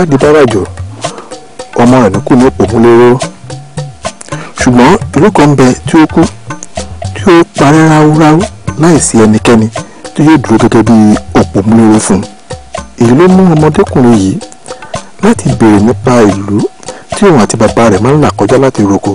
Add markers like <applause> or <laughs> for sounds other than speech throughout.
ìwádìí dára jù ọmọ rẹ̀ kù ní òpómúléró ṣùgbọ́n ìlú kan bẹ tí ó kú tí ó parẹ́ ráúráú láìsí ẹnikẹ́ni tí yóò dúró gẹ́gẹ́ bí òpómúléró fún un èyí ló mú ọmọdékùnrin yìí láti béèrè nípa ìlú tí òun àti bàbá rẹ̀ máa ń là kọjá láti roko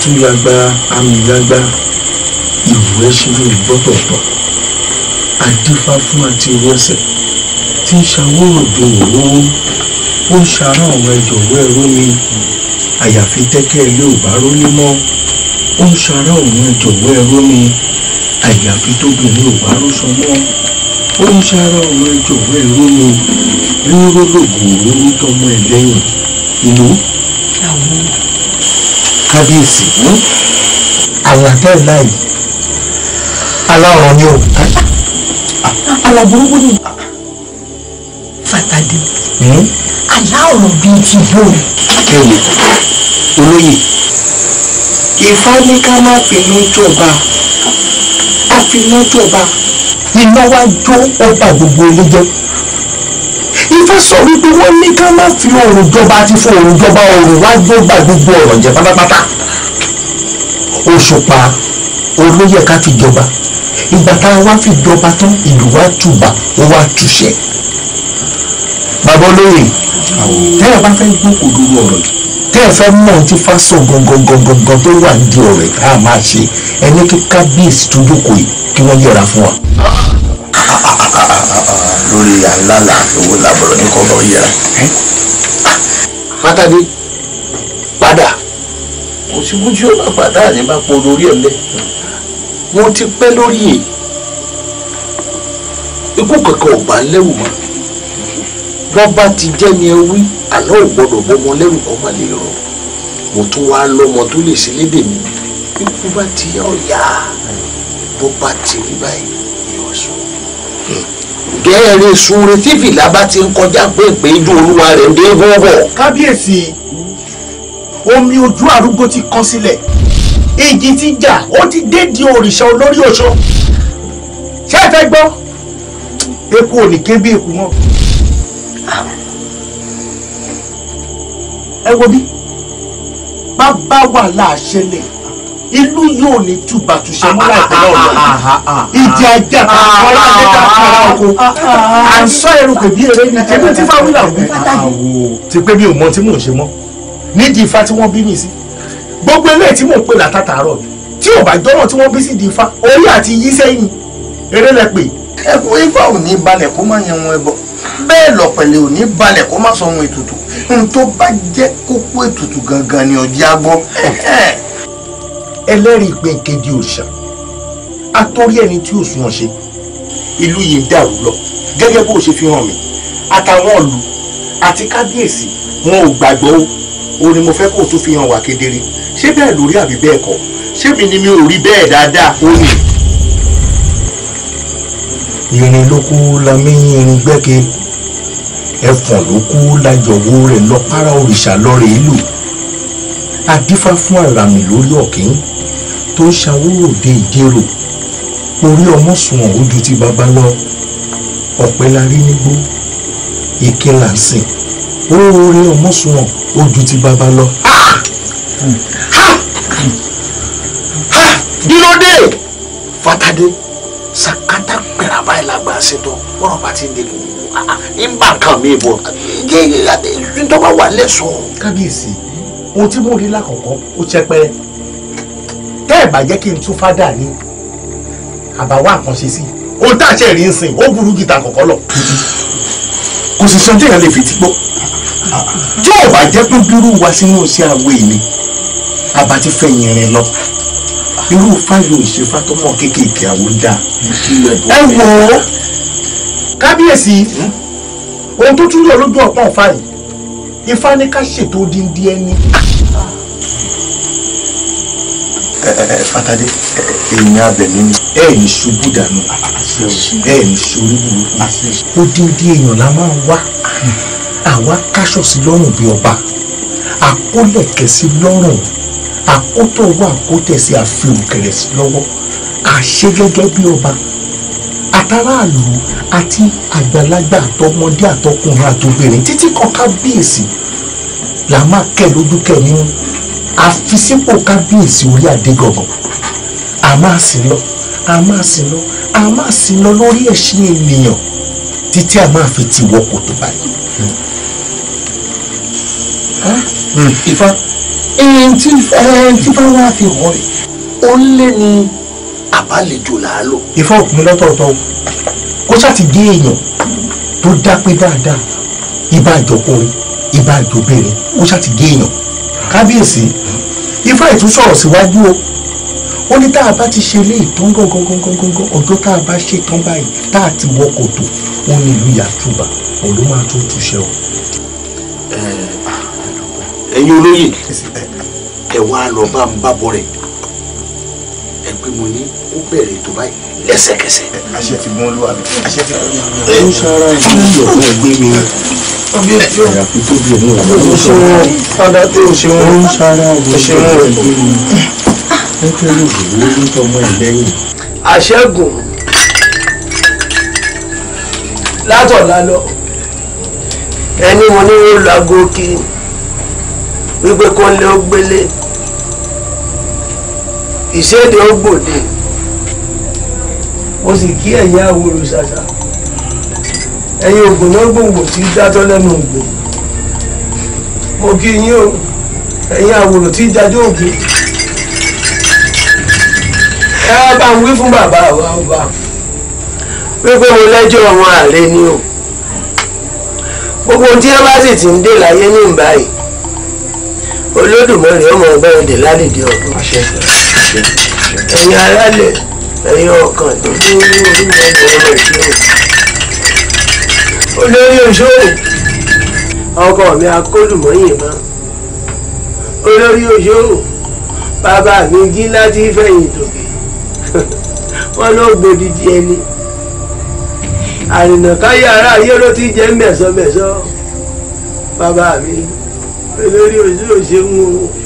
atúnyagba amúyagba ìwé ṣubú ìgbọ́pọ̀pọ̀ adífá fún àti ìrẹsẹ̀ tí ń ṣàwòrán dòwò lówó ó ń ṣàárọ̀ àwọn ẹjọ̀wọ́ ẹ̀rọ mi àyàfi tẹ́kẹ́ ilé ò bá rólé mọ́ ó ń ṣàárọ̀ àwọn ẹjọ̀wọ́ ẹ̀rọ mi àyàfi tóbìnrin ò bá róṣọ mọ́ ó ń ṣàárọ̀ àwọn ẹjọ̀wọ́ ẹ̀rọ mi ríró lògùn olóró tọmọ ẹ̀ lẹ́yìn ìlú. àwọn kábíyèsí àlàdé láì aláràn ni o. àlà burúkú ni ah. fàtàdé àlà hmm? ọ̀rọ̀ bíi ti bò. bẹ́ẹ̀ni olóyè Ifá ní ká má finú jọba á finú jọba. iná wá jó ọba gbogbo ilé jẹ́ sọ wípé wọ́n ní ká má fi oòrùn jọba àti fún oòrùn jọba oòrùn wá jọba gbogbo ọ̀rọ̀ jẹ pátápátá òṣùpá olóyè ká fi jọba ìgbà tá a wá fi jọba tán ìlú wa túbà ó wá túṣẹ. bàbá olóyè tẹ́ ẹ bá fẹ́ gbókòó lórí ọ̀rọ̀ yìí tẹ́ ẹ fẹ́ mọ̀ tí fásọ gangan tó wà ní ọ̀rẹ́ ká máa ṣe ẹni kí kábíyèsí tó jókòó yìí kí wọ́n yẹra fún wa ìyá ńlá là owó làbọ̀rọ̀ ní kọ́ lọ́ọ́ yẹra. Ah, pátádé padà kò sí bójú ọ̀nà padà ní bá pọ̀ lórí ọ̀lẹ́ mo ti pẹ́ lórí yìí ikú kankan ò bá lẹ́rù mọ́ bọ́ba ti jẹ́ ni ẹ wí àlọ́ ò gbọ́dọ̀ bọ́mọ lẹ́rù kọ́ má lè rọ mo tún wá lọ́mọ tó lè ṣe lédè mi ikú bá ti yá bó bá ti rí báyìí gẹ́ẹ̀rẹ́ sunre tí fìlà bá ti ń kọjá pèpè ijó olúwa rẹ̀ ń dé bọ́bọ̀. kábíyèsí omi ojú arúgbó ti kán sílẹ̀ èjì ti jà ó ti dédìí òrìṣà olórí oṣó ṣé ẹ fẹ́ gbọ́ eku ò ní ké bí mọ́ ẹ wo bí bá bá wà láàṣẹ lẹ̀ ìlú yóò ní túbà túnṣe mú láìpẹ́ náà lọ ah, ah, ah, ìdí ajá kọ́lá níta kára oko à ń sọ ẹrùkọ bí eré ní ẹbí tí fáwílà wí pátá yìí. ti pé mi ò mọ tí mò ń ṣe mọ nídìí ifá tí wọ́n bí mi sí gbogbo eléyìí tí mò ń pè látàtàárọ̀ tí ò bá dọ́rọ̀ tí wọ́n bí sí di ifá orí àti yí sẹ́yìn eré lẹ pè. ẹkùn ifá ò ní balẹ̀ kó má yan wọn ẹbọ bẹ́ẹ̀ lọ̀pẹ̀lẹ̀ ò ní balẹ̀ kó má sọ ohun ètùtù n tó bá jẹ́ kókó ètùtù gangan ni ọ̀jẹ̀ agbọ́ ẹlẹ́rìí pé kéde òrìṣà atorí ẹni tí ò sunwọ̀n ṣe ìlú yìí ń dàrú lọ gẹ́gẹ́ bó ṣe fi hàn mí àtàwọn ìlú àti kábíyèsí wọn ò gbàgbọ́ o ni mo fẹ́ kó o tún fi hàn wá kedere ṣé bẹ́ẹ̀ lórí àbí bẹ́ẹ̀ kọ́ ṣé mi ni mi ò rí bẹ́ẹ̀ dáadáa o ní. irin ló kú lamẹ́yìn irin gbẹ́kẹ̀ ẹ̀fọ̀n ló kú lájọ̀wọ́ rẹ̀ lọ para òrìṣà lọ́rẹ̀ ìlú adífá fún àràmì lórí ọ̀kín. Okay? tó ń ṣàwúròde ìdírò orí ọmọ sùnwọ̀n ojú ti bàbá lọ ọ̀pẹ la rí nígbó ike là ń sìn orí ọmọ sùnwọ̀n ojú ti bàbá lọ. dílódé fatadé sakata pẹ̀lú abáyé làgbà ṣètò wọ́n rọ̀ bá ti ń délé ń bá nǹkan mi bọ̀ ǹjẹ́ ìjọba wà lẹ́sọ̀ọ́. kábíyèsí ohun tí mo rí lákọ̀ọ́kọ́ ó ṣẹpẹrẹ tẹ́ ẹ̀ bá jẹ́ kí n tún fádà ní àbáwá nǹkan sí ohun tá a ṣe rí ń sìn ó burú gìtà kọ̀kọ́ lọ. kò sì sọ déèyàn lè fi ti gbọ́ tí ò bá jẹ́ pé bírú wa sínú sí àwọ̀ èmi àbá ti fẹ̀yìn rẹ̀ lọ irú fáyọ ìṣèfà tó mọ̀ kéékèèké àwọn ń dà ẹ wò ó kábíyèsí ohun tó tún yọ lójú ọ̀pọ̀ ọ̀fà yìí ifá ní ká ṣètò díndín ẹni fatadé èèyàn abẹ̀mí ni ẹ ní ṣubú dànù ẹ ní ṣorí burúkú. odindi èèyàn la máa wá àwa káṣọ sí lọ́rùn bíi ọba àkólẹ̀kẹ̀ sí lọ́rùn àkótọ̀wọ́ àkótẹ̀sí àfihàn kẹrẹ̀ sí lọ́wọ́ àṣẹ gẹ́gẹ́ bíi ọba àtàràlù àti àgbàlagbà àtọmọdé àtọkùnrin àtobìnrin títí kan kábíyèsí la máa kẹ́ lójú kẹ́ nínú àfisípò kábíyèsí orí adé gọ̀gàn a máa sìn lọ a máa sìn lọ a máa sìn lọ lórí ẹ̀sìn ènìyàn títí a máa fi ti wọ́ kòtò báyìí. Hmm. Ifá ẹ̀yìn tí bá wá fi hàn rẹ̀ ó lé ní àbálejò làálò. Ifá òpin lọ́tọ̀ọ̀tọ̀ kó ṣáà ti gé èèyàn tó dápé dáadáa ìbá àjọkùnrin ìbá àjọbìnrin kó ṣáà ti gé èèyàn kábíyèsí ifá ìtún sọ̀rọ̀ síwájú o ó ní tá a bá ti ṣe léyìí tán gangan gangan gangan ọjọ́ tá a bá ṣe tán báyìí tá a ti wọ kòtò ó ní ìlú yàtúbà òun ló máa tó túṣẹ o. ẹ̀yin olóyè ẹ wá lọ bá ń bá bọ rẹ ẹ pé mo ní ó bẹ̀rẹ̀ tó báyìí lẹ́sẹ̀kẹsẹ̀. àṣẹ ti gbọ́n ló wà mí. àṣẹ ti gbọ́n ló wà mí. ó ń ṣe ara ìlú ìyọ̀fún ẹgbẹ́ mi ọbẹ̀ tí ó ń ṣe wọn padà tó ń ṣe wọn ń ṣe wọn rẹ̀. nítorí ìdílé ló ń tọmọ ẹ lẹ́yìn. àṣẹ́gun látọ̀lá lọ ẹni mo ní wọ́n lọ aago kiri wípé kó lé ó gbélé ìṣèdè ó gbòde mo sì kí ẹ̀yà àwòrò ṣàṣà ẹ̀yin ògùn náà gbòǹgbò tí dájọ́ lẹ́nu ògùn mo kí yín o ẹ̀yin àwòrò tí dájọ́ ògùn ẹ bá ń wí fún bàbá wa ọba wípé mo lẹ́jọ́ àwọn ààrẹ ni o gbogbo tí ẹ bá sì ti ń dé láyé ní ìbáyìí olódùmarè ọmọ ọgbẹ́ òde ládìdí ọdún ẹ̀yin aráàlẹ̀ ẹ̀yin ọkàn tó ní orí ọmọ ọmọ ìṣẹ́ òkú olórí òṣòrè ọkọ mi akólùmọ́yìn mọ́ olórí òṣòrò bàbá mi jí láti fẹ̀yìn tòkè <laughs> wọn ló gbòdìdì ẹni àrìnà káyé ara ayé ló ti jẹ́ mẹ̀sọ́mẹ̀sọ́ bàbá mi olórí òṣòrò ṣeun o.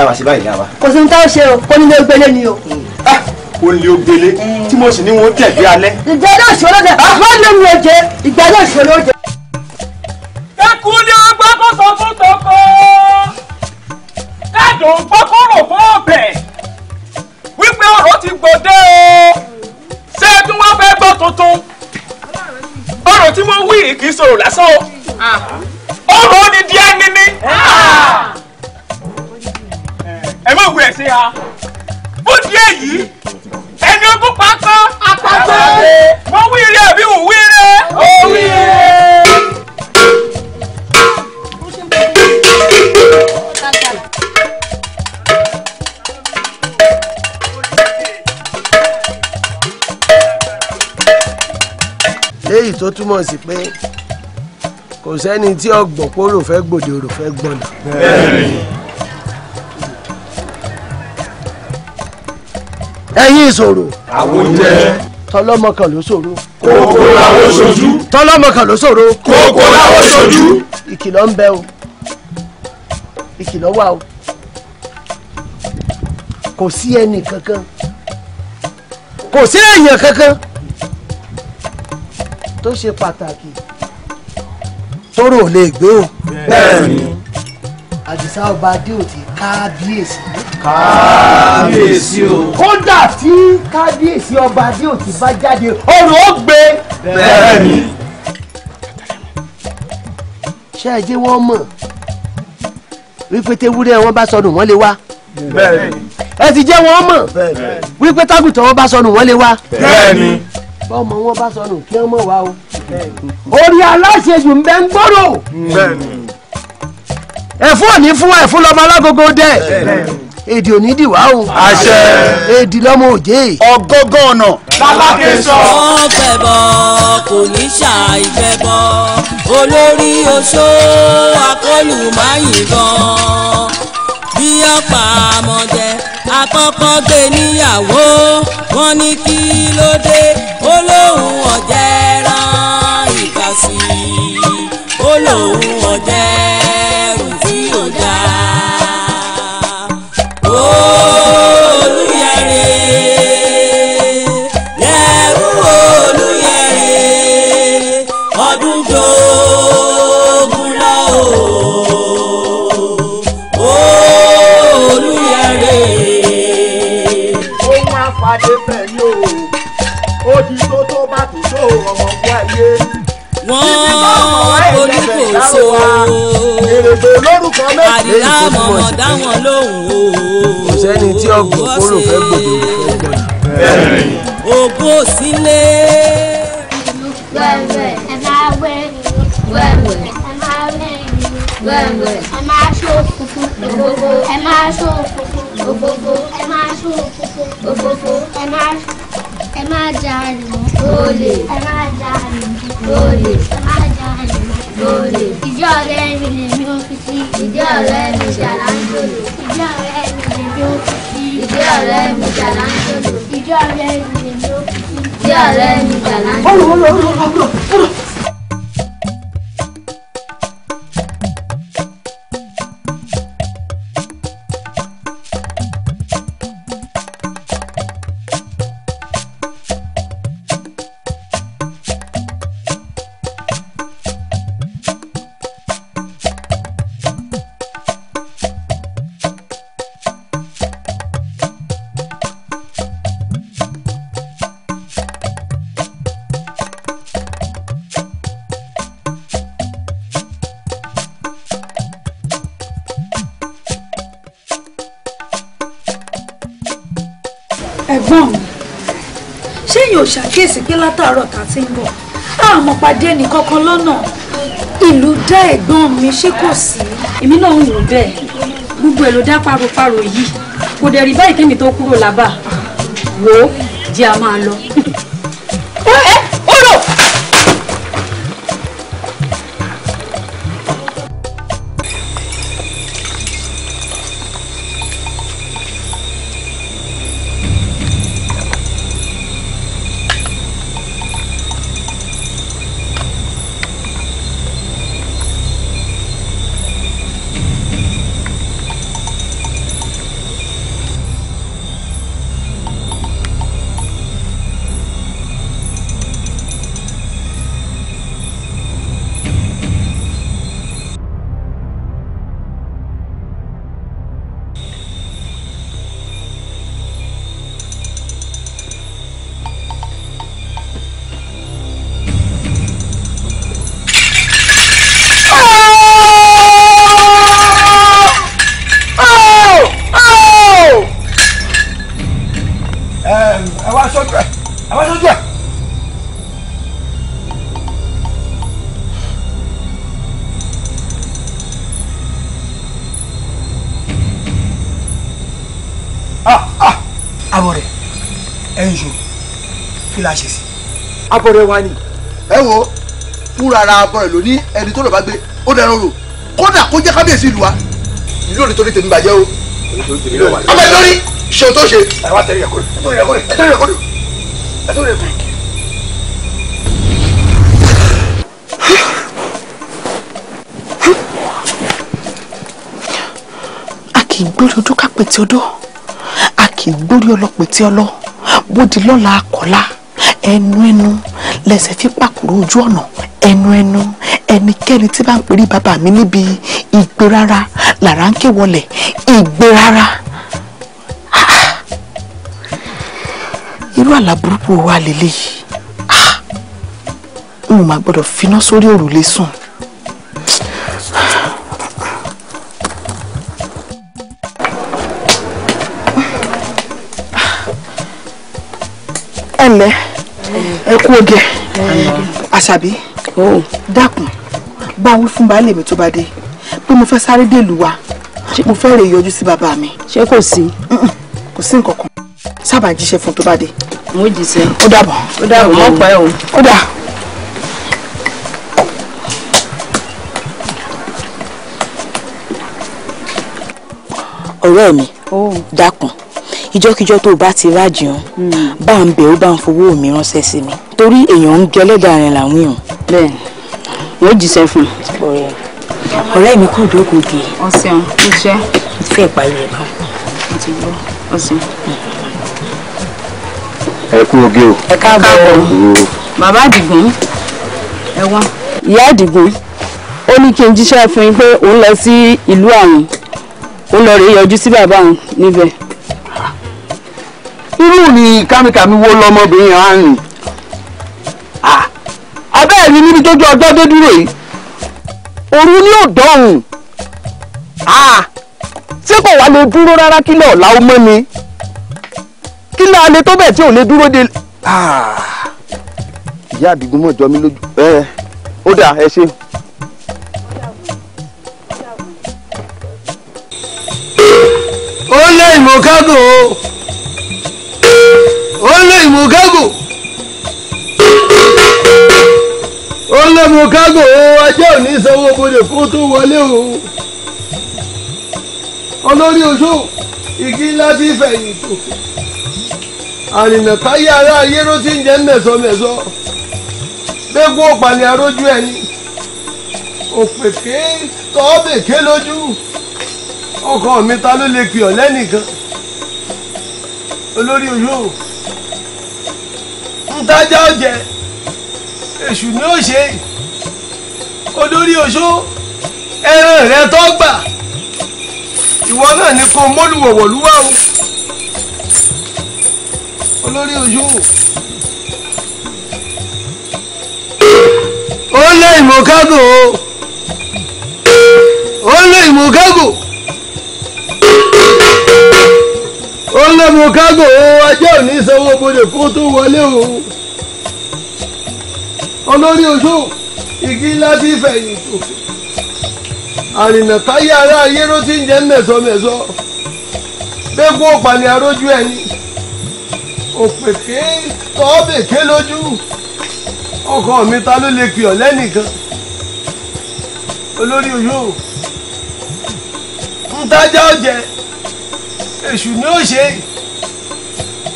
tá a wà sí báyìí yá kò sí ohun tá ṣe o kó nílé ó ni o. Ah, ó nílé ó tí mo sì ní wọn ó tẹ̀lé alẹ́. ìgbà náà ṣòro jẹ ìgbà náà ṣòro jẹ. túmọ̀ sí pé kò sẹ́ni tí ọgbọ̀n kó rò fẹ́ gbòde rò fẹ́ gbọ̀nà. ẹ̀yin ìṣòro. àwọn jẹ. tọlọmọ kan ló ṣòro. kókó làwọn ṣojú. tọlọmọ kan ló ṣòro. kókó làwọn ṣojú. ìkìlọ̀ ń bẹ o ìkìlọ̀ wà o kò sí ẹnì kankan kò sí èèyàn kankan tó ṣe pàtàkì tóró ò lè gbé o. bẹ́ẹ̀ni. àdìsá ọba adéòtí kábíyèsí. kábíyèsí o. kódà tí kábíyèsí ọba adéòtí bá jáde ọ̀rọ̀ ó gbé. bẹ́ẹ̀ni. ṣé ẹ jẹ́ wọ́n mọ̀ wípé tewúrẹ́ wọn bá sọnù wọ́n lè wá. bẹ́ẹ̀ni. ẹ ti jẹ́ wọ́n mọ̀ wípé tágùtàn wọn bá sọnù wọ́n lè wá. bẹ́ẹ̀ni bọ́mọ wọn bá sọnù kí wọ́n mọ̀ wá o orí aláṣejù ń bẹ ń gbòòrò ẹ̀fún òní fún ẹ̀fún lọ́mọ alágogo dẹ̀ èdè òní dìwà o. àṣẹ. èdè lọ́mọ òjé. ọgọ́gọ́ ọ̀nà. lálákè sọ. wọ́n gbẹ̀bọ̀ kò ní ṣàì gbẹ̀bọ̀ olórí oṣó akọlù máyìnbọn bí ọ̀pá àmọ̀jẹ́ àkọ́kọ́ gbé níyàwó wọ́n ní kí ló dé ó lóun ọ̀jẹ̀ rán ìgbà sí i ó lóun ọ̀jẹ̀. wọ́n fojú kò so àdìrà mọ̀mọ́ dáwọn lóhùn o. kò sẹ́ni tí ọgbọ̀n kó lò fẹ́ gbòdò fẹ́ gbọ́. ògo sílé. wẹ̀wẹ̀ ẹ máa wẹ̀ wẹ̀wẹ̀ ẹ máa wẹ̀ wẹ̀wẹ̀ ẹ máa ṣó funfun òfófó ẹ máa ṣó funfun òfófó ẹ máa ṣó funfun òfófó ẹ máa ṣó ẹ má jalè mọ́ olè ẹ má jalè mọ́ olè ẹ má jalè mọ́ olè. ìjọ ọ̀rẹ́ mi lèmi ó fi sí. ìjọ ọ̀rẹ́ mi jàlá ń ìjọ ọ̀rẹ́ mi lèmi ó fi sí. ìjọ ọ̀rẹ́ mi jàlá ń ìjọ ọ̀rẹ́ mi lèmi ó fi sí. ìjọ ọ̀rẹ́ mi jàlá ń jòlè. ṣàkíyèsí pé látàárọ̀ tá a ti ń bọ̀ àmọ́ pàdé ẹnì kankan lọ́nà ìlú dá ẹ̀gbọ́n mi ṣé kò sí. èmi náà ń wò bẹ́ẹ̀ gbogbo ẹ̀ ló dá paropáro yìí kò dẹ̀ rí báyìí kémi tó kúrò lábà wò jẹ́ a máa lọ. abọ̀rẹ̀ wa ni. ẹ wo fúnra ara abọ̀rẹ̀ ló ní ẹni tó lọ bá gbé ó dẹrọ rò kódà kó jẹ́ kábíyèsí ìlú wa. ìlú òní torí tèmi bàjẹ́ o. ọmọ ìlórí ṣe o tó ṣe. ẹ wá tẹ̀lé ẹ̀kọ́ rẹ̀ ẹ tó rẹ̀ a rẹ̀ ẹ tó rẹ̀ ẹ̀kọ́ rẹ̀. kì í gbórí ojú kápẹ̀tì odó a kì í gbórí ọlọ́pẹ̀tì ọlọ́ bódi lọ́la akọ̀la ẹnu ẹnu lẹsẹ̀ fi pàkúrò ojú ọ̀nà ẹnu ẹnu ẹnikẹ́ni tí bá ń pèrè bàbá mi níbi ìgbé rárá làrá ń ké wọlẹ̀ ìgbé irú àlá wa lélẹ́yìí n ò má gbọ́dọ̀ finá sórí òrùlé sùn. kú oge àṣàbí dákun bá wí fún baálé mi tó bá dé pé mo fẹ́ sáré dèlú wa mo fẹ́ rè yọjú sí bàbá mi. ṣé kò sí. kò sí nǹkan kan sábà jíṣẹ́ fún tó bá dé. mo jíṣẹ́. ó dàbọ̀. ó dàbọ̀ mọ́ pẹ́ o. ó dà. ọ̀rẹ́ mi dákun ìjọ́kíjọ́ tó o bá ti rájìun bá ń bẹ̀ ó bá ń fowó mi ránṣẹ́ sí mi torí èèyàn ń jẹ lẹ́dàá rẹ̀ làwọn èèyàn. bẹ́ẹ̀ yóò jíṣẹ́ fún un. ọ̀rẹ́ mi kò dókòó di. ọ̀sẹ̀ ọ̀sẹ̀. ìfẹ́ ìparí ẹ̀ bá ẹ kú oge o. ẹ káàbọ̀ bàbá àdìgún ẹ wá. ìyá àdìgún ó ní kí n jíṣẹ́ fún yín pé òun lọ sí ìlú àwọn òun lọ rèé yọjú sí bàbá òun níbẹ̀ sùúrù ni kámikàmí wo lọmọbìnrin hàn ní. abẹ́ẹ̀ ni níbi tójú ọjọ́ dé dúró yìí òru ni ò dọ̀hùn ṣé kò wá lè dúró rárá kí lọ́ọ̀ la ó mọ́ ni kí lọ́ọ̀ alẹ́ tó bẹ̀ tí ò lè dúró de. ìyá àdìgún mọ̀ jọ lójú ẹ ó dà ẹ ṣe. ó lé ìmọ̀ kágò o ó lé ìmùgágò ó lé ìmùgágò ajé sanwó bodè kó tó wọlé o olórí oṣó igi ńlá ti tó àrìnà táyé ara ti ń jẹ́ mẹ̀sọ̀mẹ̀sọ̀ gbégbó pàlẹ́ arójú ẹni òpèké tọ́ọ̀bèké lójú ọkọ mi ta ló lè pè ọ́ lẹ́nìkan olórí oṣó ntajà ọ̀jẹ̀ èṣù ni ó ṣe olórí oṣó ẹran rẹ tó gbà ìwọ náà ni kò mọ́lùwọ̀wọ̀ lúwà o olórí oṣó ó lé ìmọ̀kágò ó lé ìmọ̀kágò. ó lé mu kágò ajá ò sanwó bodè kó tó wọlé o olórí ojú igi láti fẹ̀yìn àrìnà táyé ará ayé ló ti ń jẹ́ mẹ̀sọ̀mẹ̀sọ̀ gbégbó òpàní arójú ẹni òpèké tọ́ọ̀bèké lójú ọkọ mi ta ló lè pè ọ́ lẹ́nìkan olórí ojú ń tájá ọ̀jẹ̀ èṣù ni ó ṣe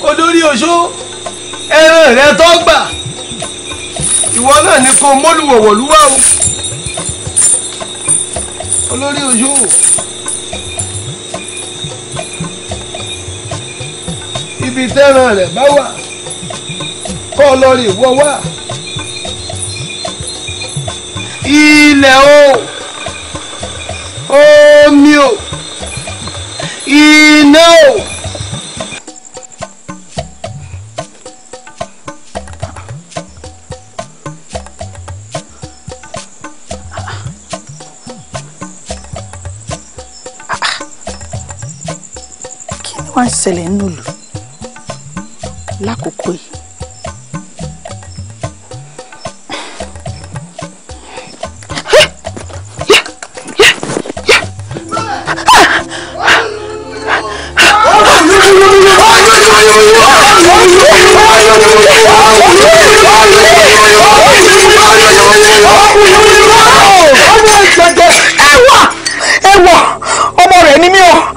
olórí oṣó ẹran rẹ tó gbà ìwọ náà ni kò mólùwọ̀wọ̀lúwà o olórí oṣó. ibi tẹ́ran rẹ̀ bá wà kọ́ lọ ìwọ wà. ilẹ̀ o omi o. Oh, E não. kí ni wọ́n ń ṣẹlẹ̀ nínú lákòókò yìí. ẹwà ẹwà ọmọ rẹ ni mí o.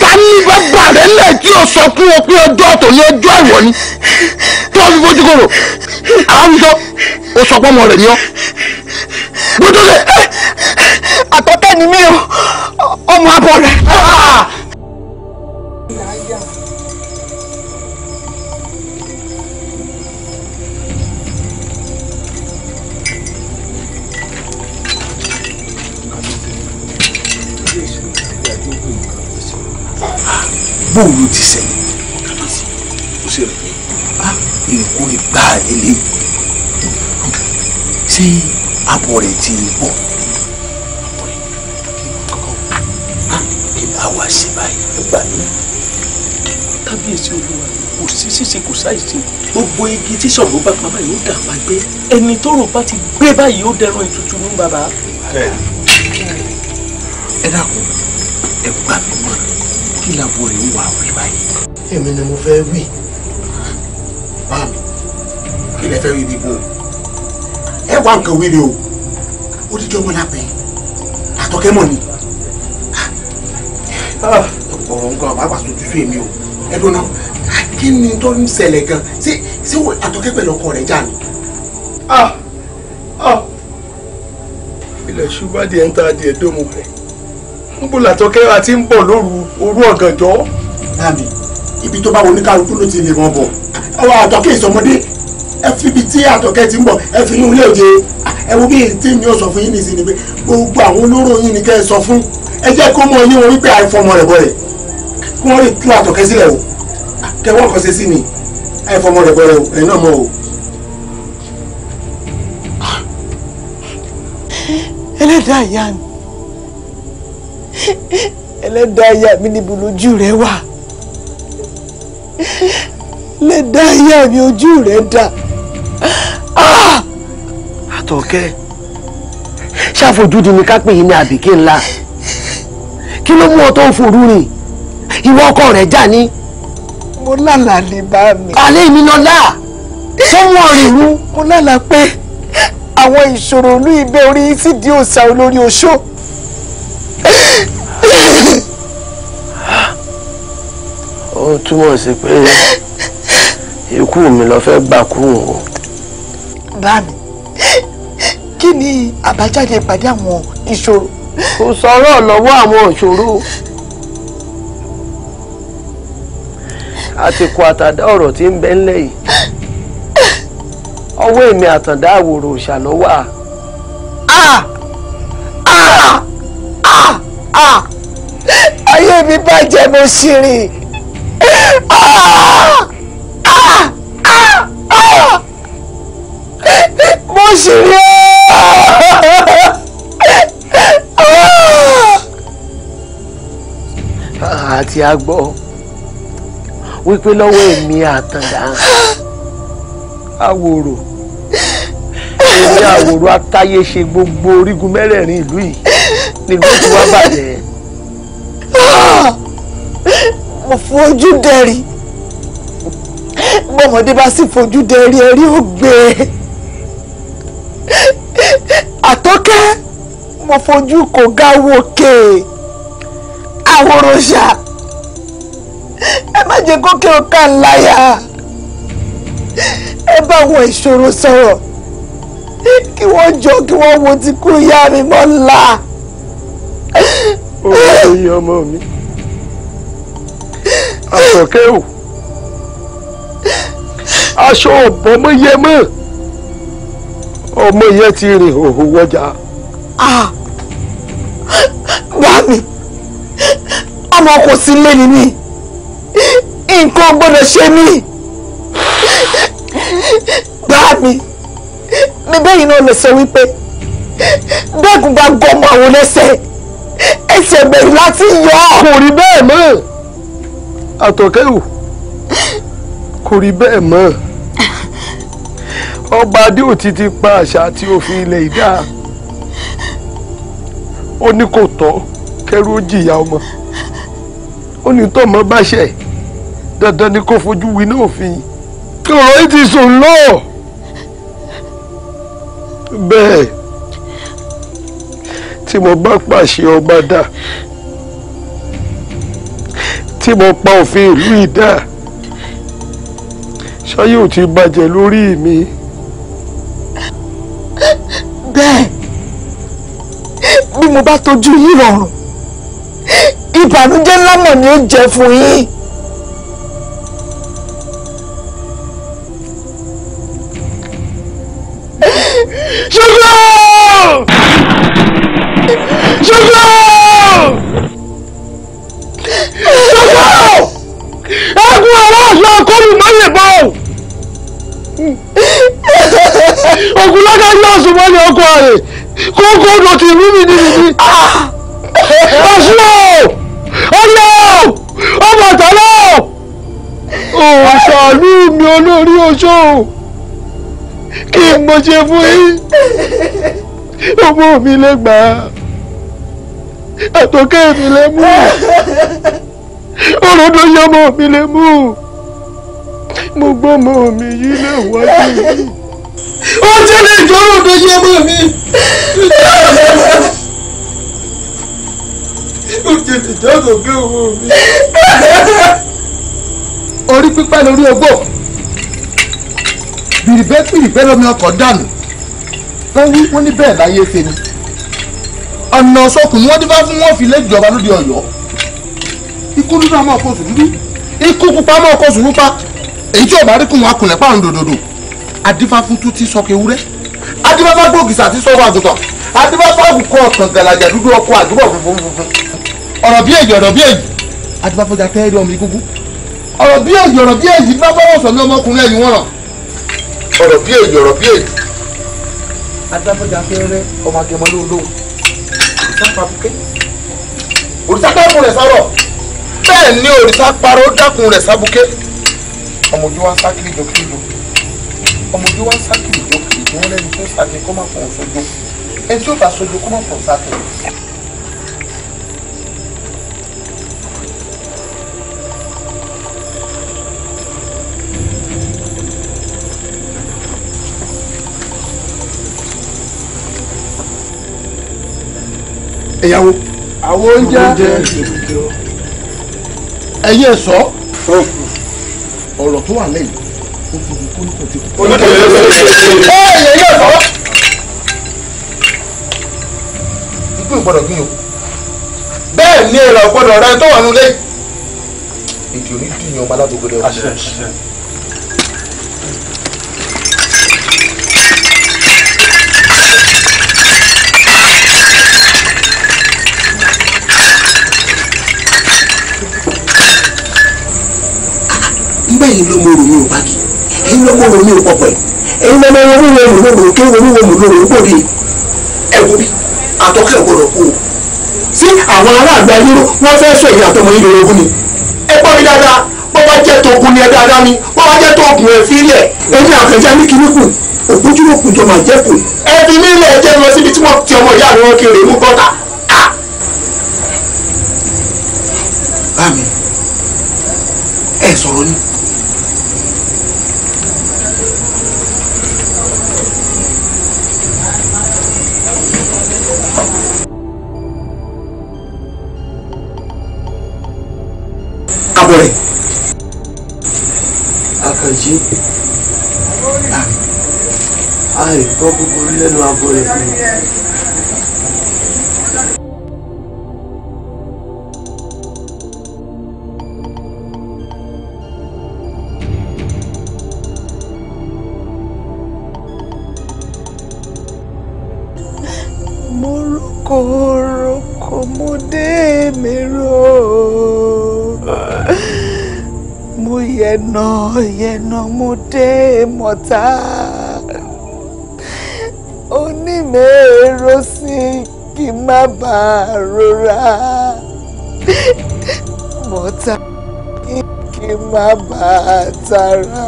ta ní bá bàrẹ̀ lẹ̀ tí o sọ fún o pé ọjọ́ tòun ni ọjọ́ ìwọ ni tí wọ́n fi fojú kòrò aláwùjọ o sọ pọ́nmọ rẹ̀ ní ọ́ lójú rẹ̀. àtọ́tẹ́ ni mí o ọmọ abọ́ rẹ̀. bóòlù ti sẹ́yìn. gbà lélẹ̀ ṣé abọ́ rẹ̀ ti bọ̀ àwa ṣe báyìí gbà mí kábíyèsí olúwa kò sí ṣíṣe kò sáìsí gbogbo igi tí sọ̀rọ̀ bá pa báyìí ó dà wá gbé ẹni tọ́rọ̀ bá ti gbé báyìí ó dẹran ìtutù mú bàbá. ẹ dákun ẹ gbà mí mọ́ra kí làbọ̀ rẹ̀ ń wà wí báyìí. èmi ni mo fẹ́ wí lẹ fẹ́ rí ibi fún ẹ wá nǹkan wíire o ó dídí ọmọ lápẹ́ àtọ́kẹ́ mọ̀ ni ah, ọ̀rọ̀ nǹkan àbá pàṣẹ ojúṣu èmi o ẹ dúná kí ni tó ń ṣẹlẹ̀ gan ṣé ṣé àtọ́kẹ́ pẹ̀lú ọkọ rẹ̀ jà ni. Ah, ah. ilẹ̀ ṣùgbọ́n adìẹ ń ta adìẹ dómo rẹ̀ ń bò látọ́kẹ́ àti ń bọ̀ lóru òru ọ̀gànjọ́. láàmì ibi tó bá wọn oníkàlùkù ló ti lè mọ bọ̀ àwọn àtọ́kẹ́ ìsọmọdé tí àtọ̀kẹ́ ti ń bọ̀ ẹ fi inú ilé òde ẹ wo bí tí mi ò sọ fún yín nìsín ni pé gbogbo àwọn olóró yín ni kẹ́ ẹ sọ fún ẹ jẹ́ kó mọ yín wọn wípé àìfọmọ rẹ̀ bọ̀ rẹ̀ kí wọ́n rí tú àtọ̀kẹ́ sílẹ̀ o kẹwọ́n kan ṣe sí mi àìfọmọ rẹ̀ bọ̀ rẹ̀ o ẹ̀ náà mọ̀ o. ẹlẹ́dàá ìyá mi ẹlẹ́dàá ìyá mi níbo lójú rẹ wà lẹ́dàá ìyá mi ojú rẹ dà àtọ̀kẹ́ ṣàfojúdi ni ká pè yín ní àbíké ńlá kí ló mú ọ tó ń forú rìn ìwọ ọkọ rẹ jà ní. mo lálà lè bá mi. alẹ́ mi lọ́lá sọ́wọ́n rìn rú. mo lálà pé àwọn ìṣòro olú ibẹ̀ orí ti di òòṣà olórí oṣó. ó túmọ̀ sí pé ikú mi lọ fẹ́ gbà kú o. bá mi àbájáde ìpàdé àwọn ìṣòro. kò sọ̀rọ̀ lọ́wọ́ àwọn ìṣòro. àtìkù àtàdá ọ̀rọ̀ tí ń bẹ ńlẹ̀ yìí ọwọ́ èmi àtàndá àwòrò òòṣà ló wà. ayé mi bàjẹ́ mo ṣì rìn. mo ṣì rìn. tí a gbọ́ wípé lọ́wọ́ èmi àtàndá àwòrò èmi àwòrò atáyé ṣe gbogbo orígun mẹ́rẹ̀ẹ̀rin ìlú yìí nígbà tí wàá bàjẹ́. mo fojú dẹ̀rí bọ́mọdé bá sì fojú dẹ̀rí ẹ̀rí ó gbé e àtọ́kẹ́ mo fojú kò ga wòkè àwòrò ṣáà jẹ́ kókè ọ̀ka ńláyà ẹ bá àwọn ìṣòro sọ̀rọ̀ kí wọ́n jọ kí wọ́n wo ti kú ìyá mi mọ́ ńlá. ó wá lóyún ọmọ mi àtọ̀kẹ́ ò aṣọ ọ̀bọ̀mọ yẹ mọ́ ọmọ yẹ ti rìn òhò wọjà. bá mi ọmọ kò sí lé ní mi ò gbọ́dọ̀ ṣe mí gbá mi mi bẹ́yìn náà lè sọ wípé bẹ́ẹ̀gùn bá gọmọ àwọn lẹ́sẹ̀ ẹsẹ̀ gbẹ̀yìn láti yọ. kò rí bẹ́ẹ̀ mọ́ àtọ̀kẹ́wò kò rí bẹ́ẹ̀ mọ́ ọba adéòtí ti pa àṣà àti òfin ilẹ̀ ìdá ó ní kò tọ́ kẹrù ó jìyà ọmọ ó ní tọ́mọ bá ṣẹ̀ dandan ni kó fojú winá òfin kí ọ̀rọ̀ yìí ti sùn lọ. bẹ́ẹ̀ tí mo bá pàṣẹ ọba dà tí mo pa òfin ìlú ìdá ṣáyé ò ti bàjẹ́ lórí mi. bẹ́ẹ̀ bí mo bá tọ́jú yín rọrùn ìbànújẹ́ ńlá ni ó jẹ́ fún yín. ṣùgbọ́n ṣùgbọ́n ṣùgbọ́n ẹkùn ọ̀rọ̀ ọ̀sán akọ́rin máa ń lè bọ́ ọ. ògùn lọ́dọ̀ ní ọ̀sùn mọ́ ní ọkọ̀ rẹ̀ kókó ọ̀dọ̀ ti rú mi níbi ní. ọ̀sùn ọ̀nà ọmọ tọ́lọ́ ọ̀sán ní mi olórí oṣù kí n mo ṣe fún yín ọmọ mi lè gbà á àtọ̀kẹ́ mi lè mú ọ̀rọ̀ tó yẹ ọmọ mi lè mú mo gbọ́ ọmọ mi yìí lè wájú mi. ó ti lè jọ́rọ̀ tó yẹ ọmọ mi. ó ti lè jọ́rọ̀ tó yẹ ọmọ mi. orí pípa lórí ọgbọ́n bìrìbẹ́ pìrìbẹ́ lómi ọkọ̀ dànù wọ́n wí wọ́n ní bẹ́ẹ̀ láyé ṣe ni ọ̀nà sọkùn wọ́n ti bá fún wọn fi lé ìjọba lóde ọ̀yọ́ ikú dúdú àmọ́ ọkọ̀ sùn dúdú ikú pupa àmọ́ ọkọ̀ sùn pupa èyí tí ọ̀bá rí kùn wá kùnlẹ̀ pàrọ̀ dòdòdò adífáfúntú ti sọ kewúrẹ́ adífáfá gbòògìsà ti sọ àgùntàn adífáfá àwùkọ ọ̀tàn gàlàjà dúdú ọkọ̀ àdúgbò funfun funfun ọ̀rọ̀ bí èyí ọ̀rọ̀ bí èyí adífáfọ́jà tẹ́ẹ̀rí ọmọ ikúkú ọ̀rọ̀ bí èyí ọ̀rọ̀ bí èyí bá bá wọ̀sán ní ọmọkùnrin ẹ̀yìn wọ̀ràn ọ̀rọ̀ bí èyí ọ̀rọ̀ bí èyí. adáfọ́jà fẹ́rẹ́ ọmọ akẹ́mọ́ lóòlóò sápapùkẹ́. òrìṣà dákun rẹ̀ sárọ̀ bẹ́ẹ̀ ni òrìṣà parọ́ dákun rẹ̀ sábùkẹ́. ọmọ ojú wa ń sá kiri jọ kiri jọ ọmọ ojú wa ń sá kiri jọ kiri jọ wọn tó sàkè kó má fọ̀ sojo ẹni tí bá sojo kó má fọ̀ sàkè. ẹ̀yàwó. àwo oúnjẹ ẹ̀yìn ẹ̀sọ́ ọ̀rọ̀ tó wà lẹ́yìn olùdókòwò ẹ ẹ̀yìn ẹ̀yìn ẹ̀sọ́ ikú ìgbọ́dọ̀ gbìyànjú bẹ́ẹ̀ ni èrò ọ̀gbọ́dọ̀ rẹ tó wà nílé èdè onídìyàn ọmọ alábògbé rẹ. pé èyí ló mo rò mí ò bá kí èyí ló mo rò mí ò pọpọ ẹ èyí ló mo rò mí ò mò lóró kéwò mí ò mò lóró gbòde ẹ wò bí àtọkẹ́ ò gbọdọ̀ kú o sí àwọn aráàlú ayé wọn fẹ́ sọ èyí àtọmọ yìí lórí ogun ni ẹ gbọ́ mi dáadáa bọ́ bá jẹ́ tó ogun ni ẹ dáadáa ni bọ́ bá jẹ́ tó ogun ẹ fi lẹ̀ èmi àkànjá ní kíní kù ògbójúlò kù jọ máa jẹ́ kù ẹ fi mí lẹ̀ jẹ́ lọ síbi tí wọ́n ti ọmọ ìyá mi wọn kiri mú sọ̀rọ̀ ni. a rí gbọ́ búburú lẹ́nu aago rẹ̀ ni. yẹnà yẹnà mo dé mọ̀tá mèrò sí kí n má bàa rora mo ta kí n má bàa tara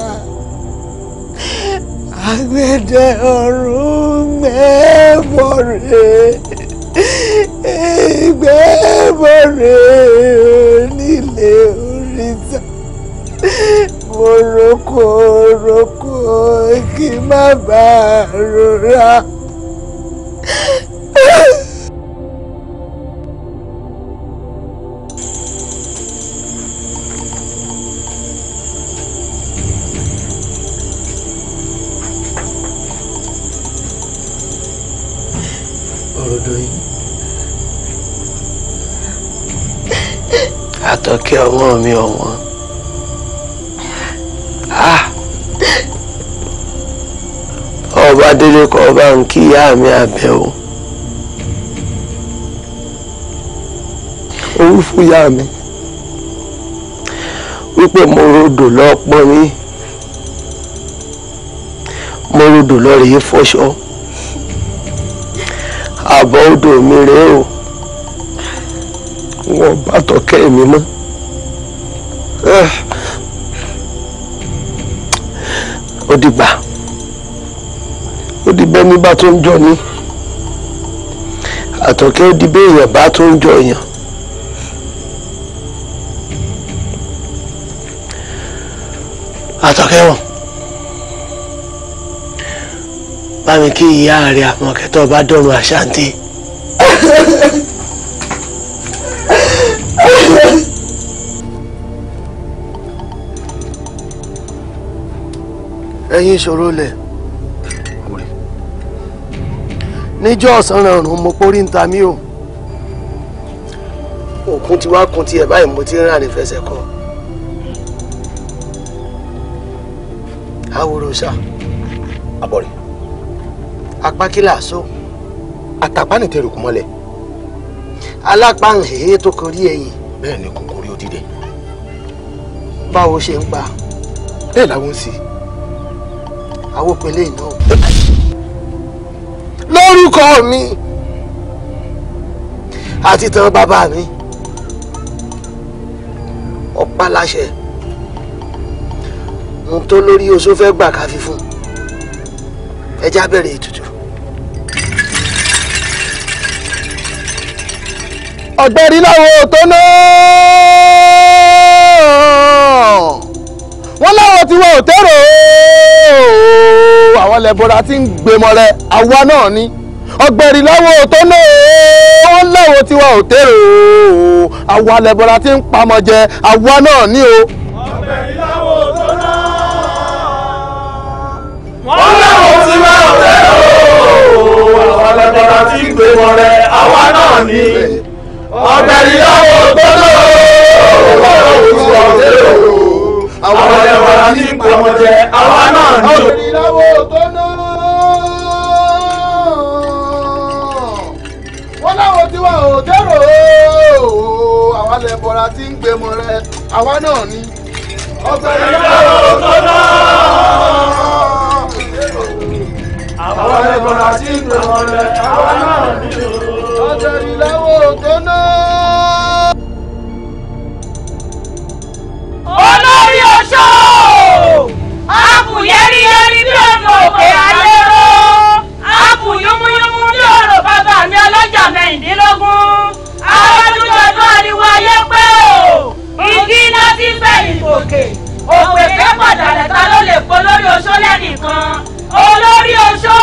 agbẹ̀dẹ ọ̀run mẹ́wọ̀ rè mẹ́wọ̀ rè nílé oríta mo roko roko kí n má bàa rora. kí ọmọ mi ọ̀wọ́n. Ah! ọba délé kọ ọba ń kí ìyá mi àbẹ̀ o. orí fún ìyá mi wípé mo rodò lọ pọn mi mo rodò lọ rèé fọṣọ àbọ̀ odò mi rèé o wọn bá tọkẹ́ mi mọ́ ó dìgbà ó dìgbà ní bá tó ń jọ ní àtọ̀kẹ́ ó dìgbà èèyàn bá tó ń jọ èèyàn. àtọ̀kẹ́ wọn bá mi kí ìyá rẹ̀ àpọ̀nkẹ́ bá dọ̀rùn àṣàǹtì. ẹ̀yin ìṣòro lẹ̀ níjọ́ ọ̀sán rọrùn mo porí ń ta mí o òkun ti wá kun tiẹ̀ báyìí mo ti ń rìn fẹsẹ̀ kan àwòrán ṣá. àbọ̀rẹ̀. apá kí là á so. àtàpá ní tẹrù kú mọ́lẹ̀. alápá ń hèé tó korí ẹ̀yìn. bẹ́ẹ̀ ni kòkòrò ó dìde. báwo ṣe ń pa. bẹ́ẹ̀ làwọn ń sìn àwòkọ eléyìí náà lórúkọ mi àti tàn bàbá mi ọ̀pá láṣẹ mo tó lórí oṣó fẹ́ gbà ká fi fún ẹjá bẹ̀rẹ̀ ètùtù. ọ̀gbẹ́rí láwọn tó ná wọ́n láwọn tí wọ́n ò tẹ́rọ̀ ooo àwọn lẹ́bọ̀rà tí ń gbémọ rẹ àwa náà ni ọgbẹ̀rì láwo tó ná o ó láwo tiwa ò tèrò o àwa lẹ́bọ̀rà tí ń pamọ́ jẹ àwa náà ni o. ọgbẹ̀rì láwo tó ná wọ́n láwo tiwa ò tèrò o àwa lẹ́bọ̀rà tí ń gbémọ rẹ àwa náà ni ọgbẹ̀rì láwo tó ná ó láwo tiwa ò tèrò o àwọn ẹ̀wọ̀n ní ìpamọ́jẹ àwa náà ní tó ná wọ́n láwọn tí wọ́n ò dẹ́rò àwa lè bọ̀ra tí ń gbẹmọ rẹ àwa náà ni. ọ̀sẹ̀ ìlà ò tó ná àwa lè bọ̀ra tí ń gbẹmọ rẹ àwa náà ni. ọ̀sẹ̀ ìlà ò tó olórí oṣó lẹ́nìkan olórí oṣó.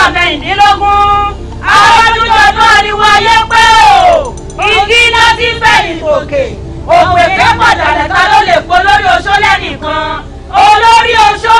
ọjọ́ kẹrìndínlógún àádọ́jọ́jọ́ ariwo ayé pé o igi iná ti fẹ̀yìn òkè òpèké pàdánù ta ló lè polórí oṣó lẹ́nìkan olórí oṣó.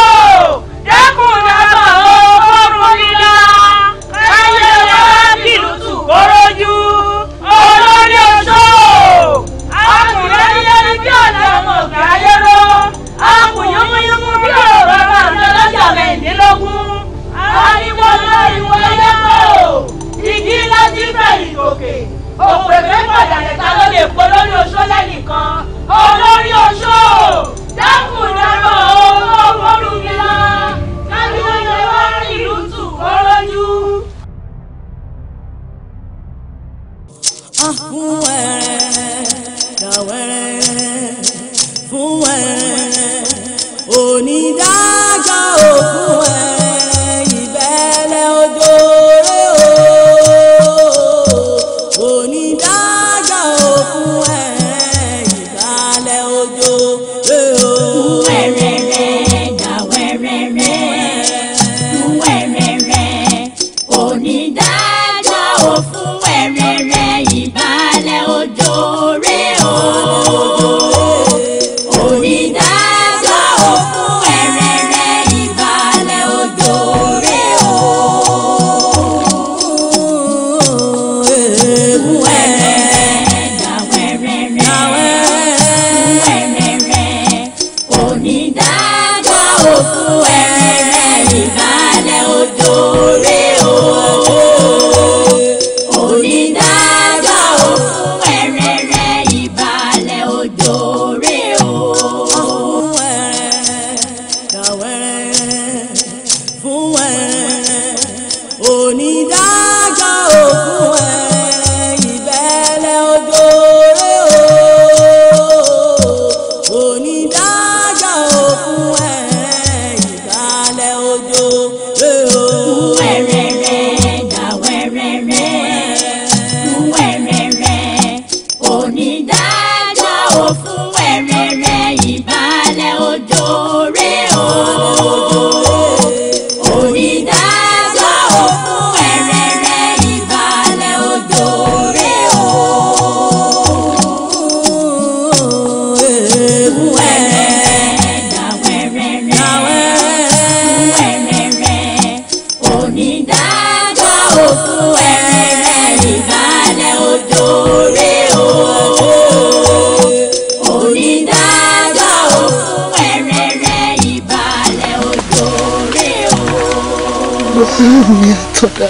tọ̀dà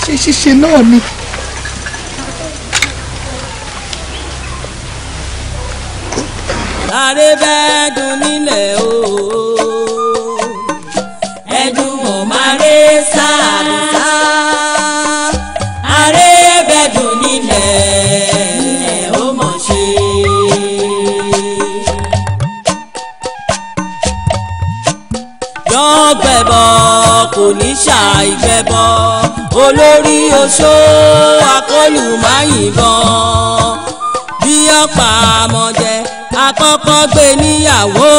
ṣe ṣíṣe náà ni. sáré bẹ́ẹ̀ gbẹ̀bọ kò ní ṣàì gbẹ̀bọ olórí oṣó akọlù máa yìnbọn bí ọ̀pá àmọ̀jẹ akọ́kọ́ gbé níyàwó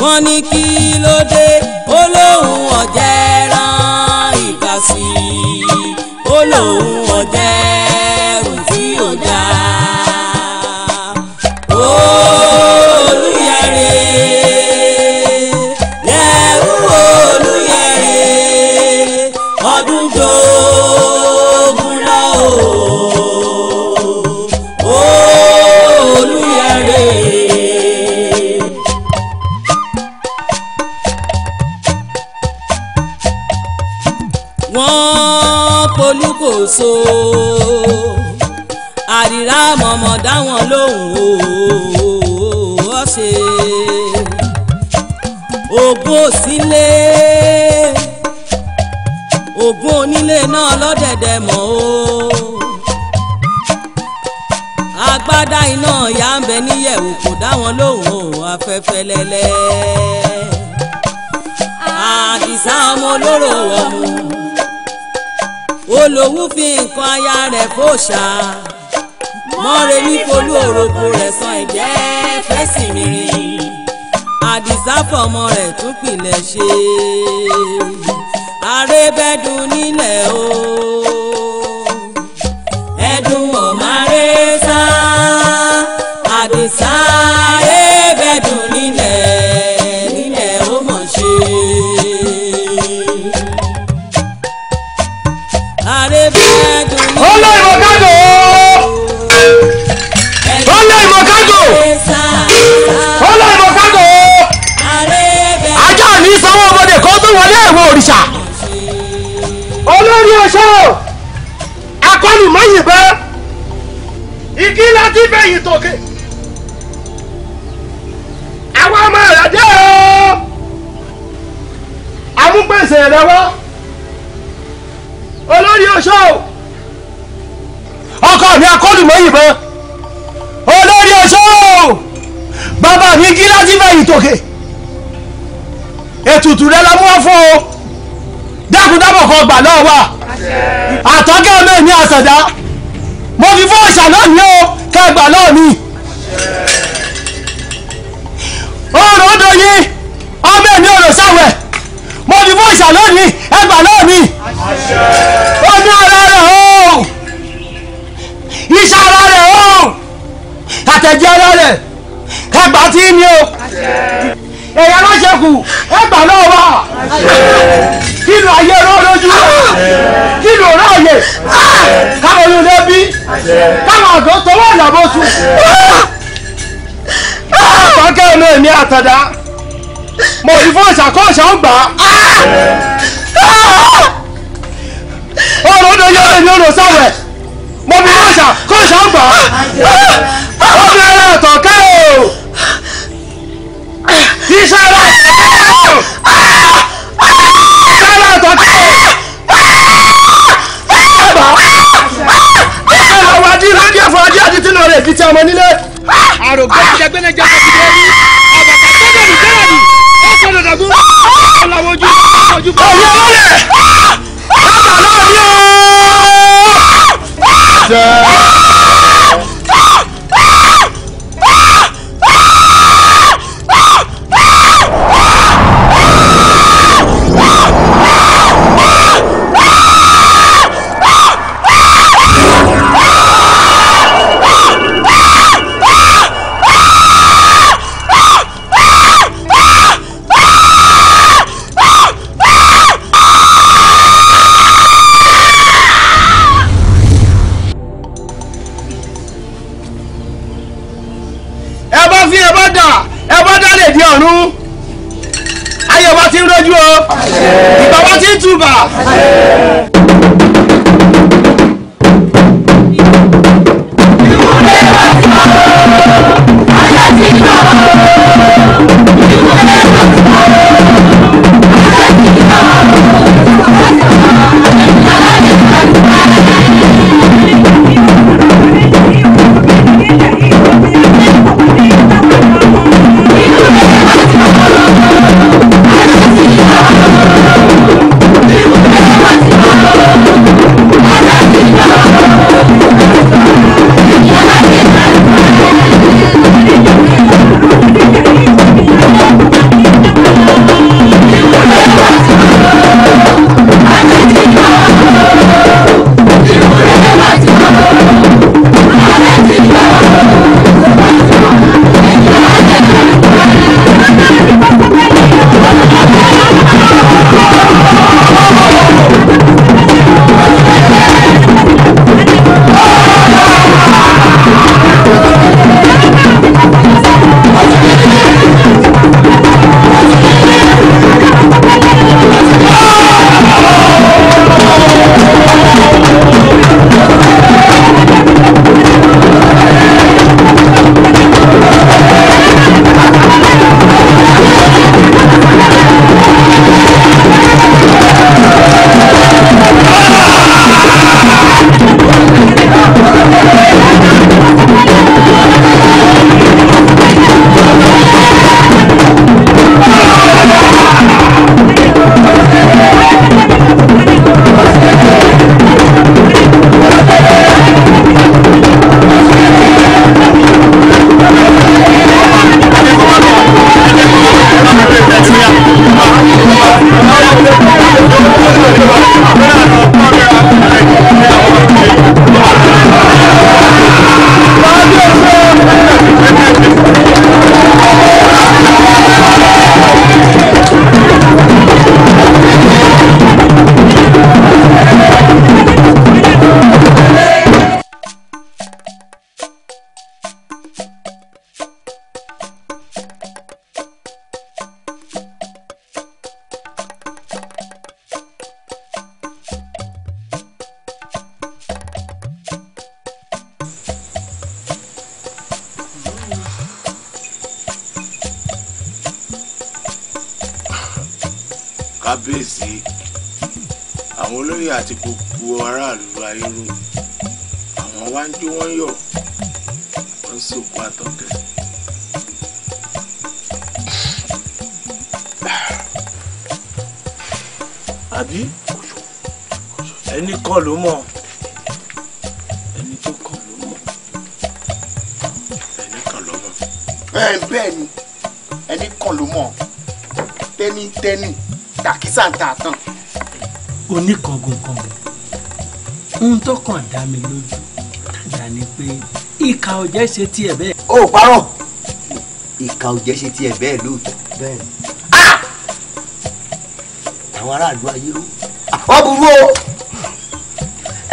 wọn ní kí ló dé ó ọ̀jẹ̀ rán ìgbà sí i ó So, àrírá mọ̀mọ́ dá wọn lóhùn ó ṣe ògùn òsínlé ògùn onílé náà lọ́dẹ̀dẹ̀ mọ́ o agbádá iná ìyá ń bẹ níyẹ̀wò kò dá wọn lóhùn ó afẹ́fẹ́ lẹ́lẹ́ àdìsá ọmọ olóró wọ̀ mu olówú fi nǹkan aya rẹ̀ fòṣà mọ́re ní polú òròkò rẹ̀ san ìjẹ́ fẹ́sìmìrì àdìsá fọmọ rẹ̀ tún pilẹ̀ ṣe àrẹ́bẹ́dùn nílẹ̀ o. àwọn òrìṣà olórí ọṣọ akọni mọyìnbẹ igi láti bẹyìn tòkè àwọn ọmọ rẹ dé o amúgbèsè lọ́wọ́ olórí ọṣọ ọkọ mi akọni mọyìnbẹ olórí ọṣọ bàbá mi igi láti bẹyìn tòkè ètùtù rẹ la mú wá fún o dákúndábọ̀ kan gbà náà wà àtọ́kẹ́ ọmọ èmi àṣàdá mo fi fún ọ̀ṣà náà ní o kẹgbà náà ni ọ̀rọ̀ ọdọ yìí ọmọ èmi ọ̀rọ̀ sáwẹ̀ mo fi fún ọ̀ṣà náà ní ẹgbà náà ni ó ní ara rẹ̀ o iṣẹ́ ara rẹ̀ o àtẹ̀jẹ́ ara rẹ̀ ẹgbà tí ní o èyí aláṣẹ kù ẹgbà náà wà kílù ayé rán lójú kílù ráàyè káwọn olùdé bí káwọn àgọ́ tọwọ́ ìyàbọ̀ sùn. àpákẹ́ ẹ̀mí ẹ̀mí àtàdá mo rí fún ìṣàkóso ọgbà ọ̀rọ̀ ọdọ yọ ẹ̀mí ọ̀rọ̀ sáwẹ̀ mo rí fún ìṣàkóso ọgbà ọ̀rọ̀ ẹ̀rọ ẹ̀tọ̀ kẹ́rẹ́ iṣẹ́ wa sábà tọ́tí sábà àwọn àti ìlànà ìfọ̀ àti àti tìǹbù rẹ̀ fi ti ọmọ nílé. àrògbé ti dẹgbẹ́nẹ́ jẹ́ kókó tó rí ọ̀bà kàtẹ́gẹ̀ ní jẹ́rẹ̀dì ẹ̀sẹ̀ dọ̀dọ̀gún ọ̀làwọ̀ ojú ojú bọ̀. ọ̀yẹ́ wọlé bàbá náà ni ó. ẹ fi ẹ bá dà ẹ bá lè di ọ̀run ayọ̀ bá ti ń rojú o ìgbà bá ti ń túbà. ìwúlẹ̀ bá ti bọ̀ ayé ti bọ̀. ṣe tiẹ̀ bẹ́ẹ̀. ó parọ́ ìka òjẹ́ ṣe tiẹ̀ bẹ́ẹ̀ lóòótọ́. bẹ́ẹ̀ni. Ah! àwọn aráàlú ayé ló burú o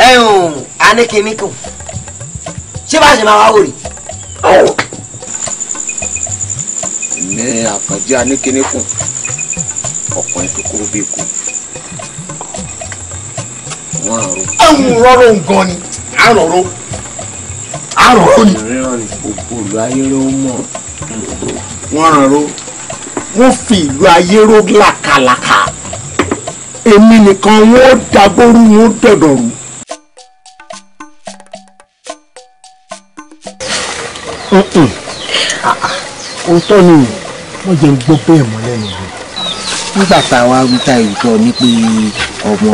ẹ̀hún aníkìníkùn ṣé bá ṣe máa wá wòrì. ní àkànjẹ aníkìníkùn ọkùnrin tó kúrú bí ikú wọn àrò. àwọn rọrùn gan ni àròrò àròró ni. òpòlù ayéró mọ̀ wọ́n ràn ró wọ́n fi ìlú ayéró làkàlàkà èmi nìkan wọ́n dagboru wọ́n dọ̀dọ̀rù. òótọ́ ni wọ́n jẹ́ ń gbọ́ bẹ́ẹ̀ mọ́ lẹ́nu rẹ̀. nígbà táwa wíta ìtọ́ ni pé ọmọ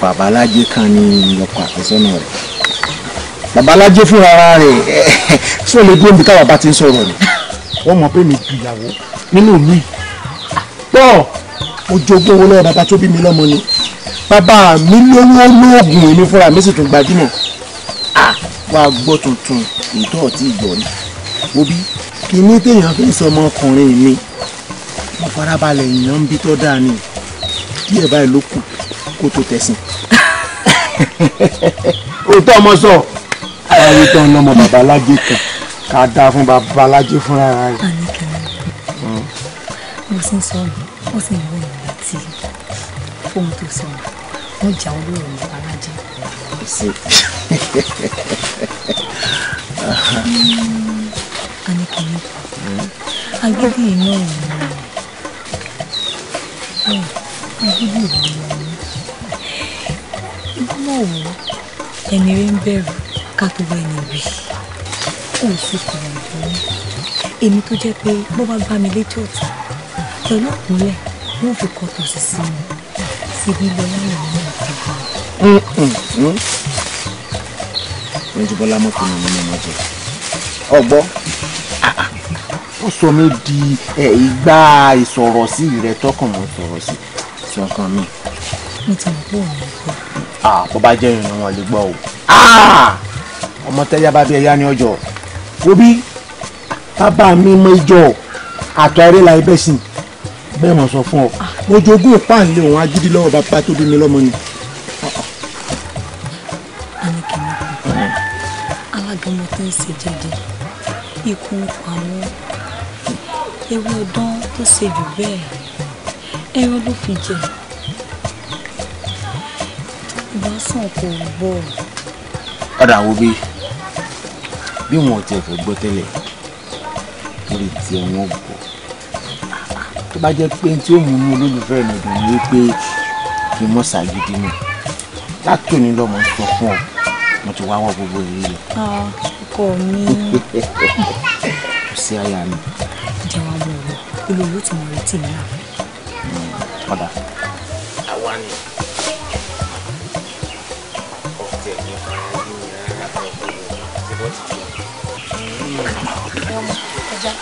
babalájẹ kan ní ọkọ àfẹ́sọ́nà rẹ̀ babalájé fúnra rẹ̀ fún olè gbóǹdì káwa bá ti ń sọ̀rọ̀ ni wọ́n mọ̀ pé mi ju ìyàwó nínú ìlú yìí pọ̀ mo jogún owó lọ́wọ́ bàbá tó bí mi lọ́mọ ni bàbá mi lówó lóògùn èmi fúnra mi sì tún gbajúmọ̀ wá gbọ́ tuntun ìtọ́ ọ̀tí ìgbọ̀ ni òbí kìíní téèyàn fi ń sọ ọmọkùnrin mi mo farabalẹ̀ èèyàn ń bí tọ́ dáa ni díẹ̀ báyìí ló kù kó tó tẹ̀sìn. òótọ́ <laughs> ọmọ sọ báyé tán lọ́mọ babalájé kan ká dá fún babalájé fúnra rẹ̀. mo sì ń sọ yìí wọ́n sì ń wọ ìrìn àti ohun tó sọ wọ́n jà olóòrùn babalájé. Anike ni agídí inú ìrìn agídí ìrìn ìgbọ́n òwò ẹni rí ń bẹ̀rù ká tó wá ẹni rí kò sunkún ọ̀dọ́ èmi tó jẹ́ pé bó bá gbá mi létí ọ̀tún pẹ̀lú ìpínlẹ̀ wọ́n fi kọ́ tòsí sí mi síbi ilé ọlọ́run náà ti gbà. wọ́n ti bọ́lá mọ́tò mi nínú ọjọ́ ọgbọ́ ó sọ mi di ìgbà ìsọ̀rọ̀ sí rẹ tọkàn mọ́ sọ̀rọ̀ sí ọkàn mi. mo ti mọ̀ pé òun lè gbọ́. àpò bá jẹ́ ìrìn wọn lè gbọ́ o. Ah! ọmọ tẹ́yà bá bí ẹ̀yà ní ọjọ́ obi bàbá mi mọ ìjọ àtọ̀ eré la ẹbẹ̀ sìn bẹ́ẹ̀ mọ̀ sọ fún ọ ah. mo jogún páàlì òun ajídí lọ́wọ́ bàbá tó bí mi lọ́mọ ni. alágàmọ tó ń ṣe jáde ikú àwọn ewu ọdán tó ṣe jù bẹ́ẹ̀ ẹran ló fi jẹ ìbásàn kò bọ̀. ọ̀dà wo bíi bí wọn ò tiẹ̀ fẹ́ gbọ́ tẹ́lẹ̀ lórí tiẹ̀ wọn gbọ́ tó bá jẹ́ pé tí ó mú inú olólùfẹ́ mi dùn ni pé kí n mọ̀ ṣàgídí mi láti òní lọ́mọ sọ fún ọ mo ti wá wọ gbogbo èyí lọ. Ah, ọkọ mi. kò sí àyà mi. jẹ́wọ́ mi ò lò olówó tí mo retí mi rà. ọ̀dà.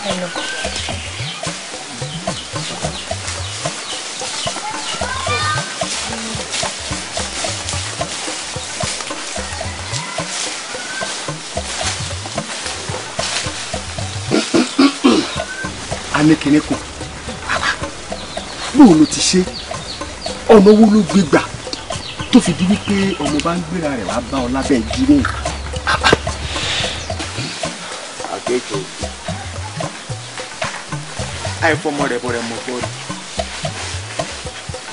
ẹ lọ. anékiní kan bóun ló ti ṣe ọmọ wo ló gbégbà tó fi di wípé ọmọ bá ń gbéra rẹ̀ wá bá ọ lábẹ́ ìdúró nǹkan. àìfọmọ rẹ̀ bọ̀rẹ̀ mọ̀ bọ́ọ̀lù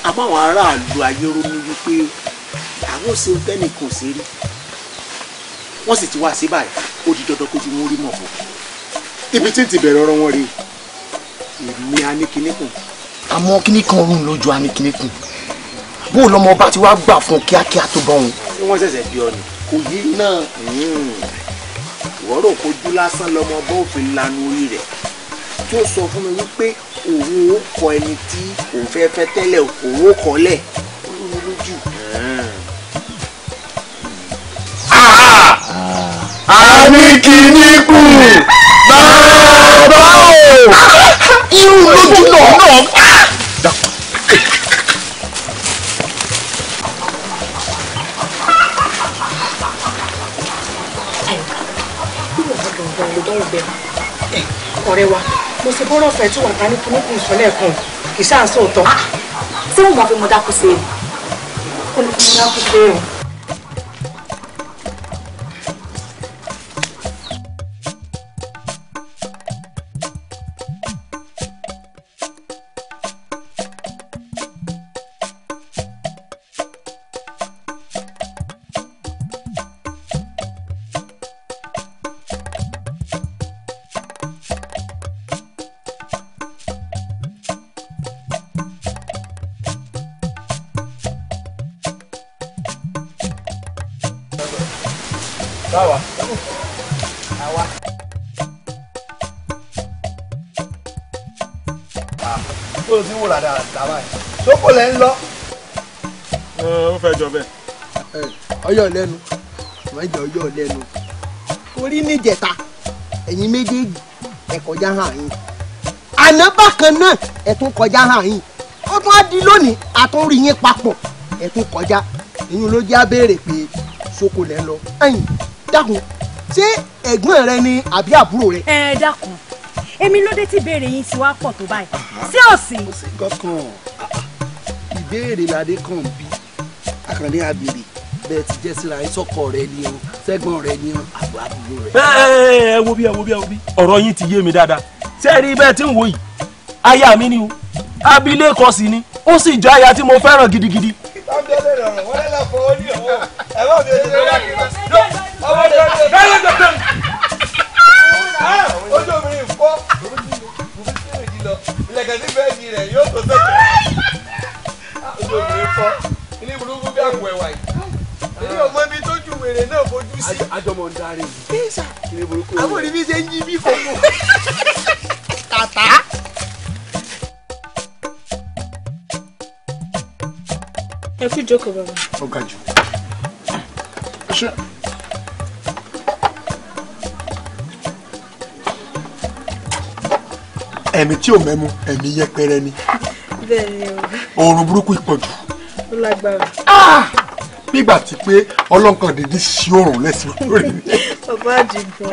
àmọ́ àwọn aráàlú ayé ronú wípé àwọn ò ṣeun tẹ́nì kò ṣe rí wọ́n sì ti wá sí báyìí ó di dandan kó ju wọn rí mọ̀ fún ibi tí ń ti bẹ̀rẹ̀ ọ̀rọ̀ wọn rèé èmi aníkíníkùn. àmọ́ kíní kan rún lójú aníkíníkùn bó lọmọ ọba ti wá gbà fún kíákíá tó bọ́ wọn. wọ́n ṣẹ̀ṣẹ̀ bí ọ kò yí náà hmm. ìwọ́rọ̀ kojú lásán lọmọ ọba òfin lanu orí rẹ̀ tó sọ fún mi wípé òun ò kọ ẹni tí òun fẹ́ fẹ́ tẹ́lẹ̀ òun ò kọ́ lẹ̀ olú mi lójú. àmì ah, kìíní ah. kù bàbá o irú lójú náà. ọ̀rẹ́ wa mo ṣe bọ́rọ̀ fẹ́ tí wọ́n bá ní kíní kì í sọ lẹ́ẹ̀kan kì í ṣàǹsọ̀ tán. tí wọ́n bá fi mọ dákú sí i. kó ló fi mọ dákú sí i. wò rárá rárá ẹ̀ sóko lẹ́ ń lọ. ó fẹ́ jọ bẹ́ẹ̀. ọyọ lẹ́nu mẹ́jọ ọyọ lẹ́nu torí níjẹta ẹ̀yin méjèèjì ẹ kọjá hàn yín àná bákan náà ẹ tún kọjá hàn yín ó tún á di lónìí àtúnrí yín papọ̀ ẹ tún kọjá ìyún ló jẹ́ abéèrè pé sóko lẹ́ ń lọ ẹ̀yin dákun ṣé ẹ̀gbọ́n rẹ ni àbí àbúrò rẹ. ẹ dákun èmi ló dé tí béèrè yín ti wá pọ̀ tó báyìí sí òsì. òsì kankan ìbéèrè ládé kan bí akànní àbèrè bẹ́ẹ̀ ti jẹ́ síra rẹ ni o sẹ́gbọ̀n rẹ ni o àbọ̀ àbúrò rẹ. ẹ wo bí ẹ wo bí ẹ wo bí ọ̀rọ̀ yín ti yé mi dáadáa ṣé ẹ rí bẹ́ẹ̀ tí ń wò yìí aya mi ni o abilékọ sì ni ó sì jẹ́ aya tí mo fẹ́ràn gidigidi. ìbámu délé rọrùn wọlé lọ fọ orí ọwọ́ ẹ bá mi ò wèrè náà fojú sí. àjọmọ̀ ń darí. kíyèsà àwọn òní mi ṣe ń yí bí fọwọ́. tàtà. ẹ kú ìjókòó bàbá. ó ga jù. ẹ̀mí tí ò mẹ́mu ẹ̀mí yẹpẹrẹ ni. bẹ́ẹ̀ ni o. oorun burúkú ìpọ̀jù. ó lágbára. Ah! nígbà tí pé ọlọ́nkàn dèdí sí òrùn lẹ́sìn lórí mi. bàbá àdìgbò.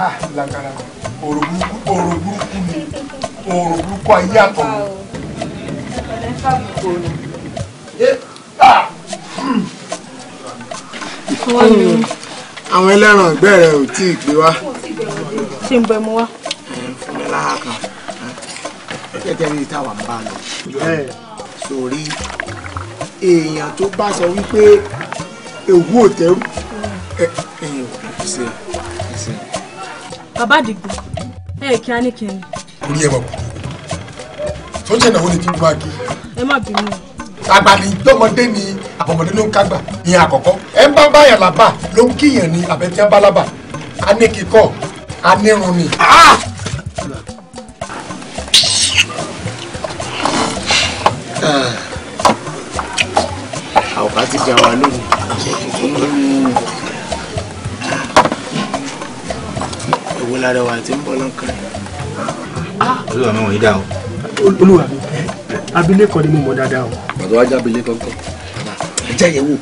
ah làkàrà ọ̀rọ̀ burúkú ọ̀rọ̀ burúkú ni ọ̀rọ̀ burúkú ayé àtọ̀run. Ah! Hmm. àwọn ẹlẹ́ran ìgbẹ́ rẹ̀ ò tí ì gbé wá. ṣé ń bẹ mu wá. rí táwa ń bá lọ sórí èèyàn tó bá sọ wípé ewu ò tẹrù ẹ̀yin ò kì í ṣe ṣe. bàbá àdìgbò ẹ kí á ní kí ni. orí ẹ wà kúrò sọjá ìnáwó ni kí n bá kí. ẹ má bínú. àgbà ni tọmọdé ni àbọ̀mọdé ló ń kágbà ìyẹn àkọ́kọ́ ẹ ń bá báyà lábà ló ń kíyàn ní àbẹ̀tí abálábà aníkíkọ́ anírun ni. Ah! olúwa mi wọ̀nyí dá o. olúwa mi abilékọ ni mo mọ dáadáa o. bàtà wàá jẹ abilékọ ńkọ́ jẹ ìyẹwò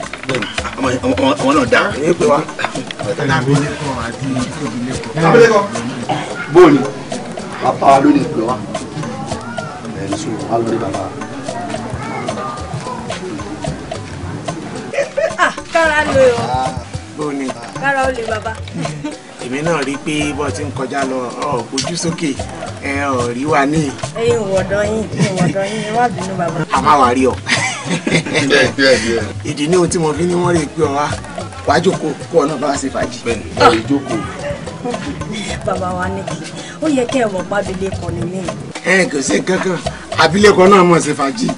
àwọn náà dá. èyí pé wa. abilékọ àti abilékọ. abilékọ bóòlù bàbá wa ló lè pè wá ẹni sùn wà lórí bàbá. Ah, kára lè o kára ó lè bàbá èmi náà rí i pé bó ti ń kọjá lọ ọ gbójú sókè ẹ ọ rí wa ní. ẹ̀yin wọ̀dọ̀ yín wọ̀dọ̀ yín ẹ wá bínú bàbá. a máa wà rí ọ. ìdí ní ohun tí mo fi ní wọ́n rè pé ọ wá wàá jókòó kó ọ náà bá ṣe fàájì. bẹ́ẹ̀ni ọ lè jókòó. bàbá wa ní kí ó yẹ kẹ́ ẹ̀ wọ́n pa abilékọ ni mí. ẹ kò sí kankan abilékọ náà mọ̀ ṣe fàájì.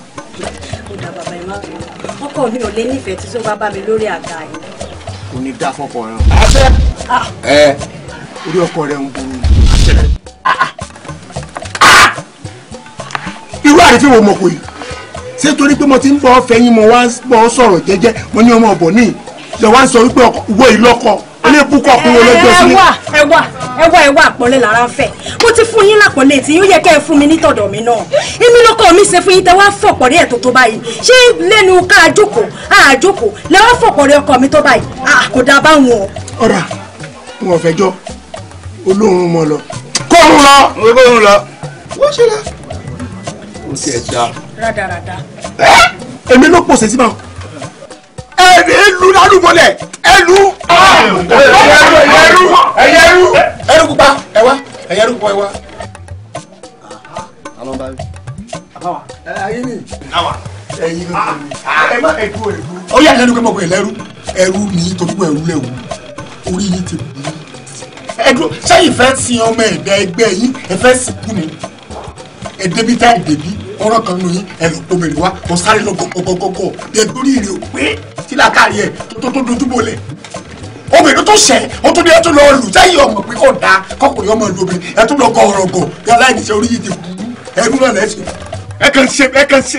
ó dà bàbá ẹ ọkọ mi ò lé nífẹ̀ẹ́ tí tó bá bá mi lórí àga yìí. kò ní dá fọkọ rẹ ẹ orí ọkọ rẹ ń burú irú àrífín wo mọ̀ kò yìí ṣé torí pé mo ti ń bọ́ fẹ́yìn mo wá bọ́ sọ̀rọ̀ jẹ́jẹ́ mo ní ọmọ ọ̀bọ̀ níyì lọ wá ń sọ wípé ìwọ ìlọ́kọ ilé búkọ kún wọn lọ́jọ́ sílé. ẹwà ẹwà ẹwà ẹwà àpọ́nlé lára ń fẹ́ mo ti fún yín lápọ́nlé tí yóò yẹ kẹ́ ẹ fún mi nítọ̀dọ̀ mi náà èmi lọ́kọ mi ṣe fún yín tẹ́ wá fọ̀pọ̀ rí ẹ̀ tó tó báyìí ṣé lẹ́nu ká àjókòó àjókòó lẹ́wọ́ fọ̀pọ̀ rí ọkọ mi tó báyìí kò báwọn o wọn fẹjọ́ olóhùn mọ lọ kóhùn lọ. mo kóhùn lọ. wọ́n ṣe la. ó ti ẹ̀ dá. rádaràda. èmi ló pòsè sí ma ẹ̀ẹ́dì ẹ̀lú lálùbọ̀lẹ̀ ẹ̀lú. ẹ̀yẹ̀rú ẹ̀yẹ̀rú ẹ̀rú pupa ẹ̀wá ẹ̀yẹ̀rú pupa ẹ̀wá. alọ́ba mi. àbáwá ayé mi. àwa ẹ̀yin ló ń bọ̀ ah. ẹ̀ má ẹ̀dú ẹ̀dú. ó yà lẹ́nu kẹ́mọ̀ pé ẹ̀lẹ́rú ẹ̀rú ni torí pé ẹ̀rú lẹ́wọ̀ orí yín ti kú ẹ dúró sẹ́yìn fẹ́ sin ọmọ ẹ̀dá ẹgbẹ́ yín ẹ fẹ́ sin kú ni ẹ débi tá ẹ débi ọ̀rọ̀ kan nù yín ẹ lọ kó mẹ́rin wá kó sáré lọ gọgọgọgọ bí ẹ dórí ìrè pé tílà káàrí ẹ tó tó dojúbò lẹ obìnrin tó ṣẹ ó tún ní ẹ tún lọ lù sẹ́yìn ọmọ pé kò dáa kọkùnrin ọmọ ìlú obìnrin ẹ tún lọ gọ ọ̀rọ̀ gọ bí aláìníṣẹ́ orí yìí ti kú ẹ dúró lẹ ṣe ẹ kàn ṣe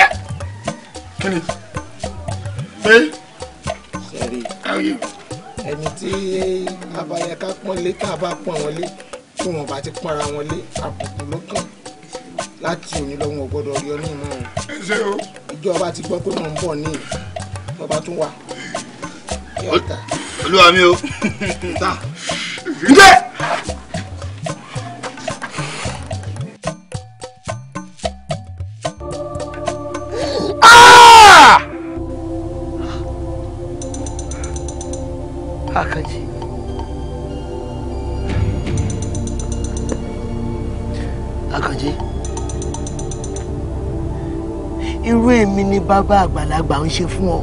ẹ kíni ṣé sẹ́rí ẹni tí abayẹ ká pọ́n lé tá a bá pọ́n wọn lé tí wọn bá ti pọ́nra wọn lé àbùkù ló kàn láti òní lọ́wọ́ gbọ́dọ̀ yọ ní ìmọ̀ wọn. ẹ ṣe o. ìjọba ti gbọ́ pé mo ń bọ̀ ní ìjọba tún wà. olúwa mi o. ǹjẹ́. irú èmi ni bàbá àgbàlagbà ń ṣe fún ọ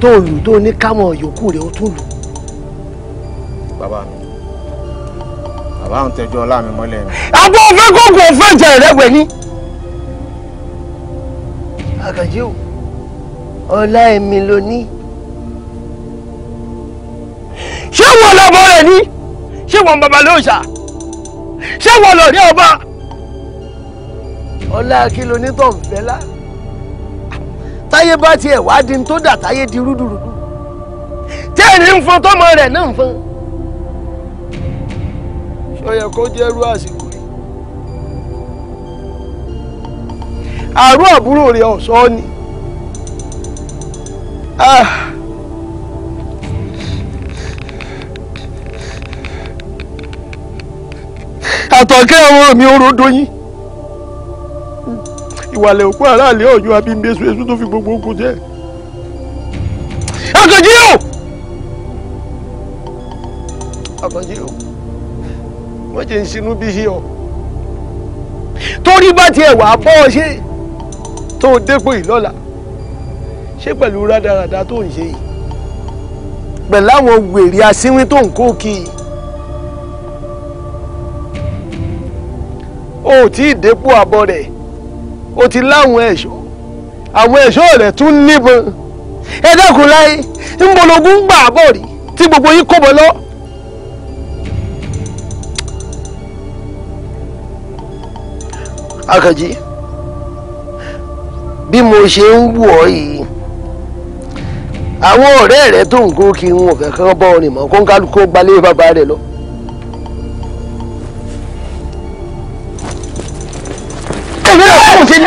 tó lù tó ní kámọ yòókù rẹ ó tún lù. bàbá mi bàbá ń tẹjọ ọlá mi mọ́lẹ̀ mi. àbọ̀ òfin kókò òfin ìjà ìrẹ́wẹ̀ ni. àkànjẹ́ o ọlá èmi ló ní. ṣé wọn lọmọ rẹ ní ṣé wọn bàbá ló ṣà ṣé wọn lọ ní ọba. ọlá kí ló ní tọ̀ ń fẹ́ lá táyé bá tiẹ̀ wá di tó dà táyé di rúdurùdu tí ẹni ń fọn tọmọ rẹ̀ náà ń fọn. sọyẹ kó jẹ́ rú àsìkò yìí. àrùn àbúrò rẹ̀ ọ̀sọ́ ni. Ah. àtọ̀kẹ́ ọmọ mi ò rodo yín ìwàlẹ̀ òkú aráàlú ọ̀yọ́ abímbi esu esu tó fi gbogbo oko jẹ́. àkànjí o àkànjí o wọ́n jẹ́ ìsinú bí hí ọ torí bá tiẹ̀ wà á bọ́ ọ ṣe tó o dépò ìlọ́la ṣé pẹ̀lú rádaràda tó ń ṣe yìí pẹ̀lú àwọn wèrè asínwín tó ń kó kí i. o ò tí ì dépò àbọ̀ rẹ̀ ó ti láwọn ẹ̀ṣọ́ àwọn ẹ̀ṣọ́ rẹ̀ tún níbọn ẹ dákun láyé ńbọlọgún gbà bọ̀ rí tí gbogbo yín kọ́bọ̀ lọ. akànjí bí mo ṣe ń wù ọ́ yìí àwọn ọ̀rẹ́ rẹ tó ń gòkè wọn kẹ́kẹ́ bọ́ ọ nìmọ̀ kó ń kálukú gbalé bàbá rẹ lọ. tèmi.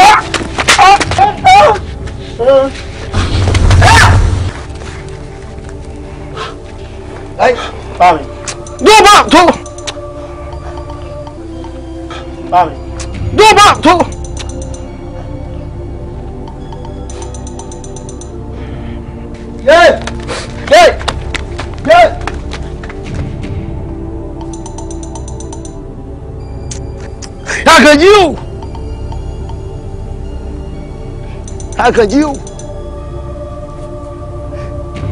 dóòbà tó. dóòbà tó. Yeah! Yeah! Yeah! Àkànjí o. Àkànjí o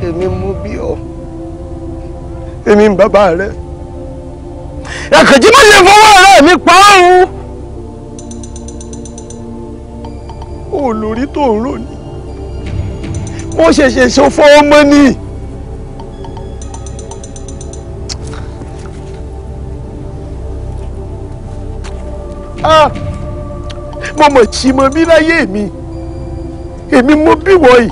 èmi mú bí ọ èmi ń bàbá rẹ Àkànjí má lè fọwọ́ rẹ mi pa ọ́rùn olórí tó ń rò ní mo ṣẹ̀ṣẹ̀ ṣòfò ọmọ ni. Ah! mo mọ̀ tí mo bí láyé mi. Ah èmi mo bí wọ yìí.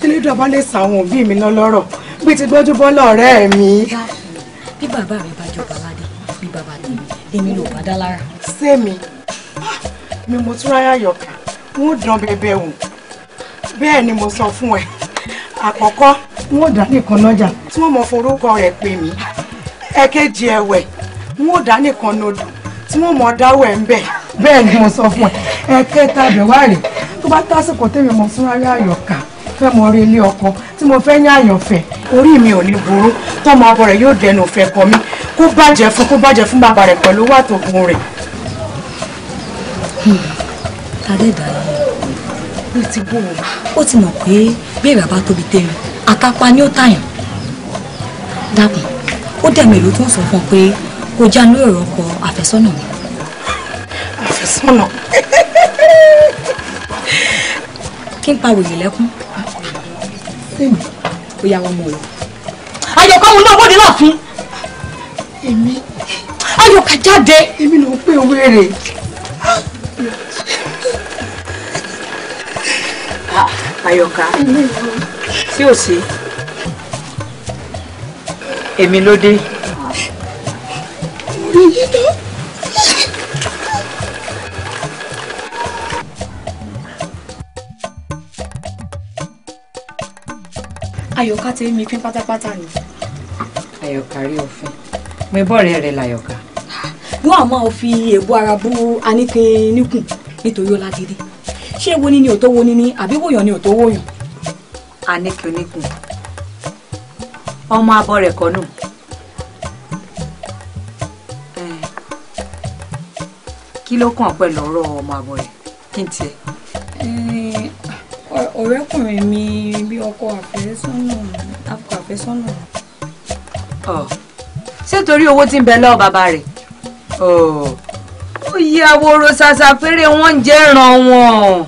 tẹlẹdọ bá lè sàwọn òbí mi lọ́lọ́rọ̀ bí ti gbójú bọlọ ọ̀rẹ́ mi. bí bàbá mi bá jọba ládé bí bàbá tèmi èmi ló bá dá lára. sẹ́mi ah, mi mo tún ráyà yọ̀ọ̀kà wọ́n dán bẹ́ẹ̀ bẹ́ẹ̀ wò. bẹ́ẹ̀ ni mo sọ fún ẹ àkọ́kọ́ n ó dá nìkan lọ́jà tí wọ́n mọ forúkọ rẹ̀ pè mí ẹ̀kejì ẹ̀wẹ̀ n ó dá nìkan nodò tí wọ́n mọ dáwọ̀ ẹ̀ ń bẹ̀ bẹ́ẹ̀ ni mo sọ fún ẹ ẹ̀kẹta àbẹ̀wárì tó bá tásìkò mọ fún ayé àyọ̀ká fẹ́ mọ rí ilé ọkọ tí mo fẹ́ ní orí mi ò ní bí ti bò ó. ó ti mọ̀ pé bí èrè àbá tóbi tẹ́rin àtàpá ni ó tàyàn. dákun ó dẹ̀mẹ̀ ló tún sọ fún ọ pé kò já ní ọ̀rọ̀ ọkọ àfẹ́sọ́nà mi. àfẹ́sọ́nà. kí n pa wòye lẹ́kún. ó yà wọ́n mọ̀ ọ́. ayọ̀kọ́ mu náà bóde náà èmi. ayọ̀kà jáde. èmi ló ń pè wéré. Àyọ̀ká tí ò sí èmi ló dé. Àyọ̀ká tẹ́ mi pín pátápátá ni. Àyọ̀ká rí òfin mo bọ́ọ̀rẹ́ rẹ̀ làyọ̀ká. wọ́n á máa fi èèbù ara bú Aníkẹ́ níkùn nítorí ó lágídí ṣé wo ni ni ò tó wo ni ni àbí wòyàn ni ò tó wòyàn. àníkì oníkun ọmọ abọ rẹ kọ nù. kí ló kàn pẹ̀lú ọ̀rọ̀ ọmọ abọ rẹ kí n tiẹ̀. ọ̀rẹ́kùnrin mi bí ọkọ àfẹ́sọ́nà ọkọ àfẹ́sọ́nà. ṣé torí owó tí ń bẹ lọ́wọ́ bàbá rẹ̀? ó yí aworo ṣàṣà péré wọn ń jẹ́ ràn wọn.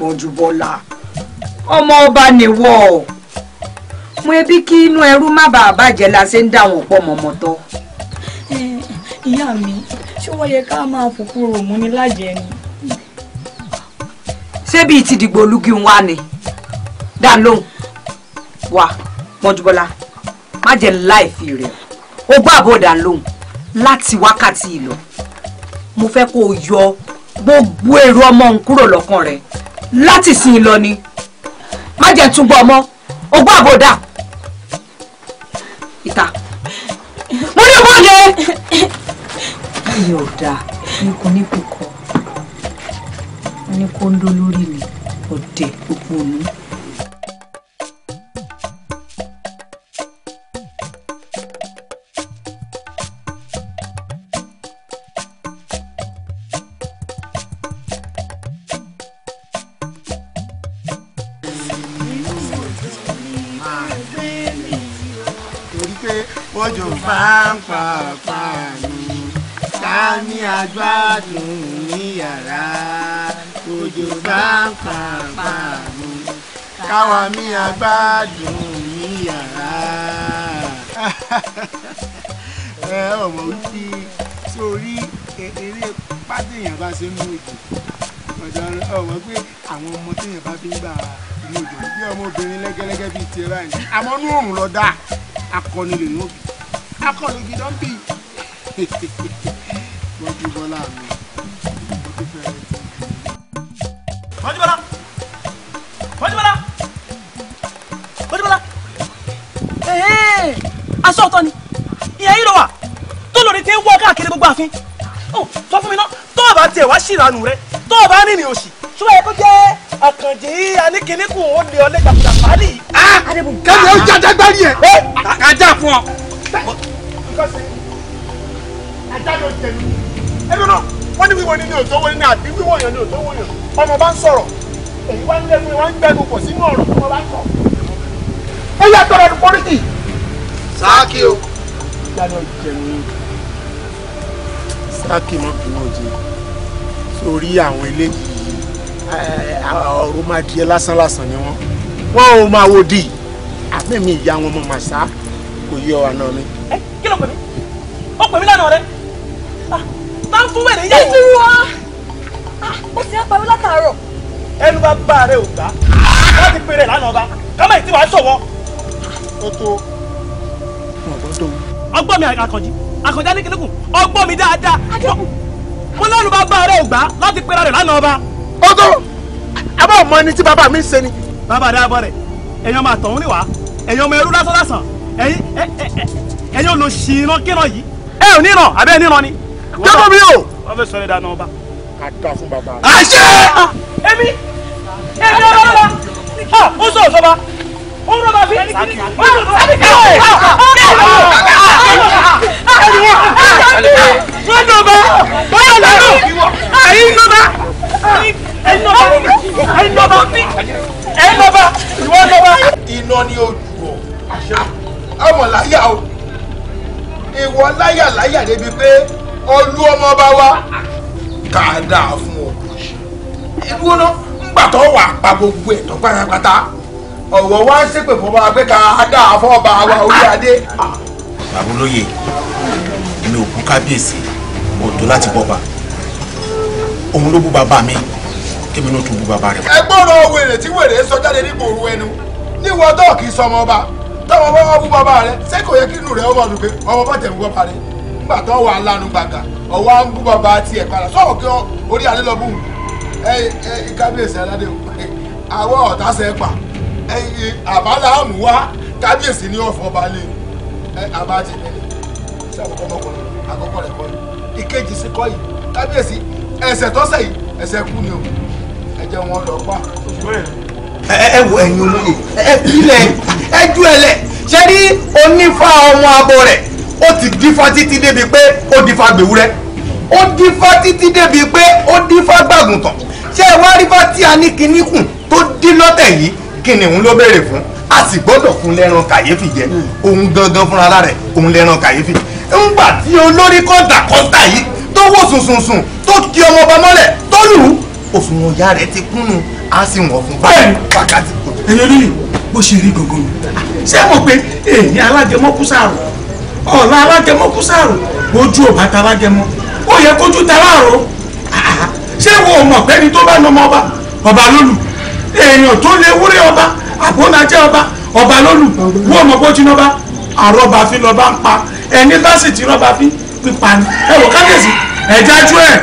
Mọ́júbọ́lá. ọmọ ọba nìwọ mo ebi kí inú ẹrú má bàa bàjẹ́ la ṣe ń dà wọ́n pọ̀ mọ́mọ́tọ́. ìyá mi ṣé wọ́n yẹ ká máa fòkúrò mú ni lájẹ ni. ṣé bíi ti dìgbò olúgi ń wá ni dá lóhùn wá Mọ́júbọ́lá má jẹ́ láì fi rẹ̀ o gbọ́ àbọ̀dà lóhùn láti wákàtí ìlọ mo fẹ́ kó o yọ gbogbo èrò ọmọ òun kúrò lọ́kàn rẹ̀ láti sìn lọ ni má jẹ́ tún gbọ́ ọmọ ogbó àbòdà ìta mo ní ìwọ́de. ayọ̀ ọ̀dà ni kò ní kò ni kò ń dó lórí mi ọ̀dẹ̀ òpó mi. agbádùn ní yàrá òjò bá ń pàǹpà mú káwa mi agbádùn ní yàrá. <laughs> ẹ ọmọ wípé sórí eré pàdéyàn bá ṣe ń mú ìdè ọmọ pé àwọn ọmọ téèyàn bá fi ń gbà inú ìdè bí ọmọbìnrin lẹ́gẹ́lẹ́gẹ́ bíi tiẹ̀ báyìí àmọ́ inú òun lọ dáa akọni lè nù bí akọni gidi ó <laughs> Adébọ́lá mi. Fọ́júbọ́lá Fọ́júbọ́lá Fọ́júbọ́lá aṣọ ọ̀tọ̀ ni ìyẹn yìí lọ wà tó lórí tí ń wọ́ káàkiri gbogbo ààfin sọ fún mi náà tó o bá tiẹ̀ wá ṣìranù rẹ tó o bá rìnrìn òsì ṣó ẹ kó jẹ́ àkànjì aníkìníkùn ó lé ọ lẹ́jà fúnra fàálì. kẹ́mi ó jáde gbárí ẹ̀. kájà fún ọ. ajá ló jẹ̀lú ẹnu náà wọ́n ní wíwọ ni ní òtó wọ́n ní àbí wíwọ yàn ní òtó wọ́n yàn ọmọ bá ń sọ̀rọ̀ èyí wá ń lẹ́nu wá ń gbẹ́ gbogbo sínú ọ̀rọ̀ tó wọ́n bá ń sọ. ó yà tọrọ ní pọ́lítì. sáàkì o. ìyànà ìjẹun sáàkì mọ́ bí wọ́n jẹ sórí àwọn eléyìí ọ̀rọ̀ máa di ẹ lásán lásán ni wọ́n wọ́n ò máa wo di àmì mi ìyá wọn mọ̀ màsá kò yí ọ àná mi. ẹ kí ló pè mí ó pè mí lánàá rẹ fún wẹ̀rẹ̀ yẹn. ìdí wa ah, ó ti ń pariwo látàárọ̀. ẹnu bá bá rẹ ò gbá láti péré lánàá bá kámẹ́ ìtì wàá sọ̀wọ́. ó tó ọgbọ́n mi àkànjí àkànjí aníkìlẹ́kùn ọgbọ́n mi dáadáa mo lẹ́nu bá bá rẹ ò gbá láti péré rẹ lánàá bá. ó tó àbá ọmọ ẹni tí bàbá mi ń ṣe ni. bàbá rẹ abọ́ rẹ ẹ̀yin ọmọ àtọ̀hún ni wá ẹ̀yin ọmọ ẹrú lásán lásán ẹ̀yin ẹ̀yin olùsìn iná kíran yìí ẹ ò níran àbẹ́ níran ni jábọ̀ mi o. wọ́n fẹ́ sọ ẹ̀ dáná ọba. a dá fún bàbá rẹ. àṣẹ. èmi èmi ọba ọba ó sọ ọ̀sọ́ba ó rọ́bà fi. wọ́n dọ̀ba báyọ̀ lọ́dọ̀ ẹ̀yin dọ̀ba ẹ̀yin dọ̀ba ẹ̀yin dọ̀ba ẹ̀yin dọ̀ba ìwọ dọ̀ba. iná ni ojú ọ àmọ̀ láyà o ìwọ láyà láyà débi pé olú ọmọ bá wá dáadáa fún ọ ìlú ọ̀nà ńgbà wà pa gbogbo ẹ̀ tó pátápátá ọ̀wọ́ wá ń ṣépè fún ọba pé ká dáa fún ọba wa orí adé. bàbá olóye èmi ò kú kábíyèsí mo tó láti bọ́ba òun ló bú bàbá mi kémi ló tún bú bàbá rẹ. ẹ gbọ́dọ̀ wèrè tí wèrè sọ jáde nígbò òru ẹnu níwọ̀n tó kì í sọmọ ọba tọmọ bá wà bú bàbá rẹ ṣé yẹ kí inú rẹ ọmọ dùn pé ọmọ bá tẹ̀ ń gbọ́ parí nígbà tó wà lánàá gbàgà ọwọ́ à ń bú bàbá tiẹ̀ padà sọ̀rọ̀ kí orí adé lọ bù mí ẹ ẹ kábíyèsí aládé o àwọn ọ̀tá sẹ́ pa ẹyin àbálà àmú wá kábíyèsí ní ọ̀fọ̀ balẹ̀ ẹ àbá ti bẹ̀rẹ̀ sí àkọ́kọ́ ọmọkùnrin àkọ́kọ́ rẹ̀ kọ́ yìí ìkejì sí kọ́ yìí kábíyèsí ẹsẹ̀ tọ́sẹ̀ yìí ẹsẹ̀ kú ni o ẹ jẹ́ wọn lọ pa. ẹ wo ẹ̀yin olóye ẹ bílẹ̀ ẹ ju ẹlẹ̀ ṣé ní onífà ọmọ abọ rẹ̀ ó ti dífá títí débi pé ó dífá gbèwúrẹ́ ó dífá títí débi pé ó dífá gbàgùntàn ṣé ẹ wá rí bá tí a ní kinní kù tó dí lọ́tẹ̀ yìí kìnìún ló béèrè fún a sì gbọ́dọ̀ fún lẹ́ran kàyéfì jẹ hmm. òun gangan fúnra rẹ̀ òun lẹ́ran kàyéfì ńgbà tí olórí kọ́ńtà kọ́ńtà yìí tó wò sùnsùnsùn tó kì ọmọ ọba mọ́lẹ̀ tó lù ú òṣùwọ̀n ìyá rẹ̀ ti kúnnu á sì wọ̀n fún báyìí wákàtí kò. bó ṣe rí gangan ṣé mo pe èyí alájẹmọ ọ̀rọ̀ alágẹmọ kú sáàrò ojú ọba ta alágẹmọ ó yẹ kójú ta láàrọ ṣé wo mọ̀ pẹ́ni tó bá nọmọ ọba ọba lólu èèyàn tó lè wúrẹ́ ọba àbónajẹ́ ọba ọba lólu wọ́n mọ̀ bó jiná bá àrọ́bà fi lọ́ba ń pa ẹni bá sì ti rọ́bà fi pípa ni ẹ wò kábíyèsí ẹ jájú ẹ.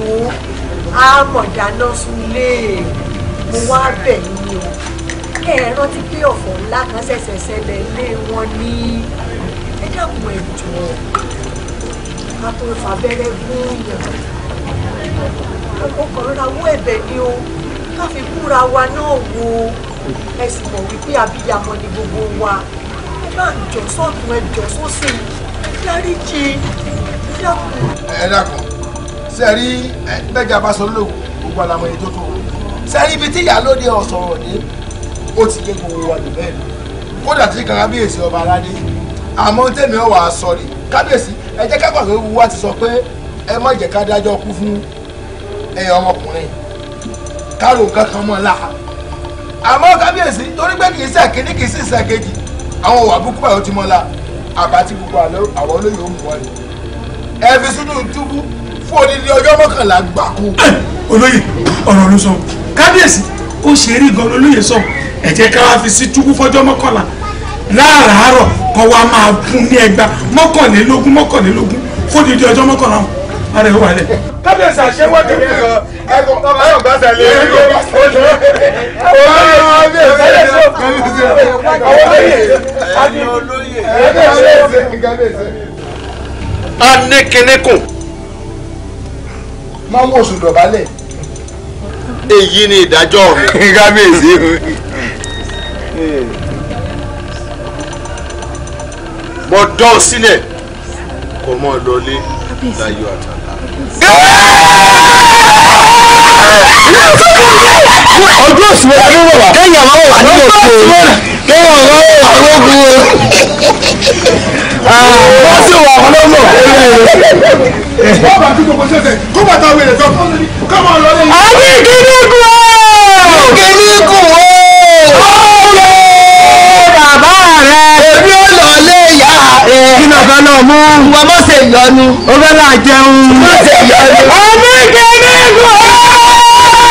Báwo àmọ̀ dáná sunlé mo wá bẹ̀ ní o kẹ́ ẹ rántí pé ọ̀fọ̀ ńlá kan ṣẹ̀ṣẹ̀ ṣẹlẹ̀ lé wọn ní ẹ dàpọ̀ ẹ̀jọ̀ ká tó fàbẹ́rẹ́ gúnyàn ọkọ̀ rawọ́ ẹ̀bẹ̀ ni o ká fi kúra wa náà wo ẹ sì mọ̀ wípé abiyamọ ni gbogbo wa ẹ bá ń jọ sọ́ọ̀tún ẹ jọ sósì dáríjì ẹ dákun. ẹ dákun sẹ́rí bẹ́jà bá sọ lóògùn gbogbo àlàmọ́ èyí tó tó o sẹ́rí ibi tí ìyálóde ọ̀sán ọ̀dẹ́ ó ti lé gbogbo wa jù bẹ́ẹ̀ kódà tí kábíyèsí ọba aládé àmọ́ tèmi ọ̀wà sọ kábíyèsí ẹ jẹ́ kápá pé wa ti sọ pé ẹ má jẹ́ ká dájọ́ kú fún ẹ̀yàn ọmọkùnrin káàrò nǹkan mọ́ la àmọ́ kábíyèsí torí pé kì í ṣe kíní kì í sì ṣe kejì àwọn òwà búkú báyọ̀ ti mọ́ la àbá tí gbogbo àwọn olóyè ó mú wọn ẹ fi sínú túbú fún odidi ọjọ́ mọ́kànlá gbáko. olóyè ọ̀rọ̀ ló sọ kábíyèsí ó ṣe rí gan olóyè sọ ẹ jẹ́ ká wá fi sí túkú fọ́jọ́ mọ́kànlá láàárọ̀ kọ́ wa máa kún ní ẹgbàá mọ́kànlélógún mọ́kànlélógún fún odidi ọjọ́ mọ́kànlá wọn ara ìwà rẹ̀. kábíyèsí àṣewọ́dé mi. ẹkọ ọmọ yóò gbà tẹ̀lé ẹni kò bá tẹ̀lé olóyè olóyè olóyè olóyè olóyè. a ní kinní kù máa ń wò sùn dọ̀bálẹ̀. èyí ni ìdájọ́ mi. <laughs> kábíyèsí o. mo dán sílẹ̀ kò mọ̀ lọlé láyọ̀ àtàlà. ọdún òsì wo la ní wọ̀ wá. kẹ́yìn àwọn wà nínú òkú o kẹ́yìn àwọn wà nínú òkú o wọ́n sì wà wọ́n lọ́wọ́. wọ́n bá tí gbogbo ṣẹ̀ṣẹ̀ kó bàtà wẹ̀rẹ̀ sọ fún mi kọ́mọ lọ lẹ́yìn. àbí kìnnìkù o. kìnnìkù o. ọ̀rọ̀ bàbá rẹ̀. èmi ò lọ lé ìyá rẹ̀. kí ni ọ̀gá náà mú. wọ́n mọ̀ ṣe yọnu. ó fẹ́ bá jẹun. mọ̀ ṣe yọnu. àbí kìnnìkù o.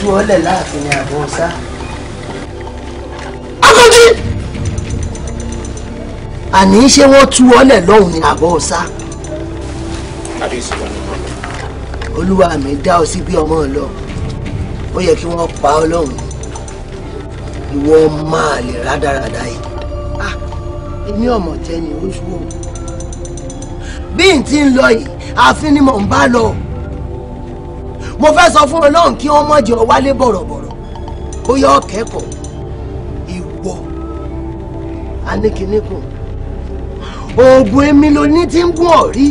tú ọ lẹ̀ láàfin ni àbọ̀ sá. akọ́jí àní ṣé wọ́n tú ọ lẹ̀ lọ́hùn ni àbọ̀ sá. olúwa mi dá ọ sí bí ọmọ lọ ó yẹ kí wọ́n pa ọ lọ́hùn ìwọ máa lè rádaràda yìí. Ah, èmi ọmọ tẹni oṣù wo bí n ti ń lọ yìí àfin ni mò ń bá lọ mo fẹ́ sọ fún ọlọ́run kí wọ́n mọ̀jọ wálé bọ̀rọ̀bọ̀rọ̀ ó yọ kẹ́kọ̀ọ́ ìwọ aníkíníkùn oògùn èmi ló ní tí ń gún ọ̀rí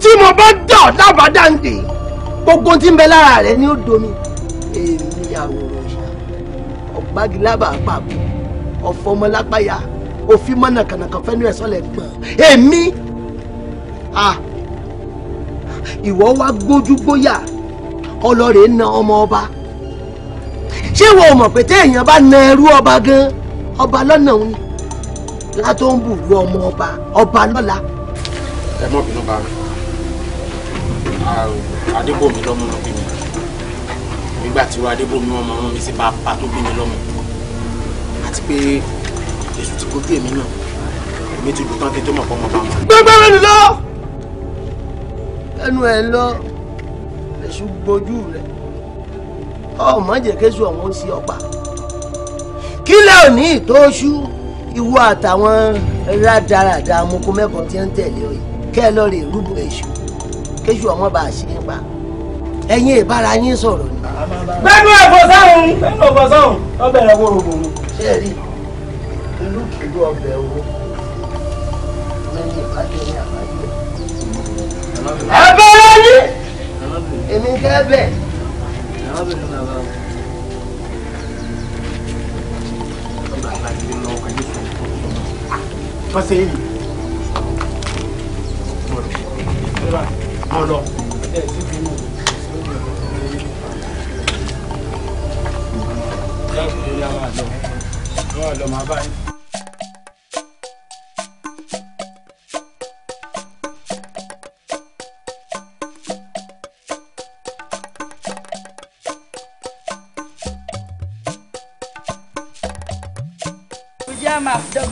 tí mo bá dọ̀ lábàdàǹdè gbogbo tí ń bẹ lára rẹ ni ó domi èmi àwòrán ṣá ọ̀gbágilábà pàbó ọ̀fọ̀mọlápáyà òfin mọ́nàkànàkàn fẹ́nu ẹ̀ sọ́lẹ̀ gbọ̀n èmi ah ìwọ wá gbójúgbóyà ọlọ́rẹ̀ na ọmọ ọba ṣé ìwọ mọ̀ pé téèyàn bá na ẹrú ọba gan ọba lọ́nà òun látó ń bùrú ọmọ ọba ọba lọ́la. ẹ mọ̀ bínú bá adébòmí lọ́mọ ló bí mi nígbà tí wọ́n adébòmí wọn mọ̀ mi sí bàbá tó bí mi lọ́mọ àti pé èṣù ti kojú èmi náà èmi ti dùn tán kí n tó mọ̀ pọ́ ọmọ bá wọn. gbẹgbẹrẹ nìlọ ẹnu ẹ lọ èṣù gbojú rẹ ọmọ jẹkẹsù ọ̀hún sí ọ̀pá kílẹ̀ òní ìtọ́ṣú ìwọ àtàwọn rádaràda amoko mẹ́kọ̀ọ́ tí ń tẹ̀lé ọ yìí kẹ́ ẹ lọ́ọ́ rè rúbọ èṣù kéṣù ọmọ bá a ṣe ń pa ẹ̀yin ìbára yín sọ̀rọ̀ ni. gbẹ́nu ẹ̀fọ́ sáhùn gbẹ́nu ẹ̀fọ́ sáhùn ọbẹ̀ rẹ̀ wọ́rọ̀ wọ́rọ̀. ṣé ẹ rí ìlú kìlú ọbẹ̀ owó mẹ́rin ìbájọ́ ní àná ẹ̀bẹ̀ rẹ ni èmi kẹ́ bẹ̀. pàṣẹ yìí mọ̀ lọ. Thank you.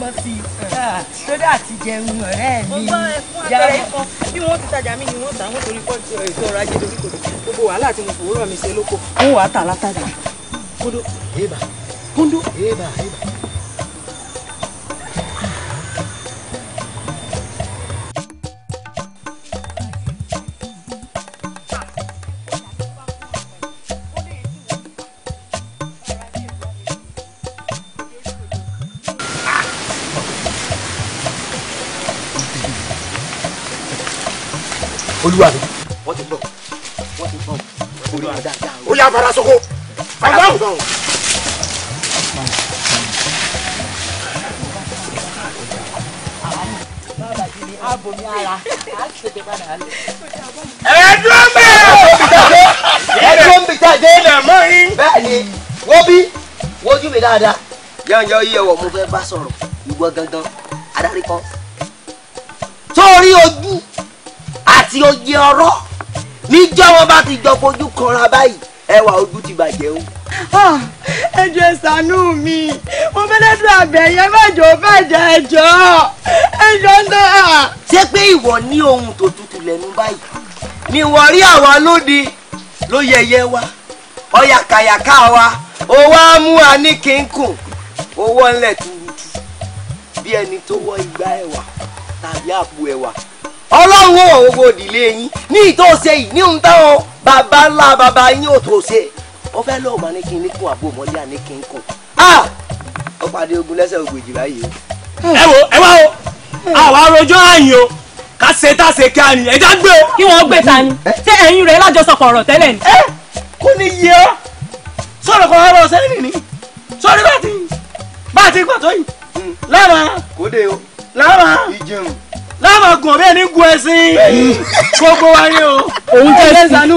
mọ́ sí i tó dà ti jẹun ọ̀rẹ́ mi. mo gbọ́ ẹ fún abẹ́rẹ́ ìfọn bí wọ́n ti tajà mí ni wọ́n tà wọ́n torí pọ́ ètò ọrọ̀ ajé lórí kòtò gbogbo wàhálà tí mo mi ṣe lóko. n wàá tà látàjà. kóńdó èèbà kóńdó èèbà èèbà. o. ẹ dúró bẹ́ẹ̀. ẹ dúró ń bìtá dé. ẹ dúró ń bìtá dé. bẹ́ẹ̀ ni wọ́n bí wojú mi dáadáa yànjọ yíyẹ wọ mo fẹ́ bá sọ̀rọ̀ ìwọ gangan adarí kan sórí ojú àti oyè ọ̀rọ̀ níjọ́ wọn bá ti jọ fojú kanra báyìí ẹwà ojú ti bàjẹ́ o Ah, ẹjọ ìsànú mi mo fẹ́ lẹ́dùn àbẹ̀yẹ mẹ́jọ bàjẹ́ ẹjọ ẹjọ náà. ṣé pé ìwọ ní ohun tó tutù lẹ́nu báyìí ni wọ́n rí àwa lóde ló yẹyẹ wa ọ̀yàkàyàkà wa ó wá mú wa ní kínkùn owó ńlẹ̀ tuurutu bí ẹni tó wọ́ ìgbà ẹ̀wà tàbí àpò ẹ̀wà ọlọ́run ò wo ìdílé yín ní ìtòsẹ́ yìí ní ohun táwọn baba ńlá baba yín ò tó ṣe ọfẹ lọ ọmọ ní kí n ní kún àbò ọmọdé àní kí n kún ah! ó pàdé ogun lẹ́sẹ̀ ògbèjì báyìí. ẹ wo ẹ wá o àwa rojọ́ àyìn o ká ṣe tá ṣe kí a ní ẹja gbé o. kí wọ́n gbé ta ni ṣé ẹ̀yin rẹ̀ lájọsọpọ̀ ọ̀rọ̀ tẹ́lẹ̀ ni. ẹ kú ni yẹ ọ sọ̀rọ̀ kan ọ̀rọ̀ ọ̀sẹ̀ nìyí sọ̀rọ̀ bá ti bá ti pàtó yìí hmm. lára kóde o lára ìjẹun lára gùn ọ̀bẹ ní gùn ẹ̀sìn gbogbo wa ni o. òun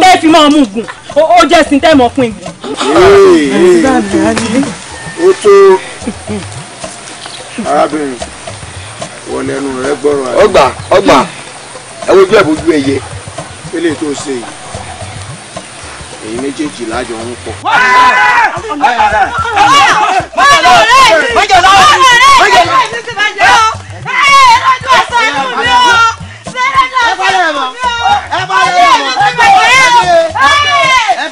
tẹ́ fi máa mú gùn ó jẹ́ sin tẹ́ mọ́ pin gbìn. ó tó arábìnrin wọ lẹ́nu rẹ gbọ́rọ̀ àyè. ọgbà ọgbà ẹ wojú ẹ bójú ẹ yẹ. pélé tó ṣe yìí èyí méjèèjì lájọ ń pọ̀. ẹ bá yẹ ẹ bá yẹ.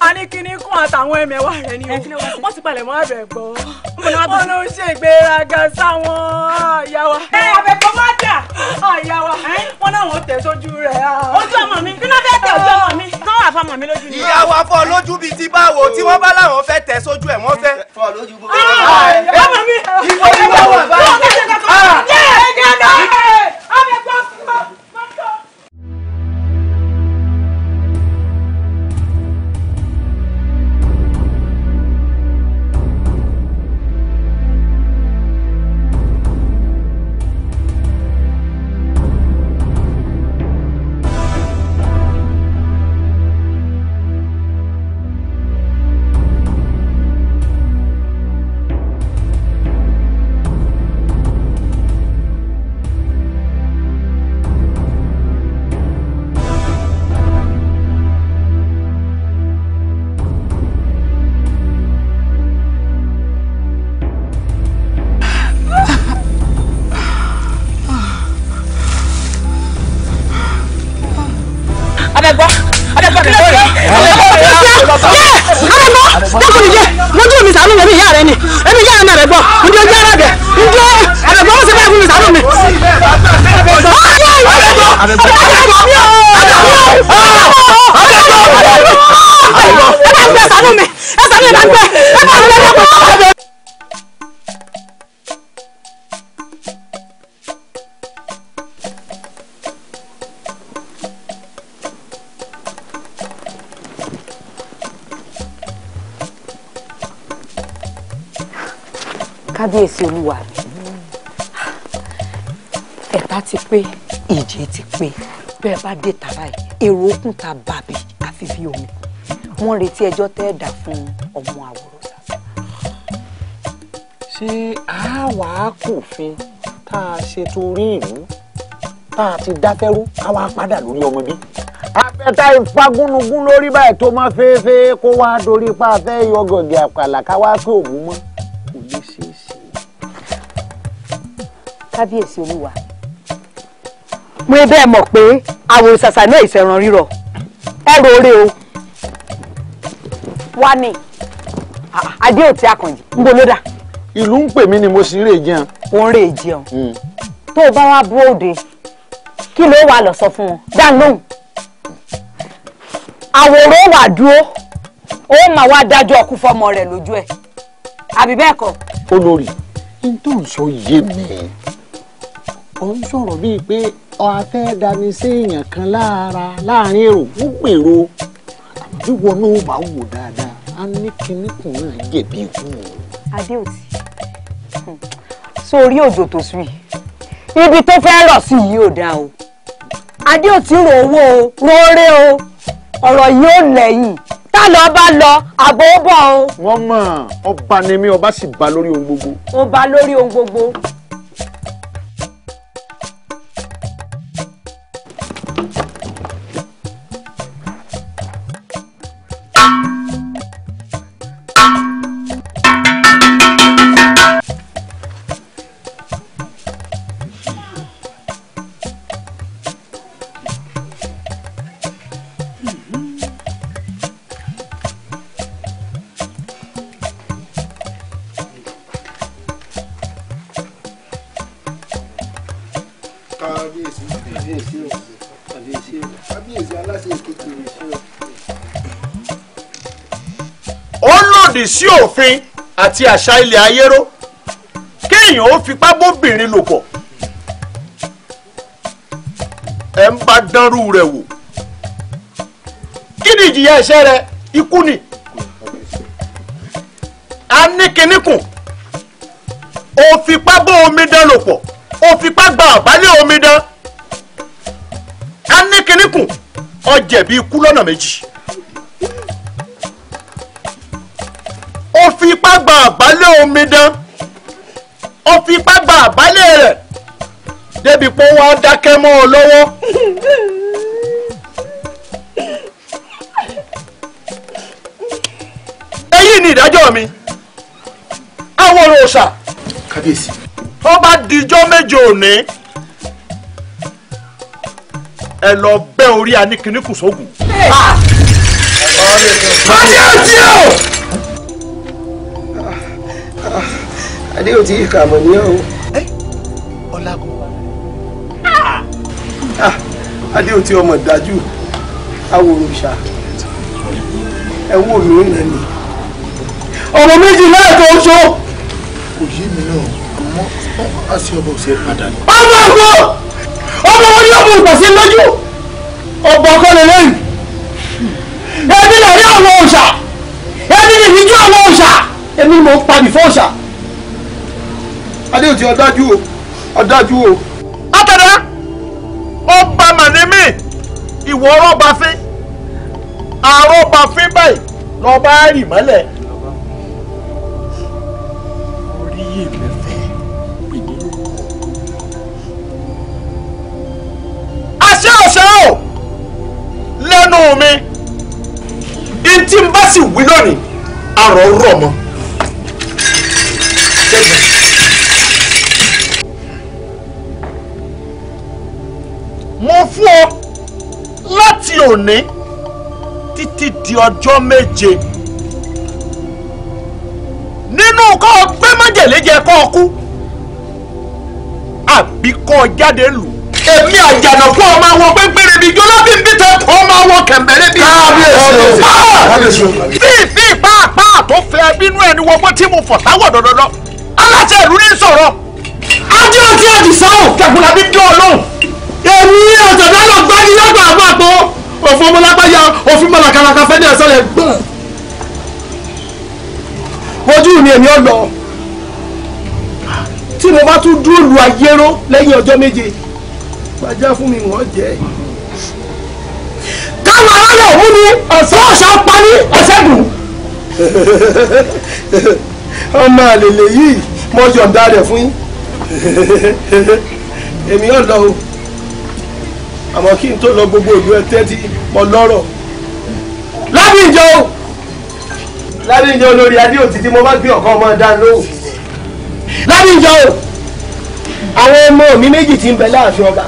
a ní kíní kún àtàwọn ẹmẹ̀wà rẹ ni o wọ́n ti palẹ̀ mọ́ àbẹ̀ gbọ́ wọ́n ló ń ṣe ìgbéraga sáwọn ìyàwó. ẹ àbẹ̀ kọ́ má dà ìyàwó wọn náà wọ́n tẹ̀ sójú rẹ̀. ojú ọmọ mi kí ló fẹ́ tẹ̀ ojú ọmọ mi kán wà fọmọ mi lójú ni. ìyàwó afọ lójú bíi ti báwo tí wọ́n bá láwọn fẹ́ tẹ̀ sójú ẹ̀ wọ́n fẹ́. fọ lójú bó. ọmọ mi ìwọ ìwọ wà báyìí. dákun nìyẹ lójú mi sàánú mi ìyá rẹ ni èmi ìyá náà rẹ gbọ́ ǹdí pé bẹ́ẹ̀ bá dé tàbá yìí èrò okùn ta bàbí àfi bí omi wọ́n retí ẹjọ́ tẹ́ ẹ̀ dà fún ọmọ àwòrán sá. ṣé àwa kòfin tá a ṣe torí ìlú tá a ti dákẹ́rú káwa padà lórí ọmọ bí. apẹta ìfagúnugún lórí báyìí tó máa fẹ́ẹ́fẹ́ kó wá dorí ipá fẹ́ yọ gọ̀gẹ̀ àpàlà káwá pé òun mọ́ kò lè ṣeé ṣe. kábíyèsí olúwa mo ẹ bẹ́ẹ̀ mọ̀ pé àwòrán ṣàṣà náà ìṣẹ̀ràn rírọ̀ ẹ roore o wá ní adé òtí àkànjì ń bo lódà. ìlú ń pè mí ni mo sì ń rè jẹun. ó ń rè jẹun hmm. tó o bá wá bú òde kí ló wà lọ sọ fún wọn dá lóhùn àwòrán wà dúró ó máa wá dájọ́ ọkú fọmọ rẹ̀ lójú ẹ̀ àbí n tó ń mi ò ń sọ̀rọ̀ bíi pé ọ̀tẹ́ dání séèyàn kan lára láàrin èrò ó gbèrò àbí wọnú bá wò dáadáa á ní kinníkùn náà jẹ̀bi ikú. adéòtí hmm, sórí òjò tó sùn yìí ibi tó fẹ́ rọ̀ sí yìí ò dáa o adéòtí rò owó o rò o ọ̀rọ̀ yìí ò lẹ́yìn tá lọ bá lọ àbò ó bọ̀ o. wọ́n mọ̀ ọba ni mí ọba sì ba lórí ohun gbogbo. ó ba lórí ohun gbogbo. lòdì sí òfin àti àṣà ilẹ̀ ayéró kéèyàn ó fipá bóbìnrin lò pọ̀ ẹ̀ ń bá dánrú rẹ̀ wò kí ni ìjìyà ẹ̀ṣẹ̀ rẹ̀ ikú ni a ní kinníkùn ó fipá bó omidan lò pọ̀ ó fipá gba àbálẹ̀ omidan a ní kinníkùn ó jẹ̀bi ikú lọ́nà méjì. gba àbálẹ̀ omidan ó fi ipá gba àbálẹ̀ rẹ̀ débi pé wọ́n á dákẹ́ mọ́ ọ lọ́wọ́. èyí ni ìdájọ́ mi àwọn òòṣà kábíyèsí ó bá dijọ́ méje òní ẹ lọ bẹ́ orí anìkíníkù sógun. Ah! kábíyèsí o. adé ò tí ì kà mọ̀ ní ọ́. ẹ ọlágun. Ah, ah, adé ò tí ọmọ dájú àwòrán ṣá ẹ wò mí ó nà ní. ọmọ méjì náà tó so. kò yé mi náà àmọ́ a sì ọba òsè padà ní. ọmọ àgbo ọmọ wọn ni ọmọ ìgbà sí lójú ọba ọkọ lè lẹ́yìn ẹbí lè rí àwọn òòṣà ẹbí lè rí ju àwọn òòṣà èmi mo ń pa bìfọ́ òòṣà adéhùn ti ọ̀dájú o ọ̀dájú o. látọ̀dá ọba mànímì ìwọ ọlọ́ba fín àrọ́ba fín báyìí lọ́ba rì mọ́lẹ̀. orí èmi fẹ́ pè mí lóko. àṣẹ ọ̀ṣẹ́ o lẹ́nu mi ntí n bá sì wí lónìí àrọ̀ rọ̀ mọ́. òní títí di ọjọ́ méje nínú kọ́ ọ gbé májèlé jẹ kọ́ ọ kú àbí kọ́ ọ jáde lù. èmi àjànà fún ọmọ àwọn gbẹgbẹrẹ bíi jọlá bí n bí tẹ fún ọmọ àwọn kẹmẹrẹ bíi. káàbíyèsí fífi pàápàá tó fẹ́ bínú ẹni wọgbọ́n tí mo fọ̀ táwọ̀ dọ̀dọ̀dọ̀ aláṣẹ ìlú ní sọ̀rọ̀. ajé ọtí àdìsá ò kẹkùn làbí dán ọ lóhùn. èmi ọ̀tọ̀ náà lọ gbá ní lọ́gbà àbọ̀ òfin ọmọlápáyà òfin mọ̀làkàlàkà fẹ́ dẹ̀ sọ̀rọ̀ ẹ̀gbọ́n ojú mi èmi ọ̀lọ́ tí mo bá tún dúró lu ayéró lẹ́yìn ọjọ́ méje gbajá fún mi wọ́n jẹ́ káwọn aráàlú ọ̀hún ni ọ̀sán ọ̀sá parí ọ̀ṣẹ́gun <laughs> ọmọ àlèlè yìí mo yọ̀ǹda rẹ̀ fún yín <laughs> èmi ọ̀lọ́ o àmọ́ kí n tó lọ gbogbo ìlú ẹtẹ́ tí mo lọ́rọ̀ ládìjọ ládìjọ olórí adéòtí tí mo bá gbé ọ̀kan ọmọ dá lóhùn ládìjọ àwọn ọmọ mi méjì tí ń bẹ láàfin ọba.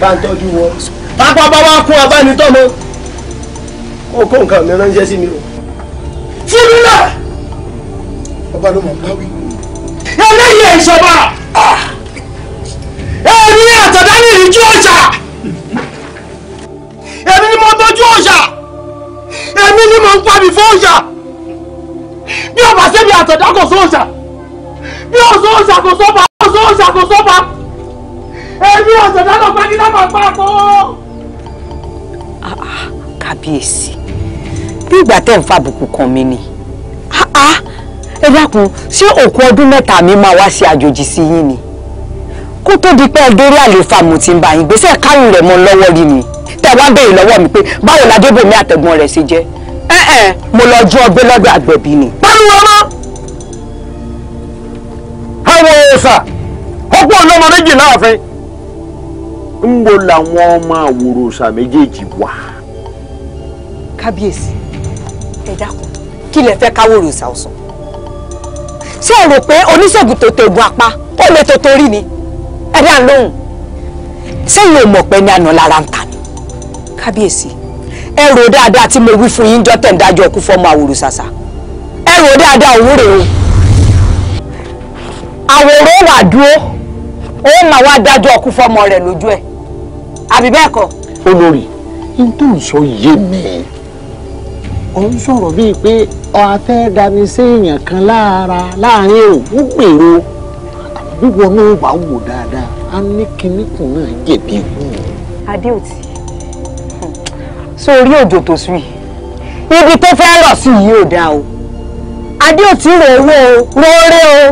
bá ń tọ́jú wọn pápá bá wá kún abánitọ́mọ kó kó nǹkan mi ránṣẹ́ sí mi o. fúnilẹ̀ ọba ló mọ̀ báwí. eléyìí ìṣọba èmi àtàdá ní ìrìjú ọjà èmi ni mo tọ́jú ọjà èmi ni mo ń pàbí fún ọjà bí ọba sẹ́mi àtàdá kò sọ ọjà bí ọ̀sọ́ ọjà kò sọ́ba ọ̀sọ́ ọjà kò sọ́ba èmi àtàdá lọ pẹ́ kí náà máa pa àpò. Ah, ah, kábíyèsí bí ìgbà tẹ́ ń fàbùkù kan mi ni ah, ẹ dákun ṣé òkú ọdún mẹ́ta mi máa wá sí àjòjì sí yín ni kó tó di pé ẹdórí àlefa mo ti ń bá yín gbèsè kárùn rẹ̀ mọ́ lọ́wọ́ rí ni tẹ́ wá béèrè lọ́wọ́ mi pé báwo la débòmí àtẹ̀gbọ́n rẹ̀ ṣe jẹ́ ẹ ẹ mo lọ jọ ọgbẹ́ lọ́dọ̀ àgbẹ̀bí ni. pariwo ọmọ àwọn ọ̀sà ọ̀pọ̀ ọlọ́mọ méjì láàfin ń wo làwọn ọmọ àwòrò ọ̀sà méjèèjì wà. kábíyèsí ẹ dákun kí lẹ fẹ́ káwòrò ọ̀sà ọ̀sán ṣé ẹ rò pé oníṣègùn tó tẹ̀gùn apá ó lè tó torí ni. ẹ dá sẹ́yìn ò mọ̀ pé ní àná lára ń ta ni kábíyèsí ẹ mo wí fún yín fọ́mọ àwòrò ṣàṣà ẹ rò o àwòrò wà dúró ó wá dájọ́ fọ́mọ rẹ̀ lójú ẹ̀ àbí bẹ́ẹ̀ kọ́. olórí n tó ń sọ yé mi ò ń sọ̀rọ̀ bíi pé ọ̀ wíwọ náà wà wò dáadáa á ní kinníkùn náà jẹ̀bi ikú. adéòtí sórí òjò tó sùn yìí níbi tó fẹ́ lọ sí yìí ò dáa o adéòtí rò owó o lóore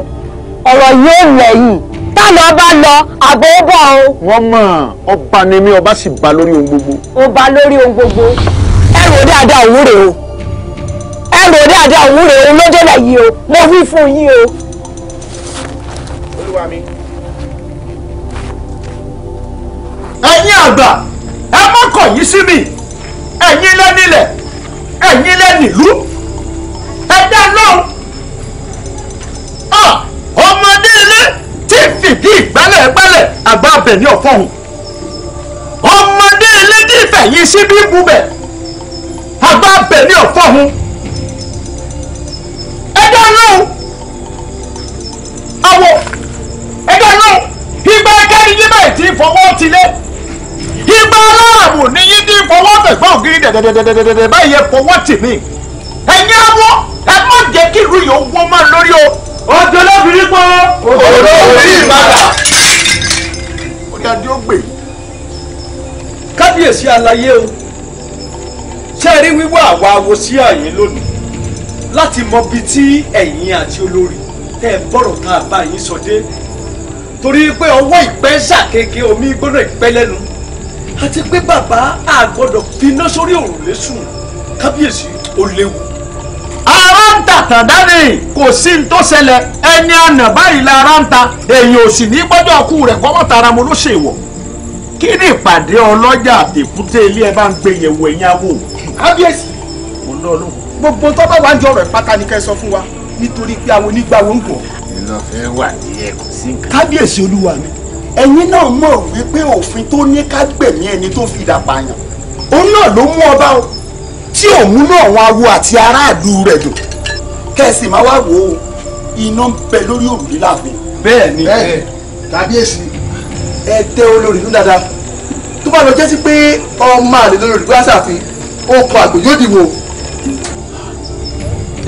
o ọ̀rọ̀ yóò lẹ́yìn tálọ bá lọ àbò ó bọ̀ o. wọ́n mọ̀ ọba ni mí ọba sì ba lórí ohun gbogbo. ó ba lórí ohun gbogbo ẹ rò dáadáa òwúrè o ẹ rò dáadáa òwúrè o lójó lẹ́yìn o mo wí fún yín o olúwa mi. ẹ̀yin àgbà ẹ má kọ̀yìn sí mi ẹ̀yin lẹ́nilẹ̀ ẹ̀yin lẹ́nìlú ẹ dá lóhùn ah, ọmọdé ilé tí fìdí ìgbálẹ̀ gbálẹ̀ àgbà abẹ̀ ní ọ̀fọ́hùn ọmọdé ilé tí fẹ̀yìn sí bí bubẹ̀ àgbà abẹ̀ ní ọ̀fọ́hùn ẹ dá lóhùn àwọn ìgbà kẹ́ni níbẹ̀ tí fọwọ́ ti lé ìgbà aláàbò ní yín tí fọwọ́ tẹ̀gbọ́n ògiri dẹ̀dẹ̀dẹ̀dẹ̀dẹ̀ báyìí yẹ fọwọ́ tì mí ẹ̀yin awọ ẹ má jẹ́ kí ìlú yìí ó wọ́n máa lórí o. ọjọ́ lóbìnrin pọ̀ òdò orí ìbàdà. ó ní adé ó gbè. kábíyèsí aláyé o ṣe rí wíwá àwa wo sí àyè lónìí láti mọ bíi tí ẹ̀yin àti olórí tẹ́ ẹ bọ̀rọ̀ tá a bá yín sọ dé torí pé ọwọ́ ìpẹ́ ṣàkéke omi gbóná ìpẹ́ lẹ́nu àti pé bàbá àgọ́dọ̀ finá sórí òrùlé sùn kábíyèsí ó léwu. ara ń tàtà dání kò sí ní tó ṣẹlẹ̀ ẹni àná báyìí la ara ń ta èèyàn ò sì ní gbọ́dọ̀ kú rẹ̀ kọ́mọ́ tara mo ló ṣe wọ̀ kí ni ìpàdé ọlọ́jà èkúté ilé ẹ bá ń gbé yẹ̀wò ẹ̀yìn awò. kábíyèsí mo lọ lóhùn. gbogbo tó bá wà ń jọrọ ìpátá ni kẹ́ ẹ sọ fún wa nítorí pé àwọn onígbàwọ̀ ń gùn òfin náà fẹ́ wà ní ẹ̀kọ́ sí nǹkan. kábíyèsí olúwa mi ẹ̀yin náà mọ̀ wípé òfin tó ní ká gbẹ̀mí ẹni tó fi ìdàpọ̀ àyàn òun náà ló mú ọba o tí òun náà wọn awo àti aráàlú rẹ̀ dùn kẹ́sì máa wá wò ó iná ń bẹ lórí òrùlé láàfin. bẹ́ẹ̀ni bẹ́ẹ̀ kábíyèsí ẹ tẹ olórí ìlú dáadáa tó bá lọ jẹ́ sí pé ọmọ àlè lórí olùgbàsàfin ó kọ àgbò yóò dìbò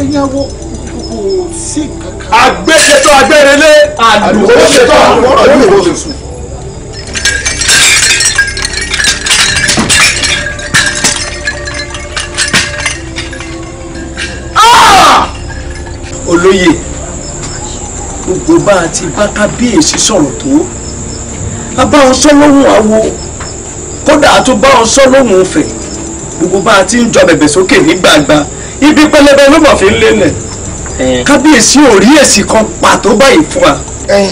ẹ̀yin awo agbẹ́sẹ̀tọ̀ agbẹ́rẹ́lé àlùkòsẹ̀tọ̀ olùkòsẹ̀sù. olóye gbogbo bá a ti bá kábíyèsí sọ̀rọ̀ tó a bá wọn sọ lóhùn àwo kódà a tún bá wọn sọ lóhùn fẹ̀ gbogbo bá a ti ń jọ bẹ̀bẹ̀ sókè ní gbàgbà ibi pẹlẹbẹ ló mọ̀ fi ń lé nẹ̀. Eh. kábíyèsí ò rí èsì kan pàtó báyìí fún wa.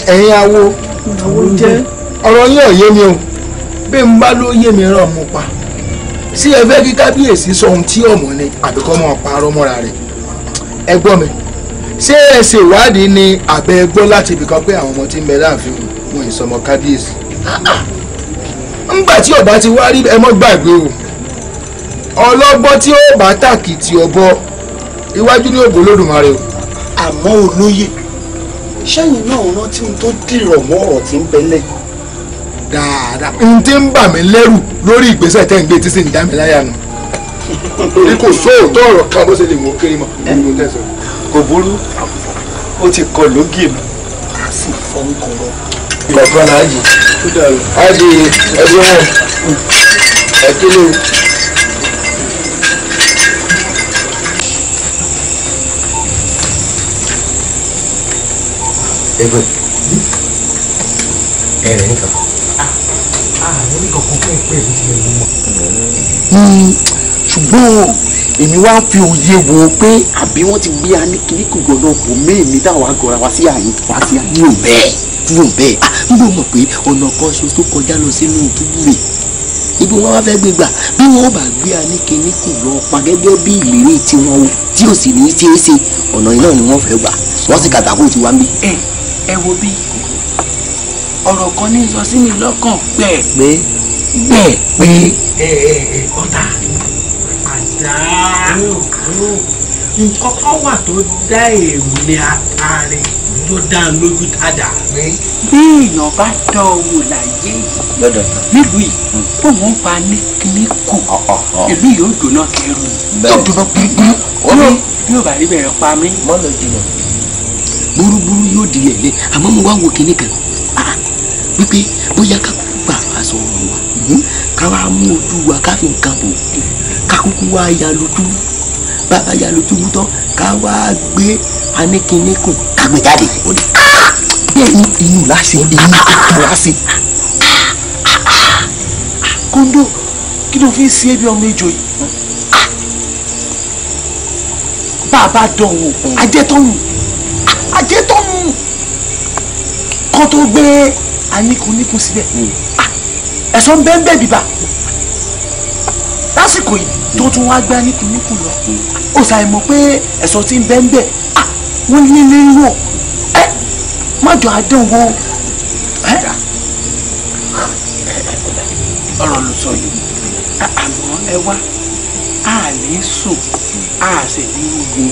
ẹ̀yin awo ọ̀rọ̀ yín ò yé mi o bí n bá ló yé mi rán mo pa sí ẹ fẹ́ kí kábíyèsí sọ ohun tí ọmọ ni àbí kọ́ máa parọ́ mọ́ra rẹ̀ ẹ gbọ́ mi ṣé ẹ ṣe ìwádìí ni àbẹ gbọ́ láti ibì kan pé àwọn ọmọ tí ń bẹ láàfin wọn ìsọmọ kábíyèsí ah, ah. ńgbà tí ọba ti wá rí ẹ mọ́ gbàgbé o ọlọ́gbọ́n tí ó bá tàkìtì ọ̀bọ iwájú ní ògbólódùmarè o àmọ́ olóye sẹ́yìn náà rántí ohun tó dìrọ̀ mọ́ ọ̀rọ̀ tí ń bẹ lẹ́yìn dáadáa. n tí ń bà mí lẹ́rù lórí ìgbésẹ̀ tẹ́ ń gbé tí sì ń dá mi láyà nù. bí kò sóòótọ́ ọ̀rọ̀ kan bó ṣe lè wọ́n kéré mọ́. kò burú ó ti kọ lógì mi. a sì fọ́n kọ̀rọ̀. ìgbàgbọ́n náà yìí. á di ẹgbẹ́ wọn ẹ ẹgbẹ́ ẹ̀rẹ̀ nìkan. ààrẹ nìkan kan pé pé èmi ti mú mọ́. ṣùgbọ́n èmi wá ń fi òye wo pé àbí wọ́n ti gbé aníkìníkù gbọ́dọ̀ kò mí èmi táwa gọra wá sí àyè wá sí àyè ò bẹ́ẹ̀ tí ò bẹ́ẹ̀ ah, n bò mọ̀ pé ọ̀nà kan ṣo tó kọjá lọ sínú túbú rẹ̀ ibi wọn wá fẹ́ gbé gbà bí wọn bá gbé aníkìníkù lọ pa gẹ́gẹ́ bí ìlérí tiwọn o tí ò sì ní í ṣeé ṣe ọ̀nà yìí náà ni wọ́n fẹ́ gbà wọ́n sì kàtàkùn tiwa ń bí ẹ wo bí ọ̀rọ̀ kan ní sọ sí mi lọ́kàn pẹ̀ẹ́pẹ́ pẹ̀ẹ́pẹ́ ọ̀tá àdá nǹkan kan wà tó dá èrò ní àtàrí tó dá lójú tàdá. bí èèyàn bá dán owó láyé nílùú yìí bóun hmm. bá ní kíní kù ìlú yìí ó dùnà kẹrù yóò dùnà gbúgbúrú yóò bá rí bẹ̀rẹ̀ pa mí. mọ́lẹ̀ jìnnà gbúrúgbúrú dìrì ẹ̀ lẹ́ àmọ́ mo wá wo kinní kan wípé bóyá ká kú gbà aṣọ ọrùn wa hmm, ká wá mú ojú wa ká fi nǹkan bò ká kúkú wá ya lójúlú bàbá ya lójúlú tán ká wá gbé aníkíníkùn ká gbé jáde. bẹ́ẹ̀ ni inú láṣẹ inú kúkú láṣẹ. kóńdó kí ló fi ń ṣe é bí ọmọ ìjọ yìí bàbá dán o hmm. ajẹ́tọ̀hún kó tó gbé aníkuníkun síbẹ̀ hmm. ah, ẹ̀sọ́ ń bẹ́ẹ̀ bẹ́ẹ̀ bíbá lásìkò yìí hmm. tó tún wá gbé aníkuníkun lọ ó hmm. ṣàì mọ̀ pé ẹ̀sọ́ ti ń bẹ́ẹ̀ bẹ́ẹ̀ ah, wọ́n nílé ń wọ̀ ẹ́ májọ àdánwò ẹ́ ọ̀rọ̀ ló sọ yìí àmọ́ ẹ wá a ní sùn a sì ní wo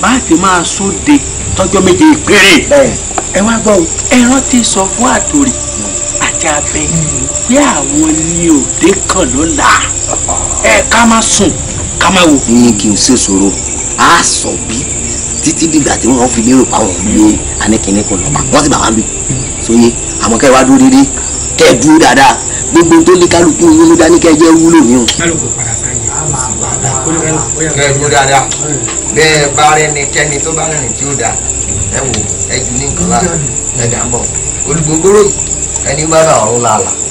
bá a ti máa sóde tọ́jọ́ méje péré ẹ wá gbọ́ o ẹran ti sọ fún àtòrì àti abẹ pé àwọn ní òde kan lọ́la ẹ ká má sùn ká má wò. ní kí n ṣe sòro a sọ bí títí dìgbà tí wọn fi lérò pa wọn lé anẹkìnní kan lọpa wọn sì bá wọn bí sóye àmọ́ kẹ wá dúró dédé kẹ dúró dáadáa gbogbo tó ní kálukú yín ló dání kẹ jẹ wúlò ní o. kálukú dúró dáadáa bẹ́ẹ̀ bá rẹnikẹ́ni tó bá rẹni tí ó dáa ẹ wò ẹ ju ní nǹkan lára ẹ dà ń bọ̀ olùgbòǹgbòrò ẹni bá bá ọ̀run làálàá.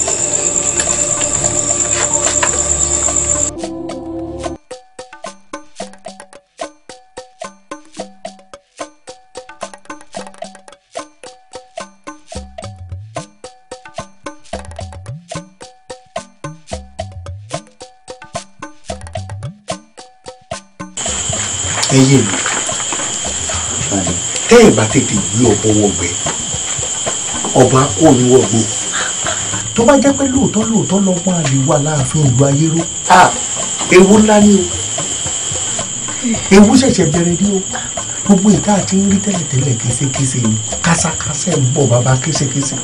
tètè gbé ọbọ wọgbẹ ọba kò ní wọgbó tó bá jẹ́ pé lóòótọ́ lóòótọ́ lọ́gbọ́n àlè wà láàfin ìlú ayéró ewu ńlá ni o ewu ṣẹ̀ṣẹ̀ bẹ̀rẹ̀ ni o gbogbo ìta àti ń rí tẹ́lẹ̀tẹ́lẹ̀ késekése ni kásákásá ń bọ̀ bàbá késekése.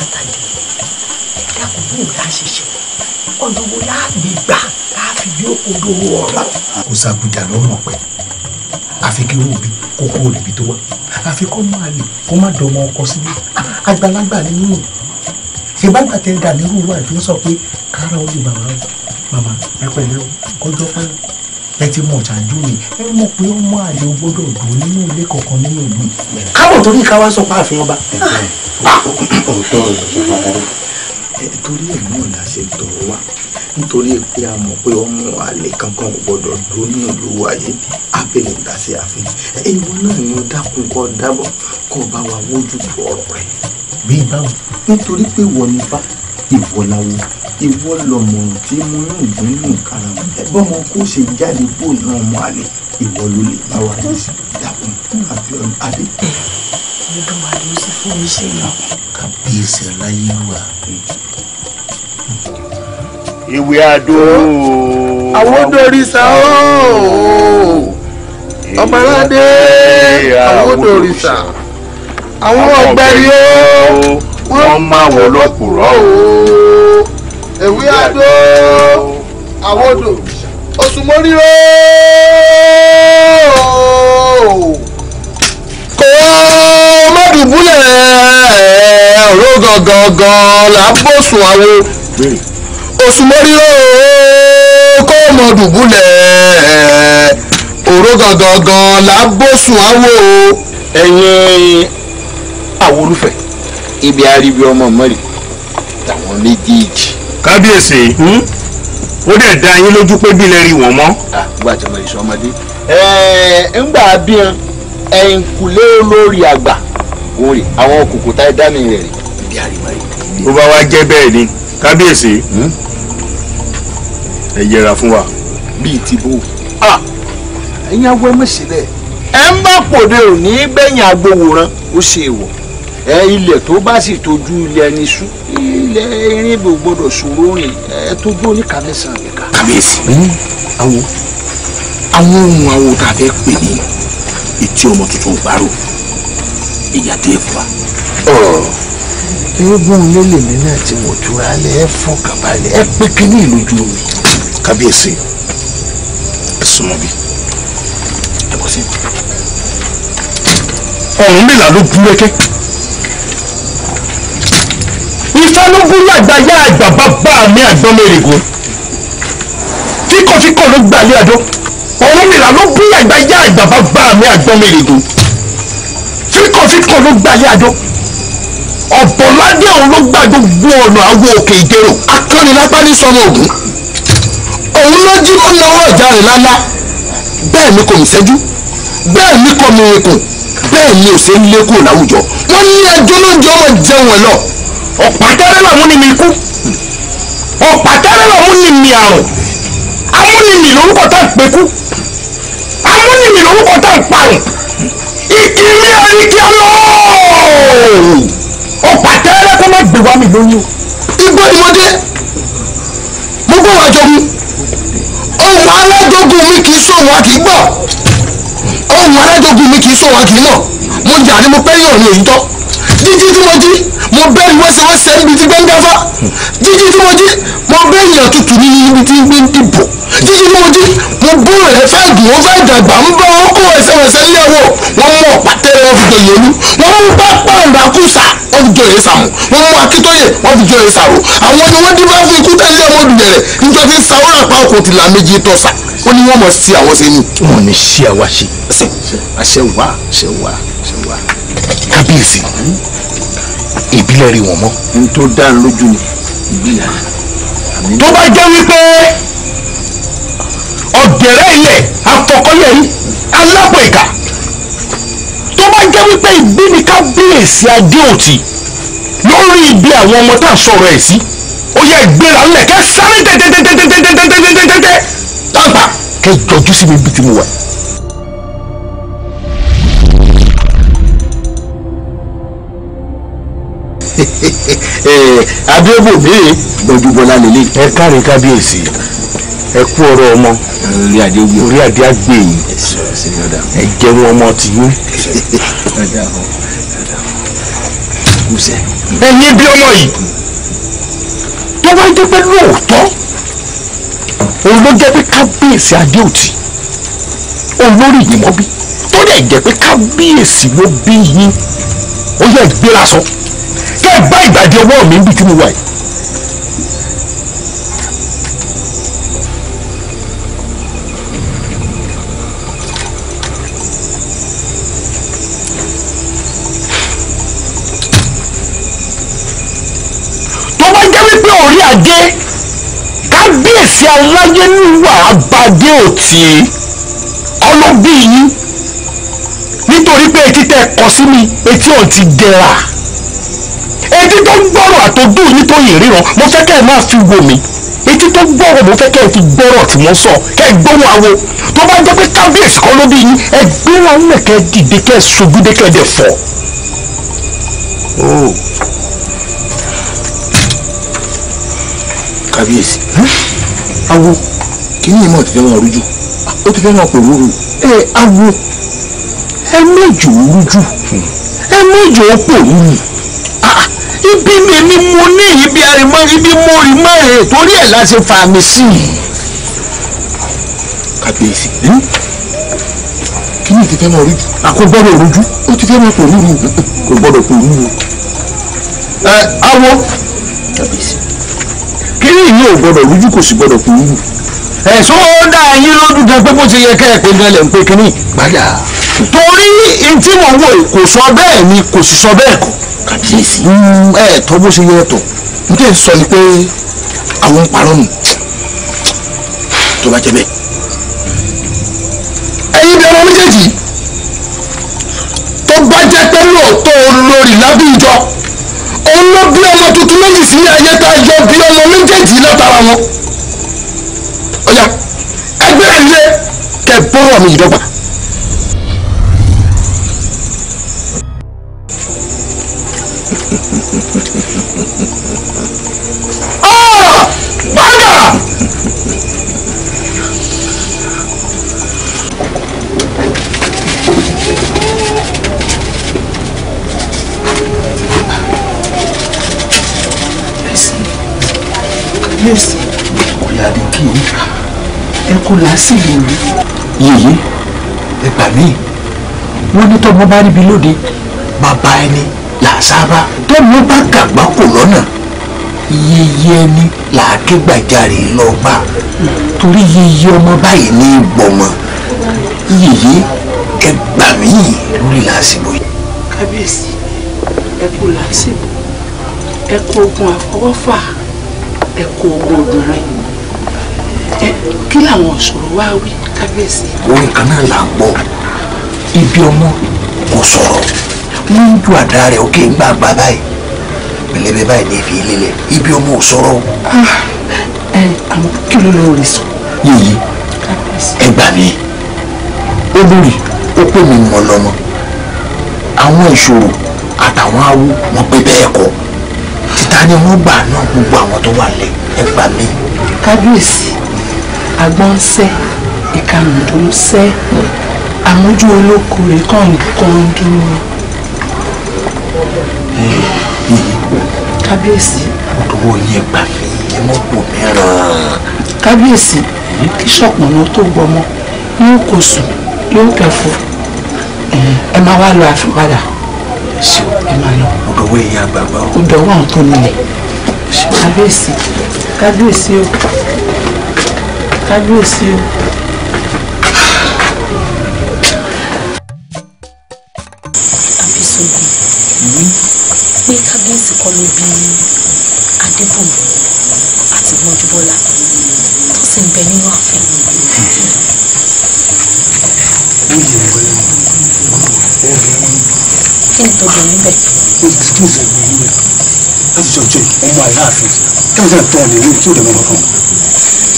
àtàlẹ́ dákun bó la ṣe ṣe ọ̀nà wo la gbé gbà láàfin yóò kó dòwò ọ̀rọ̀. kò sàbùjà lọ́rùn ọ̀pẹ àfi kí wọ́n bí kókó olùbí tó wà àfi kọ́ máa lè kó má dọmọ ọkọ sílé àgbàlagbà ni yín ṣèbágbà tẹ dà nírú wa ìfi ń sọ pé kára ó di bàbá màmá ẹ pẹ̀lẹ́ o kọjọ́ pẹ́ ẹ ti mọ̀ ṣáájú mi ẹ mọ̀ pé ó mọ àlè o gbọ́dọ̀ dùn nínú ilé kankan nínú ìlú kábọ̀ torí ká wá sọ pé àfihàn ọba. òótọ́ ọ̀rọ̀ ṣe pàtàkì. torí ẹ̀ náà la ṣe tọ̀ wá nítorí pé a mọ̀ pé ọmọ àlè kankan ò gbọ́dọ̀ dúró nínú ìlú wáyé abẹ́lẹ̀ ń tasẹ̀ àfin ìwọ náà ni ó dákun kọ́ dábọ̀ kọ́ bá wa wójú tu ọ̀rọ̀ rẹ̀ bí báwo nítorí pé ìwọ ni bá ìwọ láwo ìwọ lọmọràn tí mo yàn dùn nù karama ẹ̀gbọ́n kó ṣe jáde bó náà ọmọ àlè ìwọ ló lè bá wa ní sí dákun àbíọ́nù adé. olùdó àdó sí fún mi sí ìyàwó. kàbíyèsí aláyé wa ewé adó. àwọn dorisa ooo ọmọládé àwọn dorisa àwọn ọ̀gbẹ́ni ooo wọ́n máa wọ lọ́kùrọ̀ ooo ewé adó àwọn dorisa oṣù mórí ooo kò mọ́dùbúlẹ̀ ọ̀rọ̀ gọ̀gọ̀gọ̀ là ń bọ̀ sùn àwọn òṣùmọ́ríró kó mọ̀ dùbúlẹ̀ òró gangan lábòsùn àwò. ẹ̀yin àwọn olùfẹ́ ibi àríbi ọmọ mọ́rì tàwọn méjèèjì. kábíyèsí hmm? ó dẹ̀ dá yín lójú pé bílẹ̀ rí wọ́n mọ́. àgbà ah, tí mo lè sọ ọmọdé. ẹ ńgbà bíyan ẹ̀yìn kùlé olórí àgbà òun rè àwọn kòkòtà ẹ̀dá mi rẹ̀ rè ibi àríbi. bó bá wá jẹ́ bẹ́ẹ̀ ni kábíyèsí hmm? ẹ yẹra fún wa. bíi ti bó ah! ẹ̀yin awo ẹ mọ̀sí bẹ́ẹ̀ ẹ ń bá pòde òní gbẹ̀yìn agbowòran ó ṣe èèwọ̀ ẹ ilẹ̀ tó bá sì tójú ilẹ̀ ẹni sú ilẹ̀ irin bò gbọdọ̀ ṣòro rìn ẹ tójú oníkà mẹ́sàn-án nìkan. kábíyèsí hmm? awo àwọn ohun awo tá a fẹ́ pè ní etí ọmọ tuntun gbàrò ìyá tó fún wa eégún ilé lèmi náà ti wò túra lẹ ẹ fọkàn balẹ̀ ẹ pé kí ní ìlójú mi. kábíyèsí ẹ súnmọ́ bí ẹ bọ́ sí. ọ̀run mìlá ló gún lẹ́kẹ́. ifá ló gún lágbàáyá àgbà bàbá mi àgbọ́n mẹ́rẹ̀gùn fíkọ̀fíkọ̀ ló gbàlẹ́ àdó ọ̀run mìlá ló gún lágbàáyá àgbà bàbá mi àgbọ́n mẹ́rẹ̀gùn fíkọ̀fíkọ̀ ló gbàlẹ́ àdó ọ̀pọ̀ládé ọ̀hún ló gba gbogbo ọ̀nà àwọ òkè ìdèrò akọ́nilápá ní sọmọ ògún òun ló jí ló náwó ìjà rẹ̀ lálá bẹ́ẹ̀ ni kò ní sẹ́jú bẹ́ẹ̀ ni kò ní ikùn bẹ́ẹ̀ ni ò ṣe ń lékù láwùjọ wọ́n ní ẹjọ́ ló ń jẹ́ ọmọ jẹun ẹ̀ lọ ọ̀pátẹ́rẹ́ làwọn ni mi kú ọ̀pátẹ́rẹ́ làwọn ni mi àrùn amúnimì lórúkọ tá à ń pekú amúnimì lórúkọ tá à ń parùn ìkìlẹ̀ ẹni kí á lọ́ọ́ gbé wá mi lóyún igbó ni mo dé gbọ́ wá jogun ohun alájogun mi kì í sóhun wa kì í gbọ́ ohun alájogun mi kì í sóhun wa kì í mọ̀ mo jà ní mo pẹ́ yàn ní èyí tọ́ jíjí tí mo jí mo bẹ́ẹ̀ wẹ́sẹ̀ wẹ́sẹ̀ níbi tí gbẹ́ngà fa jíjí tí mo jí mo bẹ́ẹ̀ yàn tutù ní tí gbẹ́ngà bò jíjí tí mo jí ogún rẹ̀ fẹ́ dùn ó fẹ́ dàgbà ń bọ́ ó kó ẹsẹ̀wẹsẹ̀ léwo wọ́n mú ọ̀pátẹ́ wọn fi jòyè olú wọ́n mú pápá ìràkúsà wọ́n fi jòyè sàmù wọ́n mú akíntóyè wọ́n fi jòyè sàrò àwọn ni wọ́n dín fún ikú tẹ́lẹ̀ ọmọ dùgbẹ̀rẹ̀ nítorí sáwọ́n àpá ọkọ̀ tìlà méjì tọ́sà ó ní wọ́n mọ̀ sí àwọn ṣe ni. wọn ní ṣí àwa ṣe. àṣẹ wà àṣẹ wà àṣẹ wà. kábíyèsí ìbílẹ̀ rí wọn mọ́. n tó dá lójú ni ìbílẹ̀ ọ̀gẹ̀rẹ́ ilẹ̀ afọkọ́yẹ yìí alápò ìkà tó bá jẹ́ wípé ìbí ni kábíyèsí adéòtì lórí ibi àwọn ọmọ tá à ń sọ̀rọ̀ ẹ̀ sí ó yẹ ìgbéra ńlẹ̀ kẹ́ sáré tẹ́tẹ́tẹ́tẹ́tẹ́tẹ́tẹ́tẹ́tẹ́ lágbà kẹ́ jọjú sí mi bí ti mo wà. <laughs> Eh, abíọ́bù mi gbọ̀dúbọ̀lá lélẹ̀. ẹ káre kábíyèsí ẹ kú ọ̀rọ̀ ọmọ orí adé àgbè yìí ẹ jẹun ọmọ tìyín ẹ̀yin bí ọmọ yìí tó wá jẹ́ pé lóòótọ́ òun ló jẹ́ pé kábíyèsí adéòtì òun ló rí ìyìnbọn bí tó dẹ̀ jẹ́ pé kábíyèsí ló bí yín ó yẹ gbéra sọ kẹ́ ẹ bá ìgbàdí ọwọ́ mi níbi tí mo wà yìí. abadé kábíyèsí aláyé níwà abadé òtí ọlọ́bí yín nítorí pé etí tẹ́ kọ sí mi etí ọ̀hún ti dẹ̀ra etí tó gbọ́rọ̀ àtọ́dún yín tó yè ríran mo fẹ́ kẹ́ ẹ máa fi wò mí etí tó gbọ́rọ̀ mo fẹ́ kẹ́ ẹ fi gbọ́rọ̀ tí mo sọ kẹ́ ẹ gbóhùn awo tó bá jẹ́ pé kábíyèsí kọ́ ló bí yín ẹ gbéra ń lẹ̀kẹ́ dìde kẹ́ ẹ sojú dé kẹ́ ẹ dẹ̀ fọ́. Oh. kábíyèsí awo kìíní ìmọ̀ ti fẹ́ máa rújú ó ti fẹ́ máa pò rúru ẹ awo ẹ méjì ó rújú ẹ méjì ó pò rúru ah, ibi èmi mo ní ibi àrèmọ́ ibi mo rí mẹ́rin torí ẹ̀ láti fà mí sí i. kábíyèsí hm? kìíní ti fẹ́ máa rújú àkó gbọ́dọ̀ rújú ó ti fẹ́ máa pò rúru kò gbọ́dọ̀ pò rúru ẹ awo kábíyèsí kínní yìí ò gbọdọ̀ rújú kò sì gbọdọ̀ kú yíyù. ẹ̀sùn ó dá yín lójú gan pé bó ṣe yẹ kẹ́ẹ̀pẹ́ gan lẹ̀ ń pé kínní padà. torí ntí mò ń wò kò sọ bẹ́ẹ̀ ni kò sì sọ bẹ́ẹ̀ kọ́. kàbíyèsí. ẹ tọ́ bó ṣe yẹ tọ̀ n tẹ́ sọ ni pé àwọn parọ́ nù tó bá jẹ bẹ́ẹ̀. ẹ̀yin bẹ̀rẹ̀ méjèèjì tó bá jẹ́ pé lóòótọ́ olórí ló bí ọmọ tuntun méjì sí ayé tá a jọ bí ọmọ méjèèjì látara wọn ọ̀yà ẹgbẹ́ rẹ̀ lé kẹ bọ́rọ̀ mi yìí dọ́gba. kú làásìlè rí. yèyé ẹ gbà mí wọ́n ní tọ́mọ bá ríbi lóde bàbá ẹni làásábà tọ́mọ bá gàgbá kò lọ́nà yeye ẹni làákégbàjarè lọ́gbà torí yeye ọmọ báyìí ní gbọmọ yeye ẹ gbà mí lórí làásìbò yìí. kábíyèsí ẹ kú làásìbò ẹ kó ogun àfọwọ́fà ẹ kó ogun obìnrin kí làwọn ìṣòro wá wí kábíyèsí. orin kan náà là ń gbọ́ ibi ọmọ kò sọ̀rọ̀ wọ́n ń ju àdá rẹ̀ òkè ń gbàgbà báyìí pẹ̀lẹ́bẹ̀ báyìí ní ìfi lélẹ̀ ibi ọmọ ò sọ̀rọ̀ o. Ah, ẹ àmọ́ kí ló lóore sọ. yèyí ẹ gbà mí olórí ó pè mí mọ́ lọ́mọ àwọn ìṣòro àtàwọn awo wọn pé bẹ́ẹ̀ kọ́ títa ni wọ́n gbà náà gbogbo àwọn tó wà lẹ́ ẹ gbà mí. kábíyèsí agbọ́n sẹ́ ìkarùndún sẹ́ àmójú olóko rẹ̀ kàn kàn dúró. kábíyèsí. ọdọwọ yẹn gbà mí ẹ mọ bò mẹ́ràn. kábíyèsí kí ṣọ̀pọ̀nà tó gbọmọ yóò kò sùn yóò pẹ̀fọ́ ẹ máa wá lọ àfipadà ẹ máa lọ. ọdọwọ ìyá àgbààgbà. ọdọwọ àwọn tó nílẹ̀ kábíyèsí kábíyèsí o kábíyèsí o. àbísọ̀gùn hmm? pé kábíyèsí kọ́ ló bí adébọ̀mù àti mọ́júbọ́lá tó sì ń bẹ nínú ààfin. Hmm. kí ni tó dùn níbẹ̀ láti jọjọ ọmọ àìláàfin kí wọn tán ní ìlú tí ó dẹmọ kankan.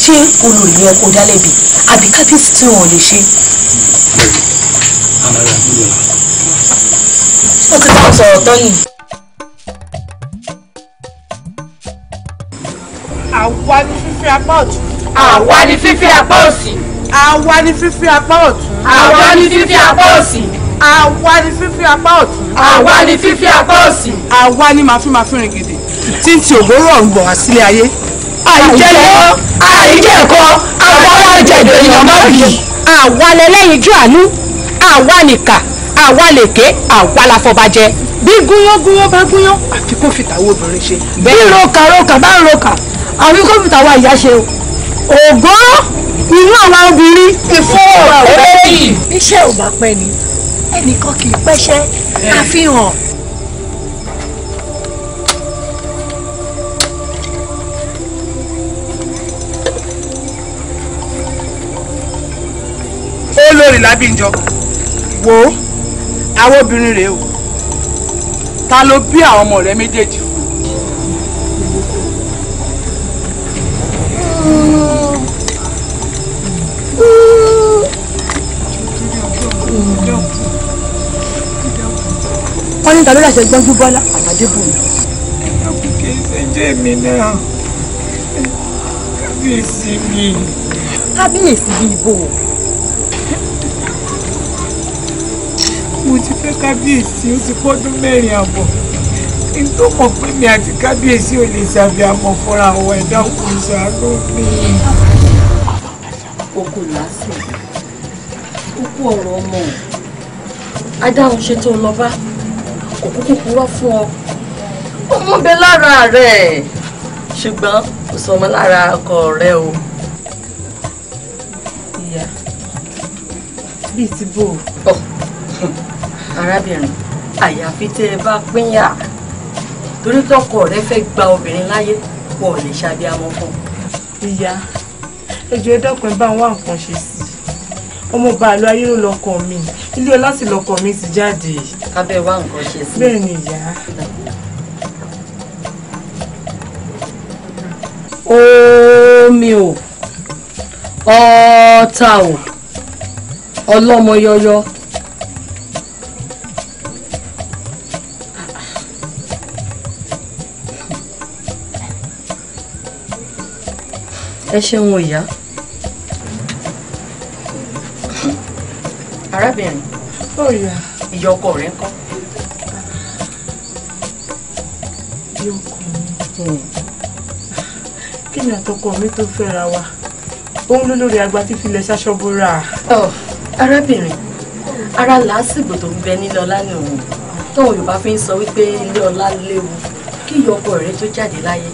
ṣé olórí yẹ kó dá lẹ́bi àbí kábíyèsí tí wọn lè ṣe. ó ti bá sọ̀rọ̀ tán ni. àwa ni fífi apá ọ̀tún. àwa ni fífi apá òsì. àwa ni fífi apá ọ̀tún. àwa ni fífi apá òsì. àwa ni fífi apá ọ̀tún àwa ni fífi apá òsì. àwa ni màá fi máa fi rìn gidi tí n ti ògbóró ọ̀run bọ̀ wá sílé ayé. àìjẹyọ àìjẹkọ àwa wá jẹjọ èèyàn má bì. àwa lẹlẹ́yin jú àánú àwa nìkà àwa lèké àwa la fọbajẹ. bí gúnyán gúnyán bá gúnyán àfi kó fìtà owó obìnrin ṣe. bí roka roka bá roka àfi kó fìtà owó àyà ṣe o. ògo inú àwọn obìnrin. ìfowópamọ́ iṣẹ́ ò bá pẹ́ ni ẹnìkan kì í pẹ́ṣẹ́ àfihàn. olórí lábíjọ wo àwọn obìnrin rèé o ta ló bí àwọn ọmọ rẹ méjèèjì fún. wọ́n ní ta ló ràṣẹ gbọ́njú bọ́lá àtàdébùnmi. àbùkù ìṣẹ̀jẹ̀ mi náà kábíyèsí mi. kábíyèsí bí ibo. mo ti fẹ́ kábíyèsí ó ti pọ́dún mẹ́rin àbọ̀ kí n tó mọ̀ pé mi àti kábíyèsí ò lè ṣàbí àmọ́ fúnra àwọn ẹ̀dá òkú ìṣàánú mi. okò lásìkò ó ọ̀rọ̀ ọmọ adáhùn ṣe tó lọ bá kò kúkú purọ́ fún ọ ó bẹ lára rẹ̀ ṣùgbọ́n kò sọ ọmọ lára ọkọ rẹ o. ìyá bíi ti bò ó. arábìnrin àyàfi tẹ ẹ bá pínyà torí tọkọ rẹ fẹ́ gba obìnrin láyé wọn ò lè ṣàbíamọ fún. ìyá ẹjọ ẹ bá wọn àǹkan sí ọmọ bàálù ayé ló lọkọ mi ilé ọlá sì lọkọ mi ti jáde kábẹ́ wá nǹkan ṣe sí. bẹ́ẹ̀ ni ìyá. omi ò ọ̀ọ́ta ò ọlọ́mọ yọyọ. ẹ ṣeun ìyá. arábìnrin. ó yá ìyá ọkọ rẹ ń kọ́. ìyá ọkọ mi kí ni àtọkọ mi tó fẹ́ra wa òun ló lórí agba tí filẹ̀ ṣaṣọ́bóra. arábìnrin ara làásìgbò tó ń bẹ nílé ọlá ni òun tóun yorùbá fi ń sọ wípé ilé ọlá léwu kí ìyá ọkọ rẹ tó jáde láyé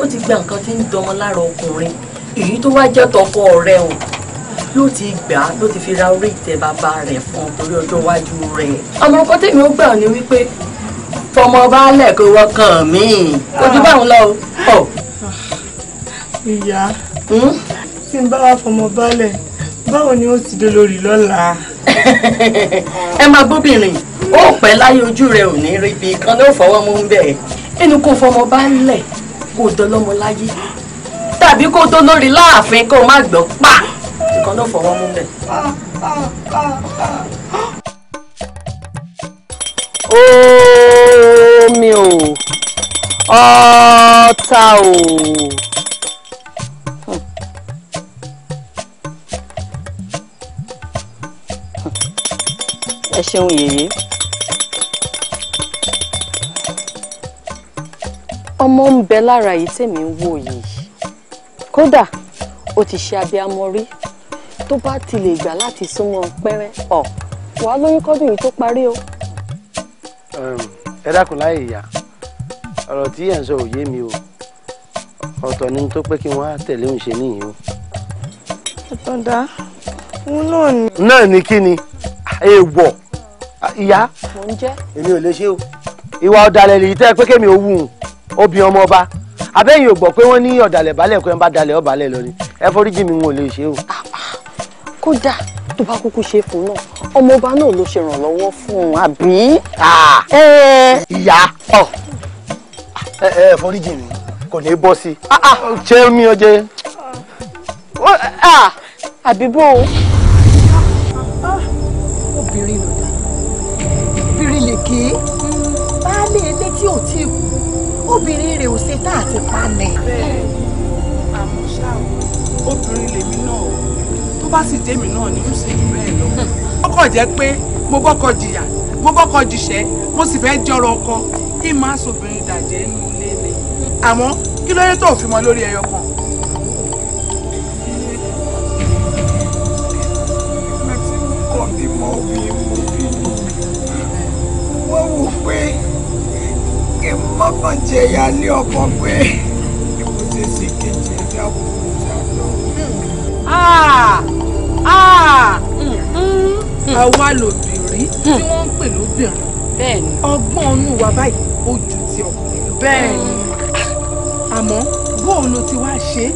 ó ti gba nǹkan tí ń dán ọ lára ọkùnrin èyí tó wá jẹ́ tọkọ rẹ o ló ti gbà á ló ti fi ra orí ìtẹ́ bàbá rẹ̀ fún torí ọjọ́ iwájú rẹ̀. ọmọ ọkọ tèmi ó gbà ní wípé fọmọ baálẹ̀ kò wọkàn mí ojú báwọn lọ o. ìyá hmm? tí n bá wà fọmọ baálẹ̀ báwo ni ó ti dé lórí lọ́la. <laughs> ẹ máa bóbìnrin ó pẹ́ láyé ojú rẹ̀ ò ní rí ibi kan ló fọwọ́ mú ń bẹ̀. ẹnu kò fọmọ baálẹ̀ kò dán lọ́mọ láyé tàbí kó tó lórí láàfin kó má gbọ́ pa nìkan ló fọwọ́ mú bẹ̀. omi o ọta o. ẹ ṣeun yèyé. ọmọ ń bẹ lára yìí tèmi ń wò yìí kódà ó ti ṣe abiyamọ rí tó bá ti lè gbà láti súnmọ́ pẹ́rẹ́ ọ̀ wàá lóyún kọ́dún yìí tó parí o. ẹ dákun láyè ìyá ọ̀rọ̀ tí ẹ̀ ń sọ ò yé mi o ọ̀tọ̀ ni tó pé kí wọ́n á tẹ̀lé òun ṣe nìyí o. ọ̀tọ̀dá òun náà ni. náà ni kí ni èèwọ̀ ìyá èmi ò lè ṣe o ìwà ọ̀dàlẹ̀ lèyí tẹ́ pé kémi ò wù ú abẹ́yìn ò gbọ́ pé wọ́n ní ọ̀dàlẹ̀ balẹ̀ kó ẹ bá dalẹ̀ ọ̀bàlẹ̀ lọ ni ẹ foríjì mi n ò lè ṣe o. Ah, kódà tó bá kúkú ṣe fún náà ọmọọba náà ló ṣe ìrànlọ́wọ́ fún un àbí. ìyá ọ ẹ ẹ foríjì mi kò ní bọ́ sí i ṣé mi ò jẹ. àbí bò ó. obìnrin ló dá obìnrin lè ké baálé ilé tí ò tí kú obìnrin rẹ̀ ò ṣe tá àti pa nẹ. bẹ́ẹ̀ àmọ́ ṣá obìnrin lèmi náà bá sì jẹ́mi náà ni ó sì jù bẹ́ẹ̀ lọ. ó kàn jẹ́ pé mo bọ́kọ jìyà mo bọ́kọ jìṣẹ́ mo sì fẹ́ jọrọ ọkọ kí n máa sọ̀bìnrin dàjẹ́ nínú ilé mi. àmọ́ kí ló dé tó fi mọ lórí ẹyọ kan. wọ́n wò pé kí n má bàa jẹ ìyáálé ọkọ pé kí n ṣe sí kejì ẹ̀dá òkúta lọ. Ah. Ah. Mm-hmm. àwa lòbìnrin tí hmm. wọ́n ń pè lóbìnrin bẹ́ẹ̀ni ọgbọ́n inú wa báyìí ó ju ti ọkùnrin lọ. bẹ́ẹ̀ni ah. àmọ́ bóun ló ti wá ṣe é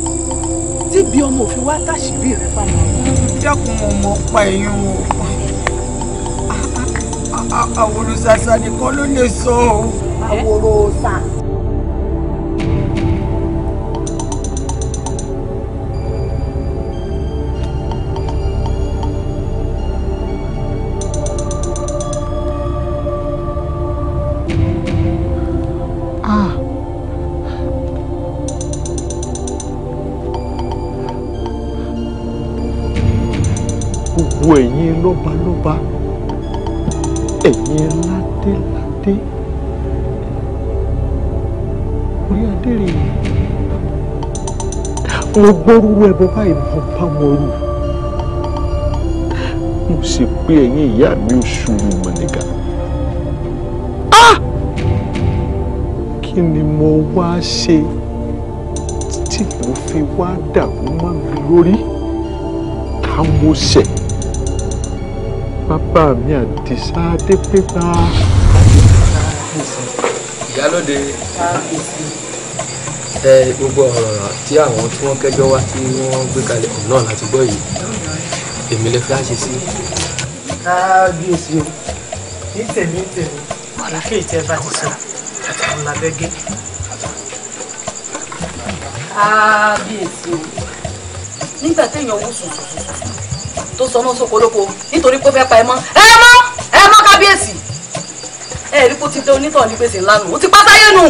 tí bí ọmọ òfin wá tàṣírí rẹ fáwọn ọmọ. dákun mo mọ pa èèyàn o àwòrán ṣàṣà nìkan ló lè sọ o. àwòrán ṣàṣà. gbogbo ẹ̀yin lọ́balọ́ba ẹ̀yin ládéládé orí adéré mo gbọ́rúurú ẹbọ báyìí mo bá wọn rù mo sì pé ẹ̀yin ìyá mi ò ṣòro mọ̀nìkà kí ni mo wá ṣe tí mo fi wá dàrú mọ́ mi lórí ká mo ṣẹ̀ bàbá mi àdìsá adépépá ìyálóde ẹ gbogbo ọ̀rọ̀ tí àwọn tí wọ́n kẹ́jọ́ wá tí wọ́n gbé kalẹ̀ ọ̀hún náà láti gbọ́ yìí èmi lè fi àṣẹ sí. kábíyèsí o ní tèmi tèmi èké ìtẹ́ bá ti sọ ọ̀hún làbẹ́ gé. kábíyèsí o nígbà téèyàn wò sùn sùn sùn tó sọnù sóko lóko nítorí pé ó fẹ́ pa ẹ mọ́ ẹ mọ́ ẹ mọ́ kábíyèsí ẹ rí kó ti dé onítọ̀ ní gbèsè ńlá nù ó ti pátá yé nù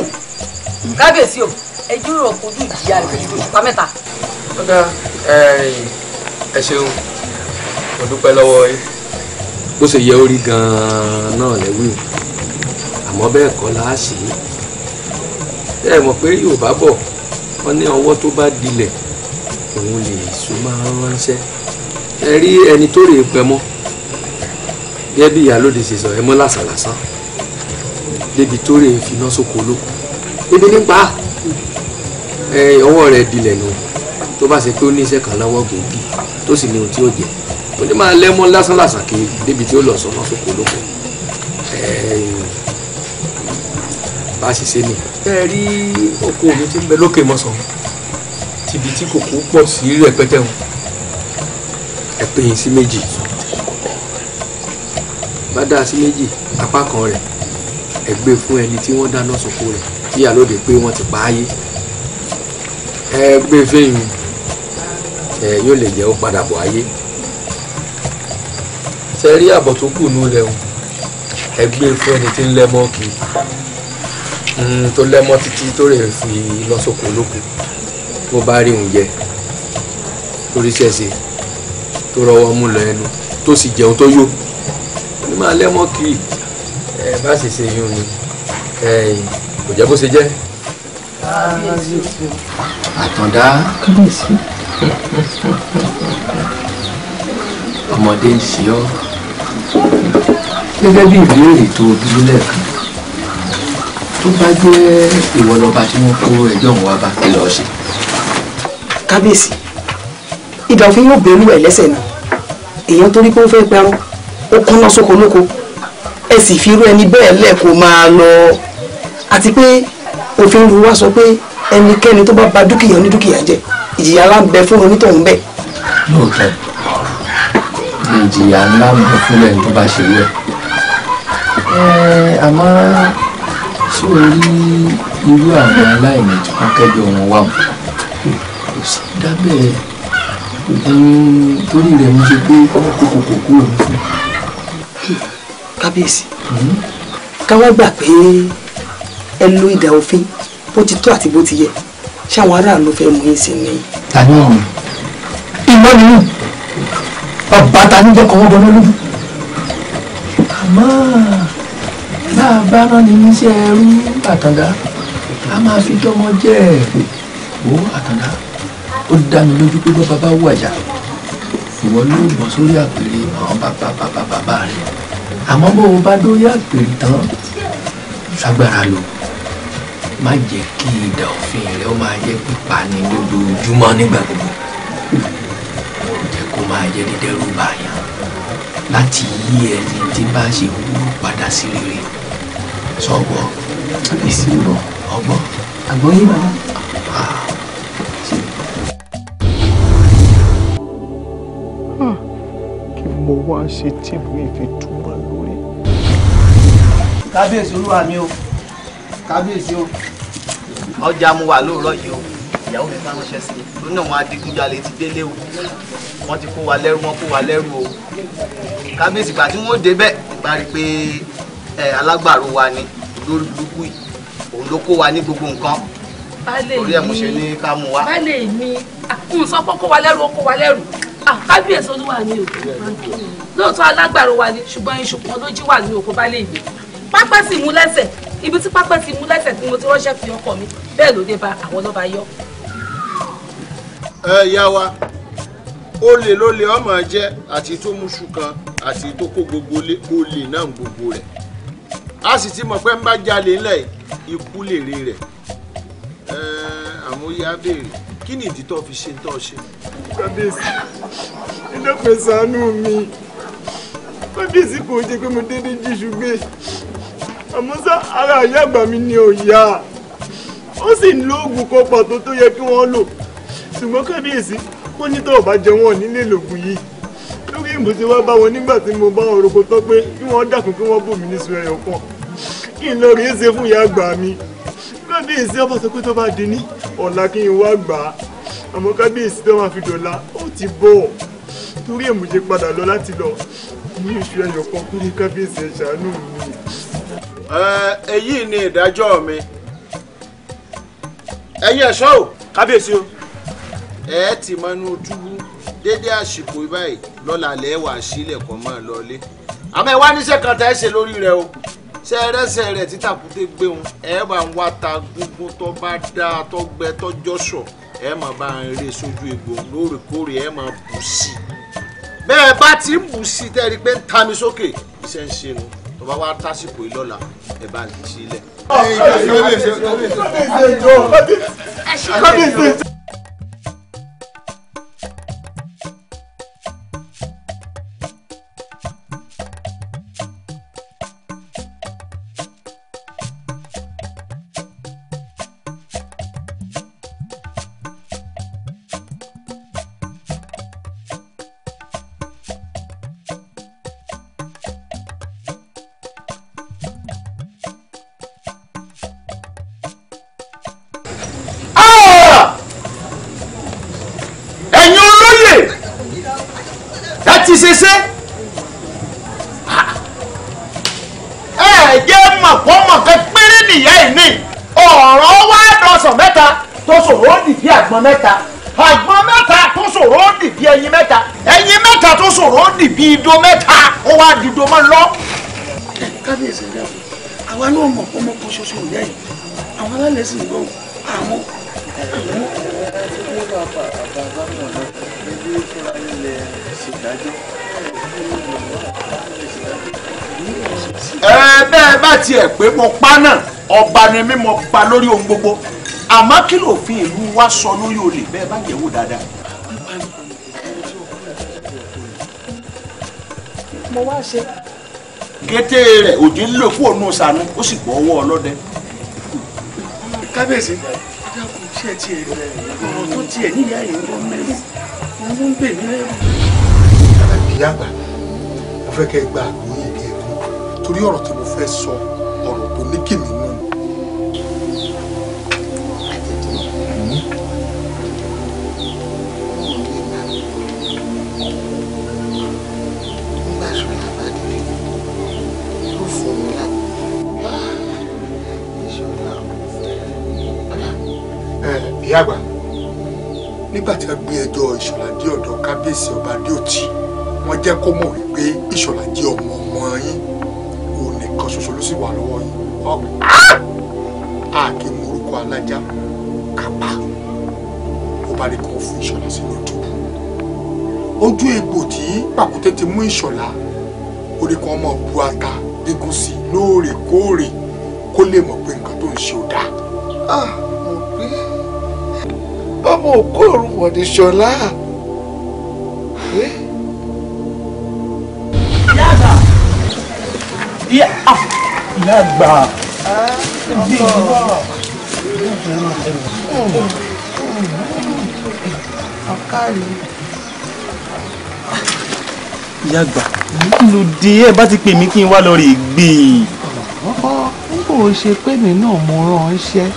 kábíyèsí o ẹ jíròrò kojú ìjìyà rẹ̀ ju ìpa mẹ́ta. ọ̀gá ẹ ṣeun mo dúpẹ́ lọ́wọ́ yìí bó ṣe yẹ orí gan-an náà lẹ́wìn àmọ́ bẹ́ẹ̀ kọ́ la á ṣe é ẹ mọ̀ pé Yorùbá bọ̀ wọ́n ní ọwọ́ tó bá dilẹ̀ òun lè so máa ń ránṣẹ́ ẹ rí ẹni tó rè é pẹ́ mọ́ gẹ́gẹ́ bí ìyálòde ṣe sọ ẹ mọ́ lásàlásán débi tó rè é fi iná sóko ló ebi nípa ẹ ọwọ́ rẹ̀ dilẹ̀ nù tó bá ṣe pé ó ní iṣẹ́ kan lọ́wọ́ gbòógì tó sì ní ohun tí ó jẹ ó ní máa lẹ́mọ́ lásánlàsàn kiri débi tí ó lọ sọ náà sóko lóko bá a sì ṣe ni. ẹ rí oko mi ti ń bẹ lókè mọ́sán tìbí kòkó pọ̀ sí rẹpẹtẹ wọn ẹ pín in sí méjì bá dá sí méjì apá kan rẹ̀ ẹ gbé fún ẹni tí wọ́n dáná sunko rẹ̀ tí ìyálóde pé wọ́n ti pa ayé ẹ gbé fẹ́yìn ẹ yóò lè jẹ́ ó padà bọ̀ ayé ṣe rí àbọ̀ tó kù nù rẹ̀ o ẹ gbé fún ẹni tí ń lẹ́mọ́ kiri hmm, tó lẹ́mọ́ títí tó rè fi lọ sóko lóko bá rí òun jẹ lórí tó rọwọ́ mú lọ ẹnu tó sì jẹun tó yó ní máa lẹ́mọ́ kiri ẹ bá sì ṣe yún ni kò jẹ́ bó ṣe jẹ́. àtàndá ọmọdé ń ṣe ọ́ gẹ́gẹ́ bí ìbéèrè tó dúró lẹ́ẹ̀kan tó bá jẹ́ ìwọ lọ́ba tí wọ́n kó ẹjọ́ òun wá bá kí lọ́ọ́ ṣe. kábíyèsí ìdànfín yóò bẹ̀rù ẹ̀ lẹ́sẹ̀ náà èèyàn torí pé ó fẹ́ pẹrun ó kọ́nà sóko lóko ẹ sì fi irú ẹni bẹ́ẹ̀ lẹ̀ kó máa lọ àti pé òfin ru wa sọ pé ẹnikẹ́ni tó bá ba dúkìá ní dúkìá jẹ ìjìyà ńlá ń bẹ fún onítọ̀hún bẹ́ẹ̀. lóòótọ́ ìjìyà ńlá ń bẹ fún ẹni tó bá ṣe rẹ̀ àmọ́ ṣé o rí irú àwọn aláìní tí wọ́n kẹ́jọ wọn wà wọ́n kò sí dábẹ́ ògùn torí rẹ̀ mo ṣe pé kókò kò kúrò ní fún. kábíyèsí hmm? káwá gbà pé ẹ lo ìdà òfin bó ti tó àti bó ti yẹ ṣáwọn aráàlú fẹ́ mú yín sí ni. tani ọ̀hún ìmọ̀ nínú ọba tani jẹ́ kọ́wọ́ bọ́ lọ́lọ́dún. àmọ́ bá a bá rán ni níṣẹ́ ẹrú àtàndá a máa fi tọ́mọ jẹ́ ẹ̀ ó àtàndá ó dá mi lójú pé bọ́ba bá wàjà ìwọ ló bọ̀ sórí àpèrè àwọn bàbá bàbá bàbá rẹ̀ àmọ́ bó o bá dórí àpèrè tán ṣàgbára lò má jẹ́ kí ìdà òfin rẹ̀ ó máa jẹ́ pípa ní lójoojúmọ́ nígbà gbogbo jẹ́ kó máa jẹ́ dídẹ́rù bàyà láti yí ẹni tí bá ṣe wúlò padà sí rere sọ̀gbọ́ ìsìnbọ̀ ọgbọ́n àgbọ̀yé bàbá. wá ṣe tíìbù yìí fi túmọ̀ lórí. kábíyèsí olúwa mi o kábíyèsí o ọjà mo wà lóòrọ̀ yìí o ìyàwó mi máa ń ránṣẹ́ sí i lónìí àwọn adigunjalè ti délé o wọ́n ti kó wa lẹ́rú wọ́n kó wa lẹ́rú o kábíyèsí ìgbà tí wọ́n débẹ̀ ìgbà rí pé alágbàro wa ni lórí burúkú yìí òun ló kó wa ní gbogbo nǹkan orí ẹ̀ mo ṣe ní ká mú wa. bá lè mi kún kó wa lẹ́rú ó kó wa lẹ́rú Ah, kábíyèsí olúwa ni o lóòótọ́ alágbàro wa ni ṣùgbọ́n iṣu kan ló jí wà ní oko bá lè gbé pápá sì mú lẹ́sẹ̀ ibi tí pápá ti mú lẹ́sẹ̀ tí mo ti ránṣẹ́ fi ọkọ mi bẹ́ẹ̀ ló dé ba àwọn lọ́ba yọ. ẹ yá wa olè lólè ọmọ jẹ àti tó muṣu kan àti tó kó gbogbo olè náà gbogbo rẹ̀ a sì ti mọ̀ pé ń bá jalè ńlẹ̀ ikú lèrè rẹ̀ àwọn oyè á béèrè kí ni ìdí tó fi ṣe ń ṣe kábíyèsí ẹ dọ́pẹ́ ṣàánú mi kábíyèsí kò jẹ́ pé mo dédé jíṣu gbé àmọ́ sá ara ìyá àgbà mi ni ò yá ó sì ń lo oògùn kan pàtó tó yẹ kí wọ́n lò ṣùgbọ́n kábíyèsí ó ní tọ́wọ̀ bá jẹ wọ́n nílé lògùn yìí lórí ìbùsí wá bá wọn nígbà tí mo bá wọn roko tán pé kí wọ́n dákun kí wọ́n bò mí ní sùn ẹ̀yọ̀ kan kí n lọ rèé ṣe fún ìyá àgbà mi kábíyèsí ọba sọ pé tó bá di ní ọ̀la kí n wá gbà á àmọ́ kábíyèsí tó máa fi dọ̀la ó ti bọ̀ torí èmùjẹ padà lọ láti lọ mú ìṣú ẹyọ kan kú ní kábíyèsí ẹ ṣàánú mi. èyí ni ìdájọ́ mi ẹ̀yin ẹ̀ṣọ́ o kábíyèsí o ẹ ti mọnú túbú dédé àsìkò báyìí lọ́la lẹ́wà sílẹ̀ kan máa lọlé àmọ́ ẹ wá níṣẹ́ kan tá ẹ ṣe lórí rẹ o ṣe ẹrẹ́sẹ̀ rẹ̀ títàkùté gbéhùn ẹ bá ń wá ta gbogbo tó bá dáa tó gbẹ tó jọ́sọ̀ ẹ máa bá ń ré sójú egbò lóòrèkóòrè ẹ máa bù sí i bẹ́ẹ̀ bá ti ń bù sí i tẹ́ ẹ rí i pé ń ta mi sókè iṣẹ́ ń ṣe nu tó bá wá tásìkò yìí ẹ bá lè ṣe ilẹ̀. ẹ ṣe kọ́ bí ṣe jọ. mo pa náà ọba ni mi mo pa lórí ohun gbogbo àmọ́ kí lòfin ìlú wa sọ lórí olè bẹ́ẹ̀ bá yẹ̀wò dáadáa. mo wá ṣe. kété rẹ̀ òjì ń lò fún òun sànú ó sì gbọ́ ọwọ́ ọlọ́dẹ. kábíyèsí dákun ṣe tiẹ̀ ọ̀rọ̀ tó tiẹ̀ níyà yìí ń bọ́ mẹ́rin wọ́n ń gbè mí lẹ́rù. ìyá àgbà mo fẹ́ kẹ́ gba àgbóyè ìdí ẹ̀kọ́ torí ọ̀rọ̀ tí mo fẹ́ sọ. So kábíyèsí ọba adéòtí wọ́n jẹ́ kó mọ̀ wípé ìṣọ̀lá jẹ́ ọmọ ọmọ yín òun nìkan ṣoṣo ló sì wà lọ́wọ́ yín ọ̀gbìn àáké morúkọ alájà kápá ó bá rí kan fún ìṣọ̀lá sínú odò ojú egbò tí pàkúté ti mú ìṣọ̀lá ó rí kan ọmọ bu ata gígùn sí lóòrèkóòrè kó lè mọ̀ pé nǹkan tó ń ṣe ò dáa. Ah, mo gbé ọmọ òkú òrùn wọ̀de ṣọlá. ìyá àgbà bí ọkàlì. ìyá àgbà ló dé ẹ bá ti pè mí kí n wá lọ rè gbé e. n kò ṣe pé mi náà mo rán an ṣẹ́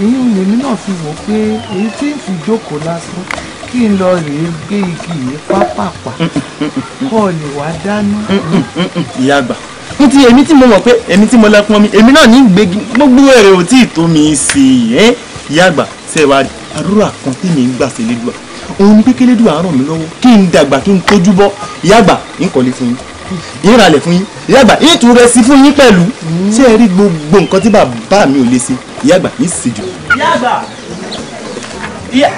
ìyún lèmi náà fi wò pé èyí tí ń fi jókòó lásán kí n lọ rèé gbé igi yìí pápápá kó o lè wá dáná. ìyá àgbà ní ti èmi tí mo mọ̀ pé èmi tí mo lẹ́pọn mi èmi náà ní gbé gbogbo èrè ò tí ì tó mi sí i ẹ́ ìyá àgbà sẹ́wà àdúrà kan tí mi ń gbà sí lédùá òun ni kékeré dùn àárọ̀ mi lọ́wọ́ kí n dàgbà kí n tójú bọ́ ìyá àgbà ń kọ́lé fún yín yín ralẹ̀ fún yín ìyá àgbà yín tún rẹ sí fún yín pẹ̀lú ṣé ẹ rí gbogbo nǹkan tí bàbá mi ò lè ṣe ìyá àgbà yín sì jù. ìyá àgbà ìyá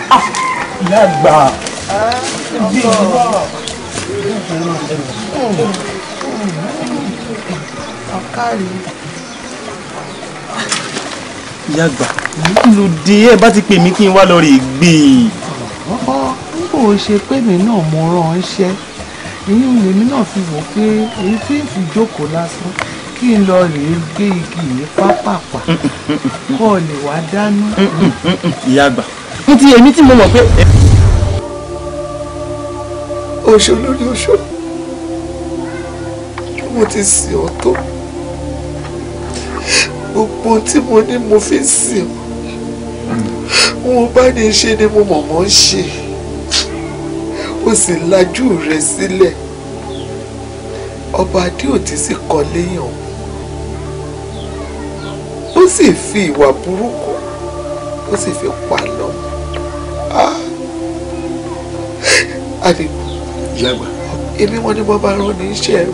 àgbà káàrí. ìyá àgbà kí ló dé ẹ bá ti pè mí kí n wá lọ rè gbé e. n kò ṣe pé mi náà mo rán an ṣẹ́ èyí ni èmi náà fi wò pé èyí tí ń fi jókòó lásán kí n lọ rè é gbé igi yìí pápápá kó o lè wá dáná. ìyá àgbà ní ti èmi tí mo mọ̀ pé. oṣù lórí oṣù mo ti sìn ọ́ tó gbogbo tí mo ní mo fi ń sìn wọn bá ní ṣe ni mo mọ̀mọ́ ń ṣe ó sì lajú rẹ sílẹ̀ ọba adéòtí sì kọ léèyàn ó sì fi ìwà burúkú ó sì fi pa lọ adigun yàgbà èmi wọn ni mo bá rán ní iṣẹ́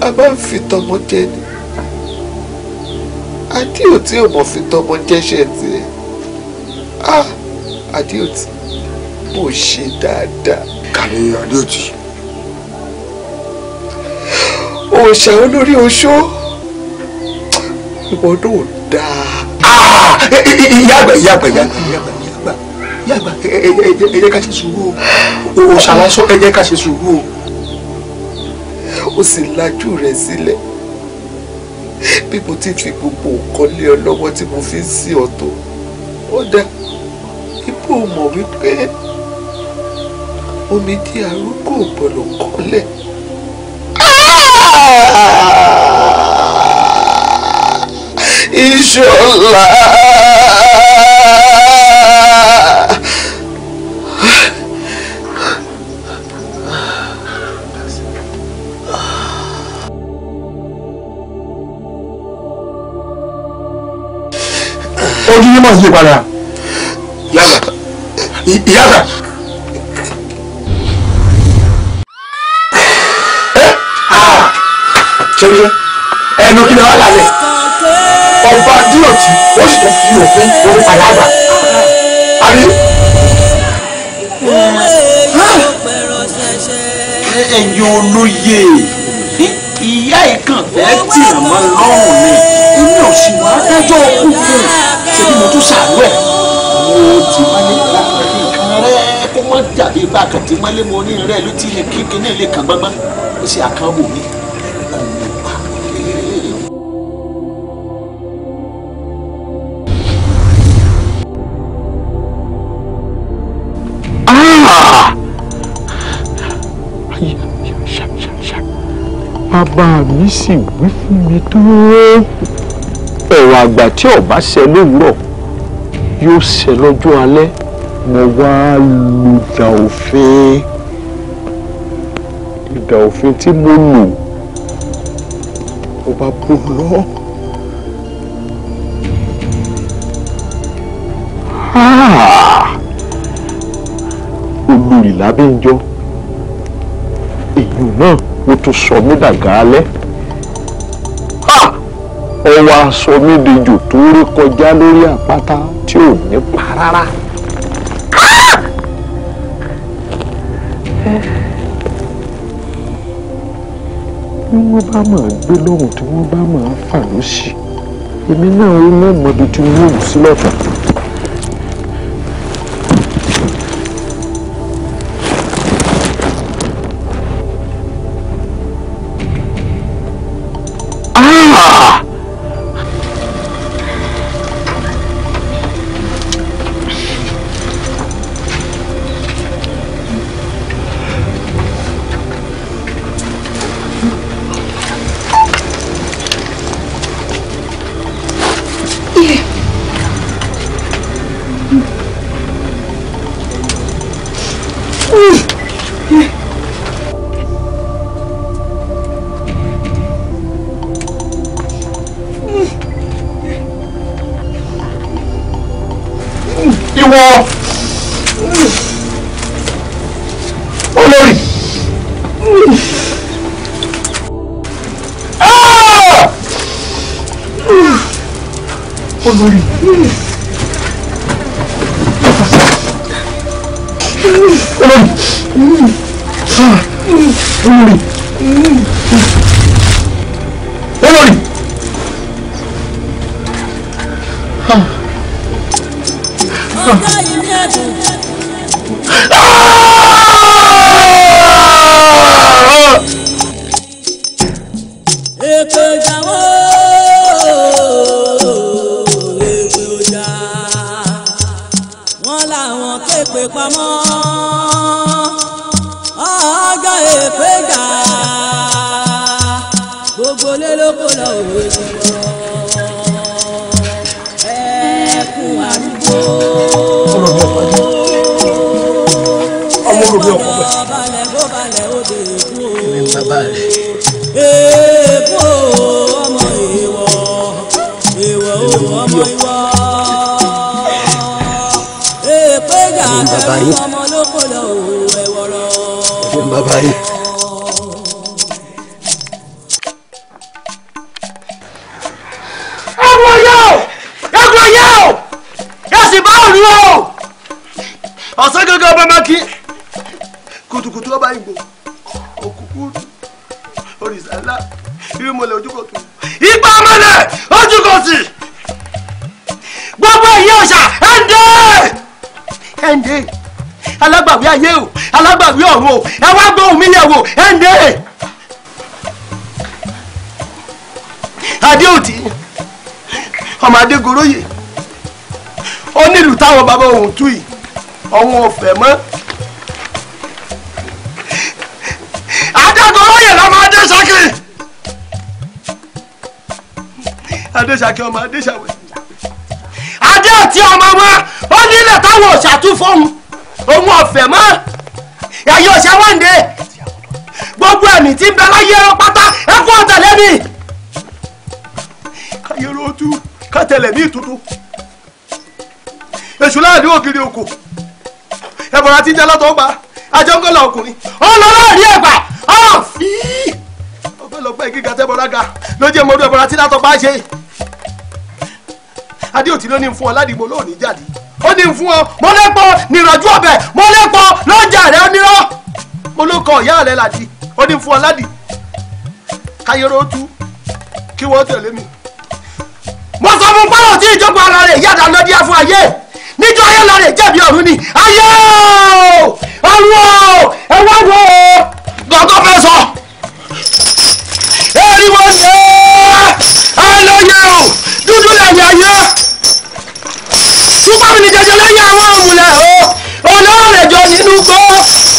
a bá ń fi tọmọ jẹ ni adéòtí ò mọ̀ fi tọmọ jẹ́ṣẹ̀ tiẹ̀ ah adéòtí mo ṣe dáadáa. kàlẹ́ adéòtí. òòṣà olórí oṣó ìwọ náà dáa. Ah, ìyá àgbà ìyá àgbà ìyá àgbà ìyá àgbà ẹ jẹ́ ká ṣe sùúrù o òòṣà lásán ẹ jẹ́ ká ṣe sùúrù o. ó sì lajú rẹ̀ sílẹ̀. Si bí mo ti fi gbogbo nǹkan lé ọ lọ́wọ́ tí mo fi ń sí ọ̀tọ̀ ó dá ibò mọ̀ wípé omi di arúgbó gbọ́dọ̀ kọ́lẹ̀. Ìṣọ̀lá. ojú yín mọ̀ sí ìpadà yàrá yàrá. Ah! ẹnu kí ni wọn lálẹ́ ọba díọ̀tí ó sì tún fi òfin orí padà àgbà àbí. ẹ̀yin olóye ìyá ìkànfẹ́ tì mọ́ lọ́rùn ni inú òṣìwọ̀n adájọ́ kù fún un ṣebí mo tún ṣàánú ẹ̀ mo ti máa ní ìlànà nǹkan rẹ kó má dàbí bá a kàn ti máa lé mo ní rẹ ló ti lè kékeré lè kàn gbọ́ngbọ́n ó sì àkànwò mi. Ah! bàbá mi sì wí fún mi tó ẹ̀wọ̀n àgbà tí ọba ṣẹ lówùúrọ̀ yóò ṣẹ lọ́jọ́ alẹ́ mo wá lu ìdà òfin ìdà òfin tí mo lò ọba bò lọ. olùrìlábẹ́njọ́ èyí náà ló tún sọ mí dàgá alẹ́ ó wá sọ mí di jù tó rí kọjá lórí àpáta tí ò ní pa rárá. bí wọ́n bá mọ̀ gbé lóhùn tí wọ́n bá mọ̀ fà lọ́sì èmi náà ó mọ̀ ọ́ tí wọ́n wù sílẹ̀ fún un. whoa, whoa. ṣe adéòtí ló ní fún ọ ládìgbò lóòní jáde ó ní fún ọ mọ́lẹ́pọ̀ nìrọ̀jú ọ̀bẹ mọ́lẹ́pọ̀ lọ́jà rẹ onírọ́ olókọ ìyá rẹ làdí ó ní fún ọ ládì káyọ̀rọ̀ tú kí wọ́n tẹ̀lé mi. mo sọ fún pọ́lọ̀ tí ìjọba ara rẹ̀ yàtọ̀ lọ́díá fún ayé níjọ́ ayé lọ́rẹ̀ jẹ̀bi ọ̀run ni ayé ọ̀run ọ̀ ẹ̀wọ́n wọ̀ dúpẹ́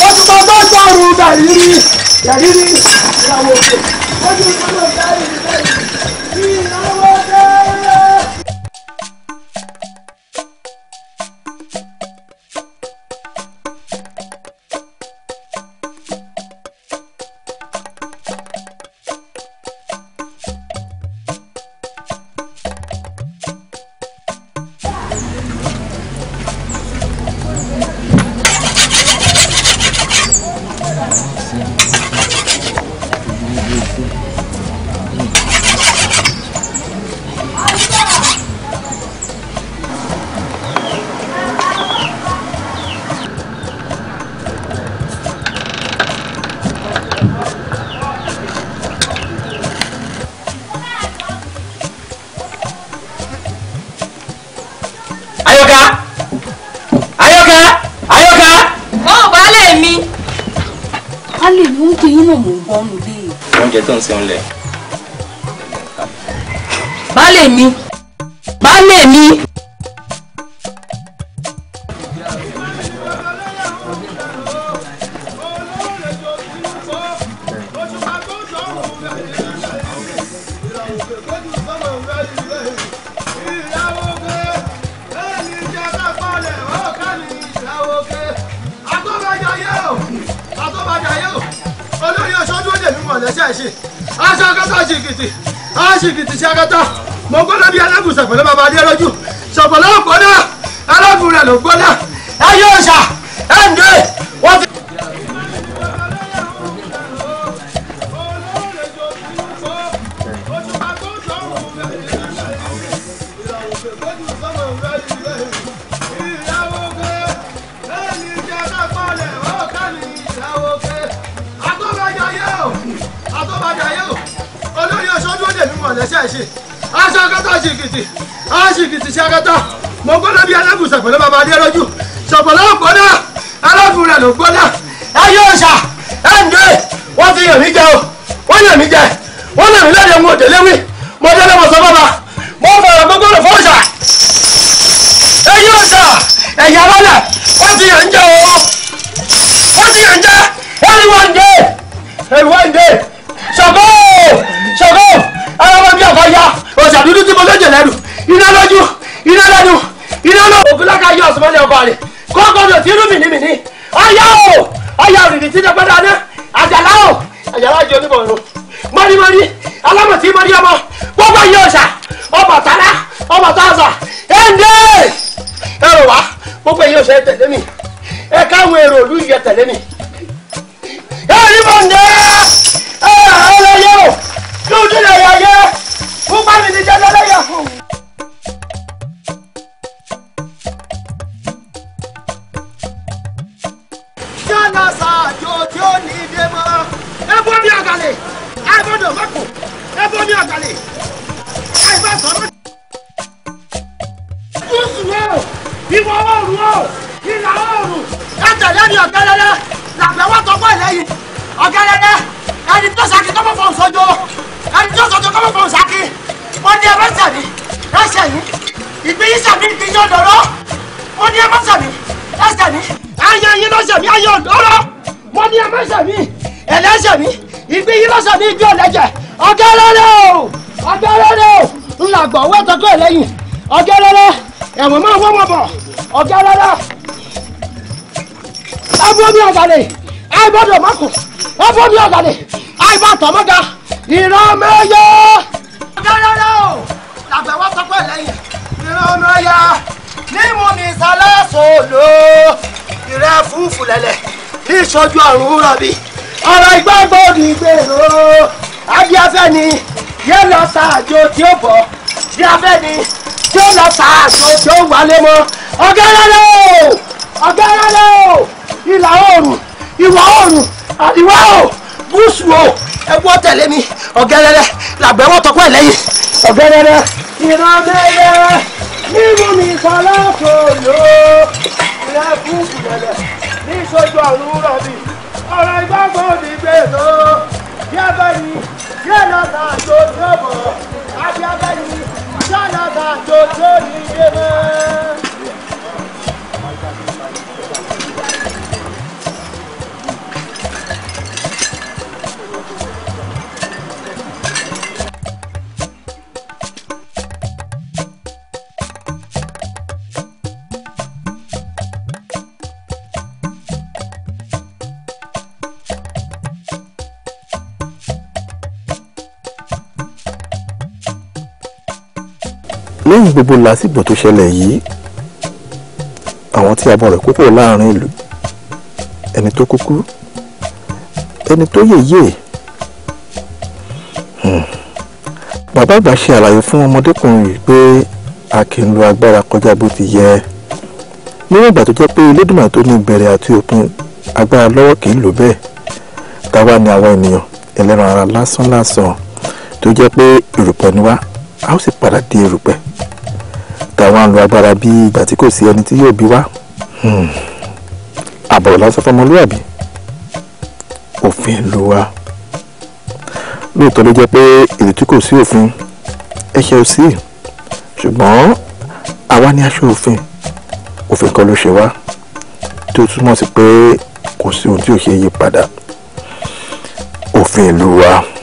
ó dúpẹ́ tó sọ̀rọ̀ dàrírí dàrírí ìyàwó òkè ó dúpẹ́ tó sọ̀rọ̀ dàrírí. 公司里。padà ẹbọmi ọ̀dàlẹ̀ ẹbọdọ̀ mako ẹbọmi ọ̀dàlẹ̀ àìbàtọ̀ mọ́gà ìran mẹ́yẹ. ọ̀gáyọ̀rọ̀ o làbẹ̀wò sọpẹ́ lẹ́yìn ìran mẹ́yẹ nímú ní ìsàlẹ̀ sòlò ìrẹ́ fúfú lẹ̀lẹ̀ ìṣojú ọ̀run rọ̀bì ọ̀rọ̀ ìgbàgbọ́dì gbèrò adìafẹ́ ni yẹ́n lọ sáàjò tí ó bọ̀ díafẹ́ ni tí ó lọ sàásọ tí ó wálé mọ́ ọ̀gẹ́rẹ́lẹ́ o ọ̀gẹ́rẹ́lẹ́ o ìlà oòrùn ìwọ̀ oòrùn àríwá o gúúsù o ẹ̀gbọ́n tẹ̀lé mi ọ̀gẹ́rẹ́lẹ́ làgbẹ̀wọ̀ tọpọ̀ ẹ̀ lẹ́yìn ọ̀gẹ́rẹ́lẹ́ ìrọ̀lẹ́lẹ́ nínú mi sọlá kò lò ó ìrẹ́kùn kùnẹ̀lẹ̀ ní ìṣojú ọ̀run rọ̀bì ọ̀rọ̀ ìgbàgbọ́ òdì gbé tó yẹ́bẹ̀ ni yẹ́ lọ́ta tó tó bọ̀ ábí abẹ́yìn ṣàlàbà tó tó ní yé mọ́. lẹ́yìn gbogbo làásìgbò tó ṣẹlẹ̀ yìí àwọn tí abọ́ rẹ̀ kókó láàrin ìlú ẹni tó kúkú ẹni tó yèyè hmm. bàbá àgbà ṣe àlàyé fún ọmọdékùnrin yìí pé a kì í lo agbára kọjá bó ti yẹ níwọ̀n ìgbà tó jẹ́ pé Elédùmarè tó ní ìbẹ̀rẹ̀ àti òpin agbára lọ́wọ́ kì í lò bẹ́ẹ̀ táwa ni àwa ènìyàn ẹlẹ́ran ara lásán lásán tó jẹ́ pé erùpẹ̀ ni wá a ó sì padà di erùpẹ̀ wa ń lo agbára bí ìgbà tí kò sí ẹni tí yóò bí wá hmm. àbọ̀rọ̀ lásán fọmọlúwàbí òfin ló wà lóòótọ́ ló jẹ́ pé èyí tí kò sí òfin ẹ̀ṣẹ̀ ò sí ṣùgbọ́n àwa ní aṣọ òfin òfin kan ló ṣe wá tó túmọ̀ sí pé kò sí ohun tí ò ṣe yí padà òfin ìlú wa.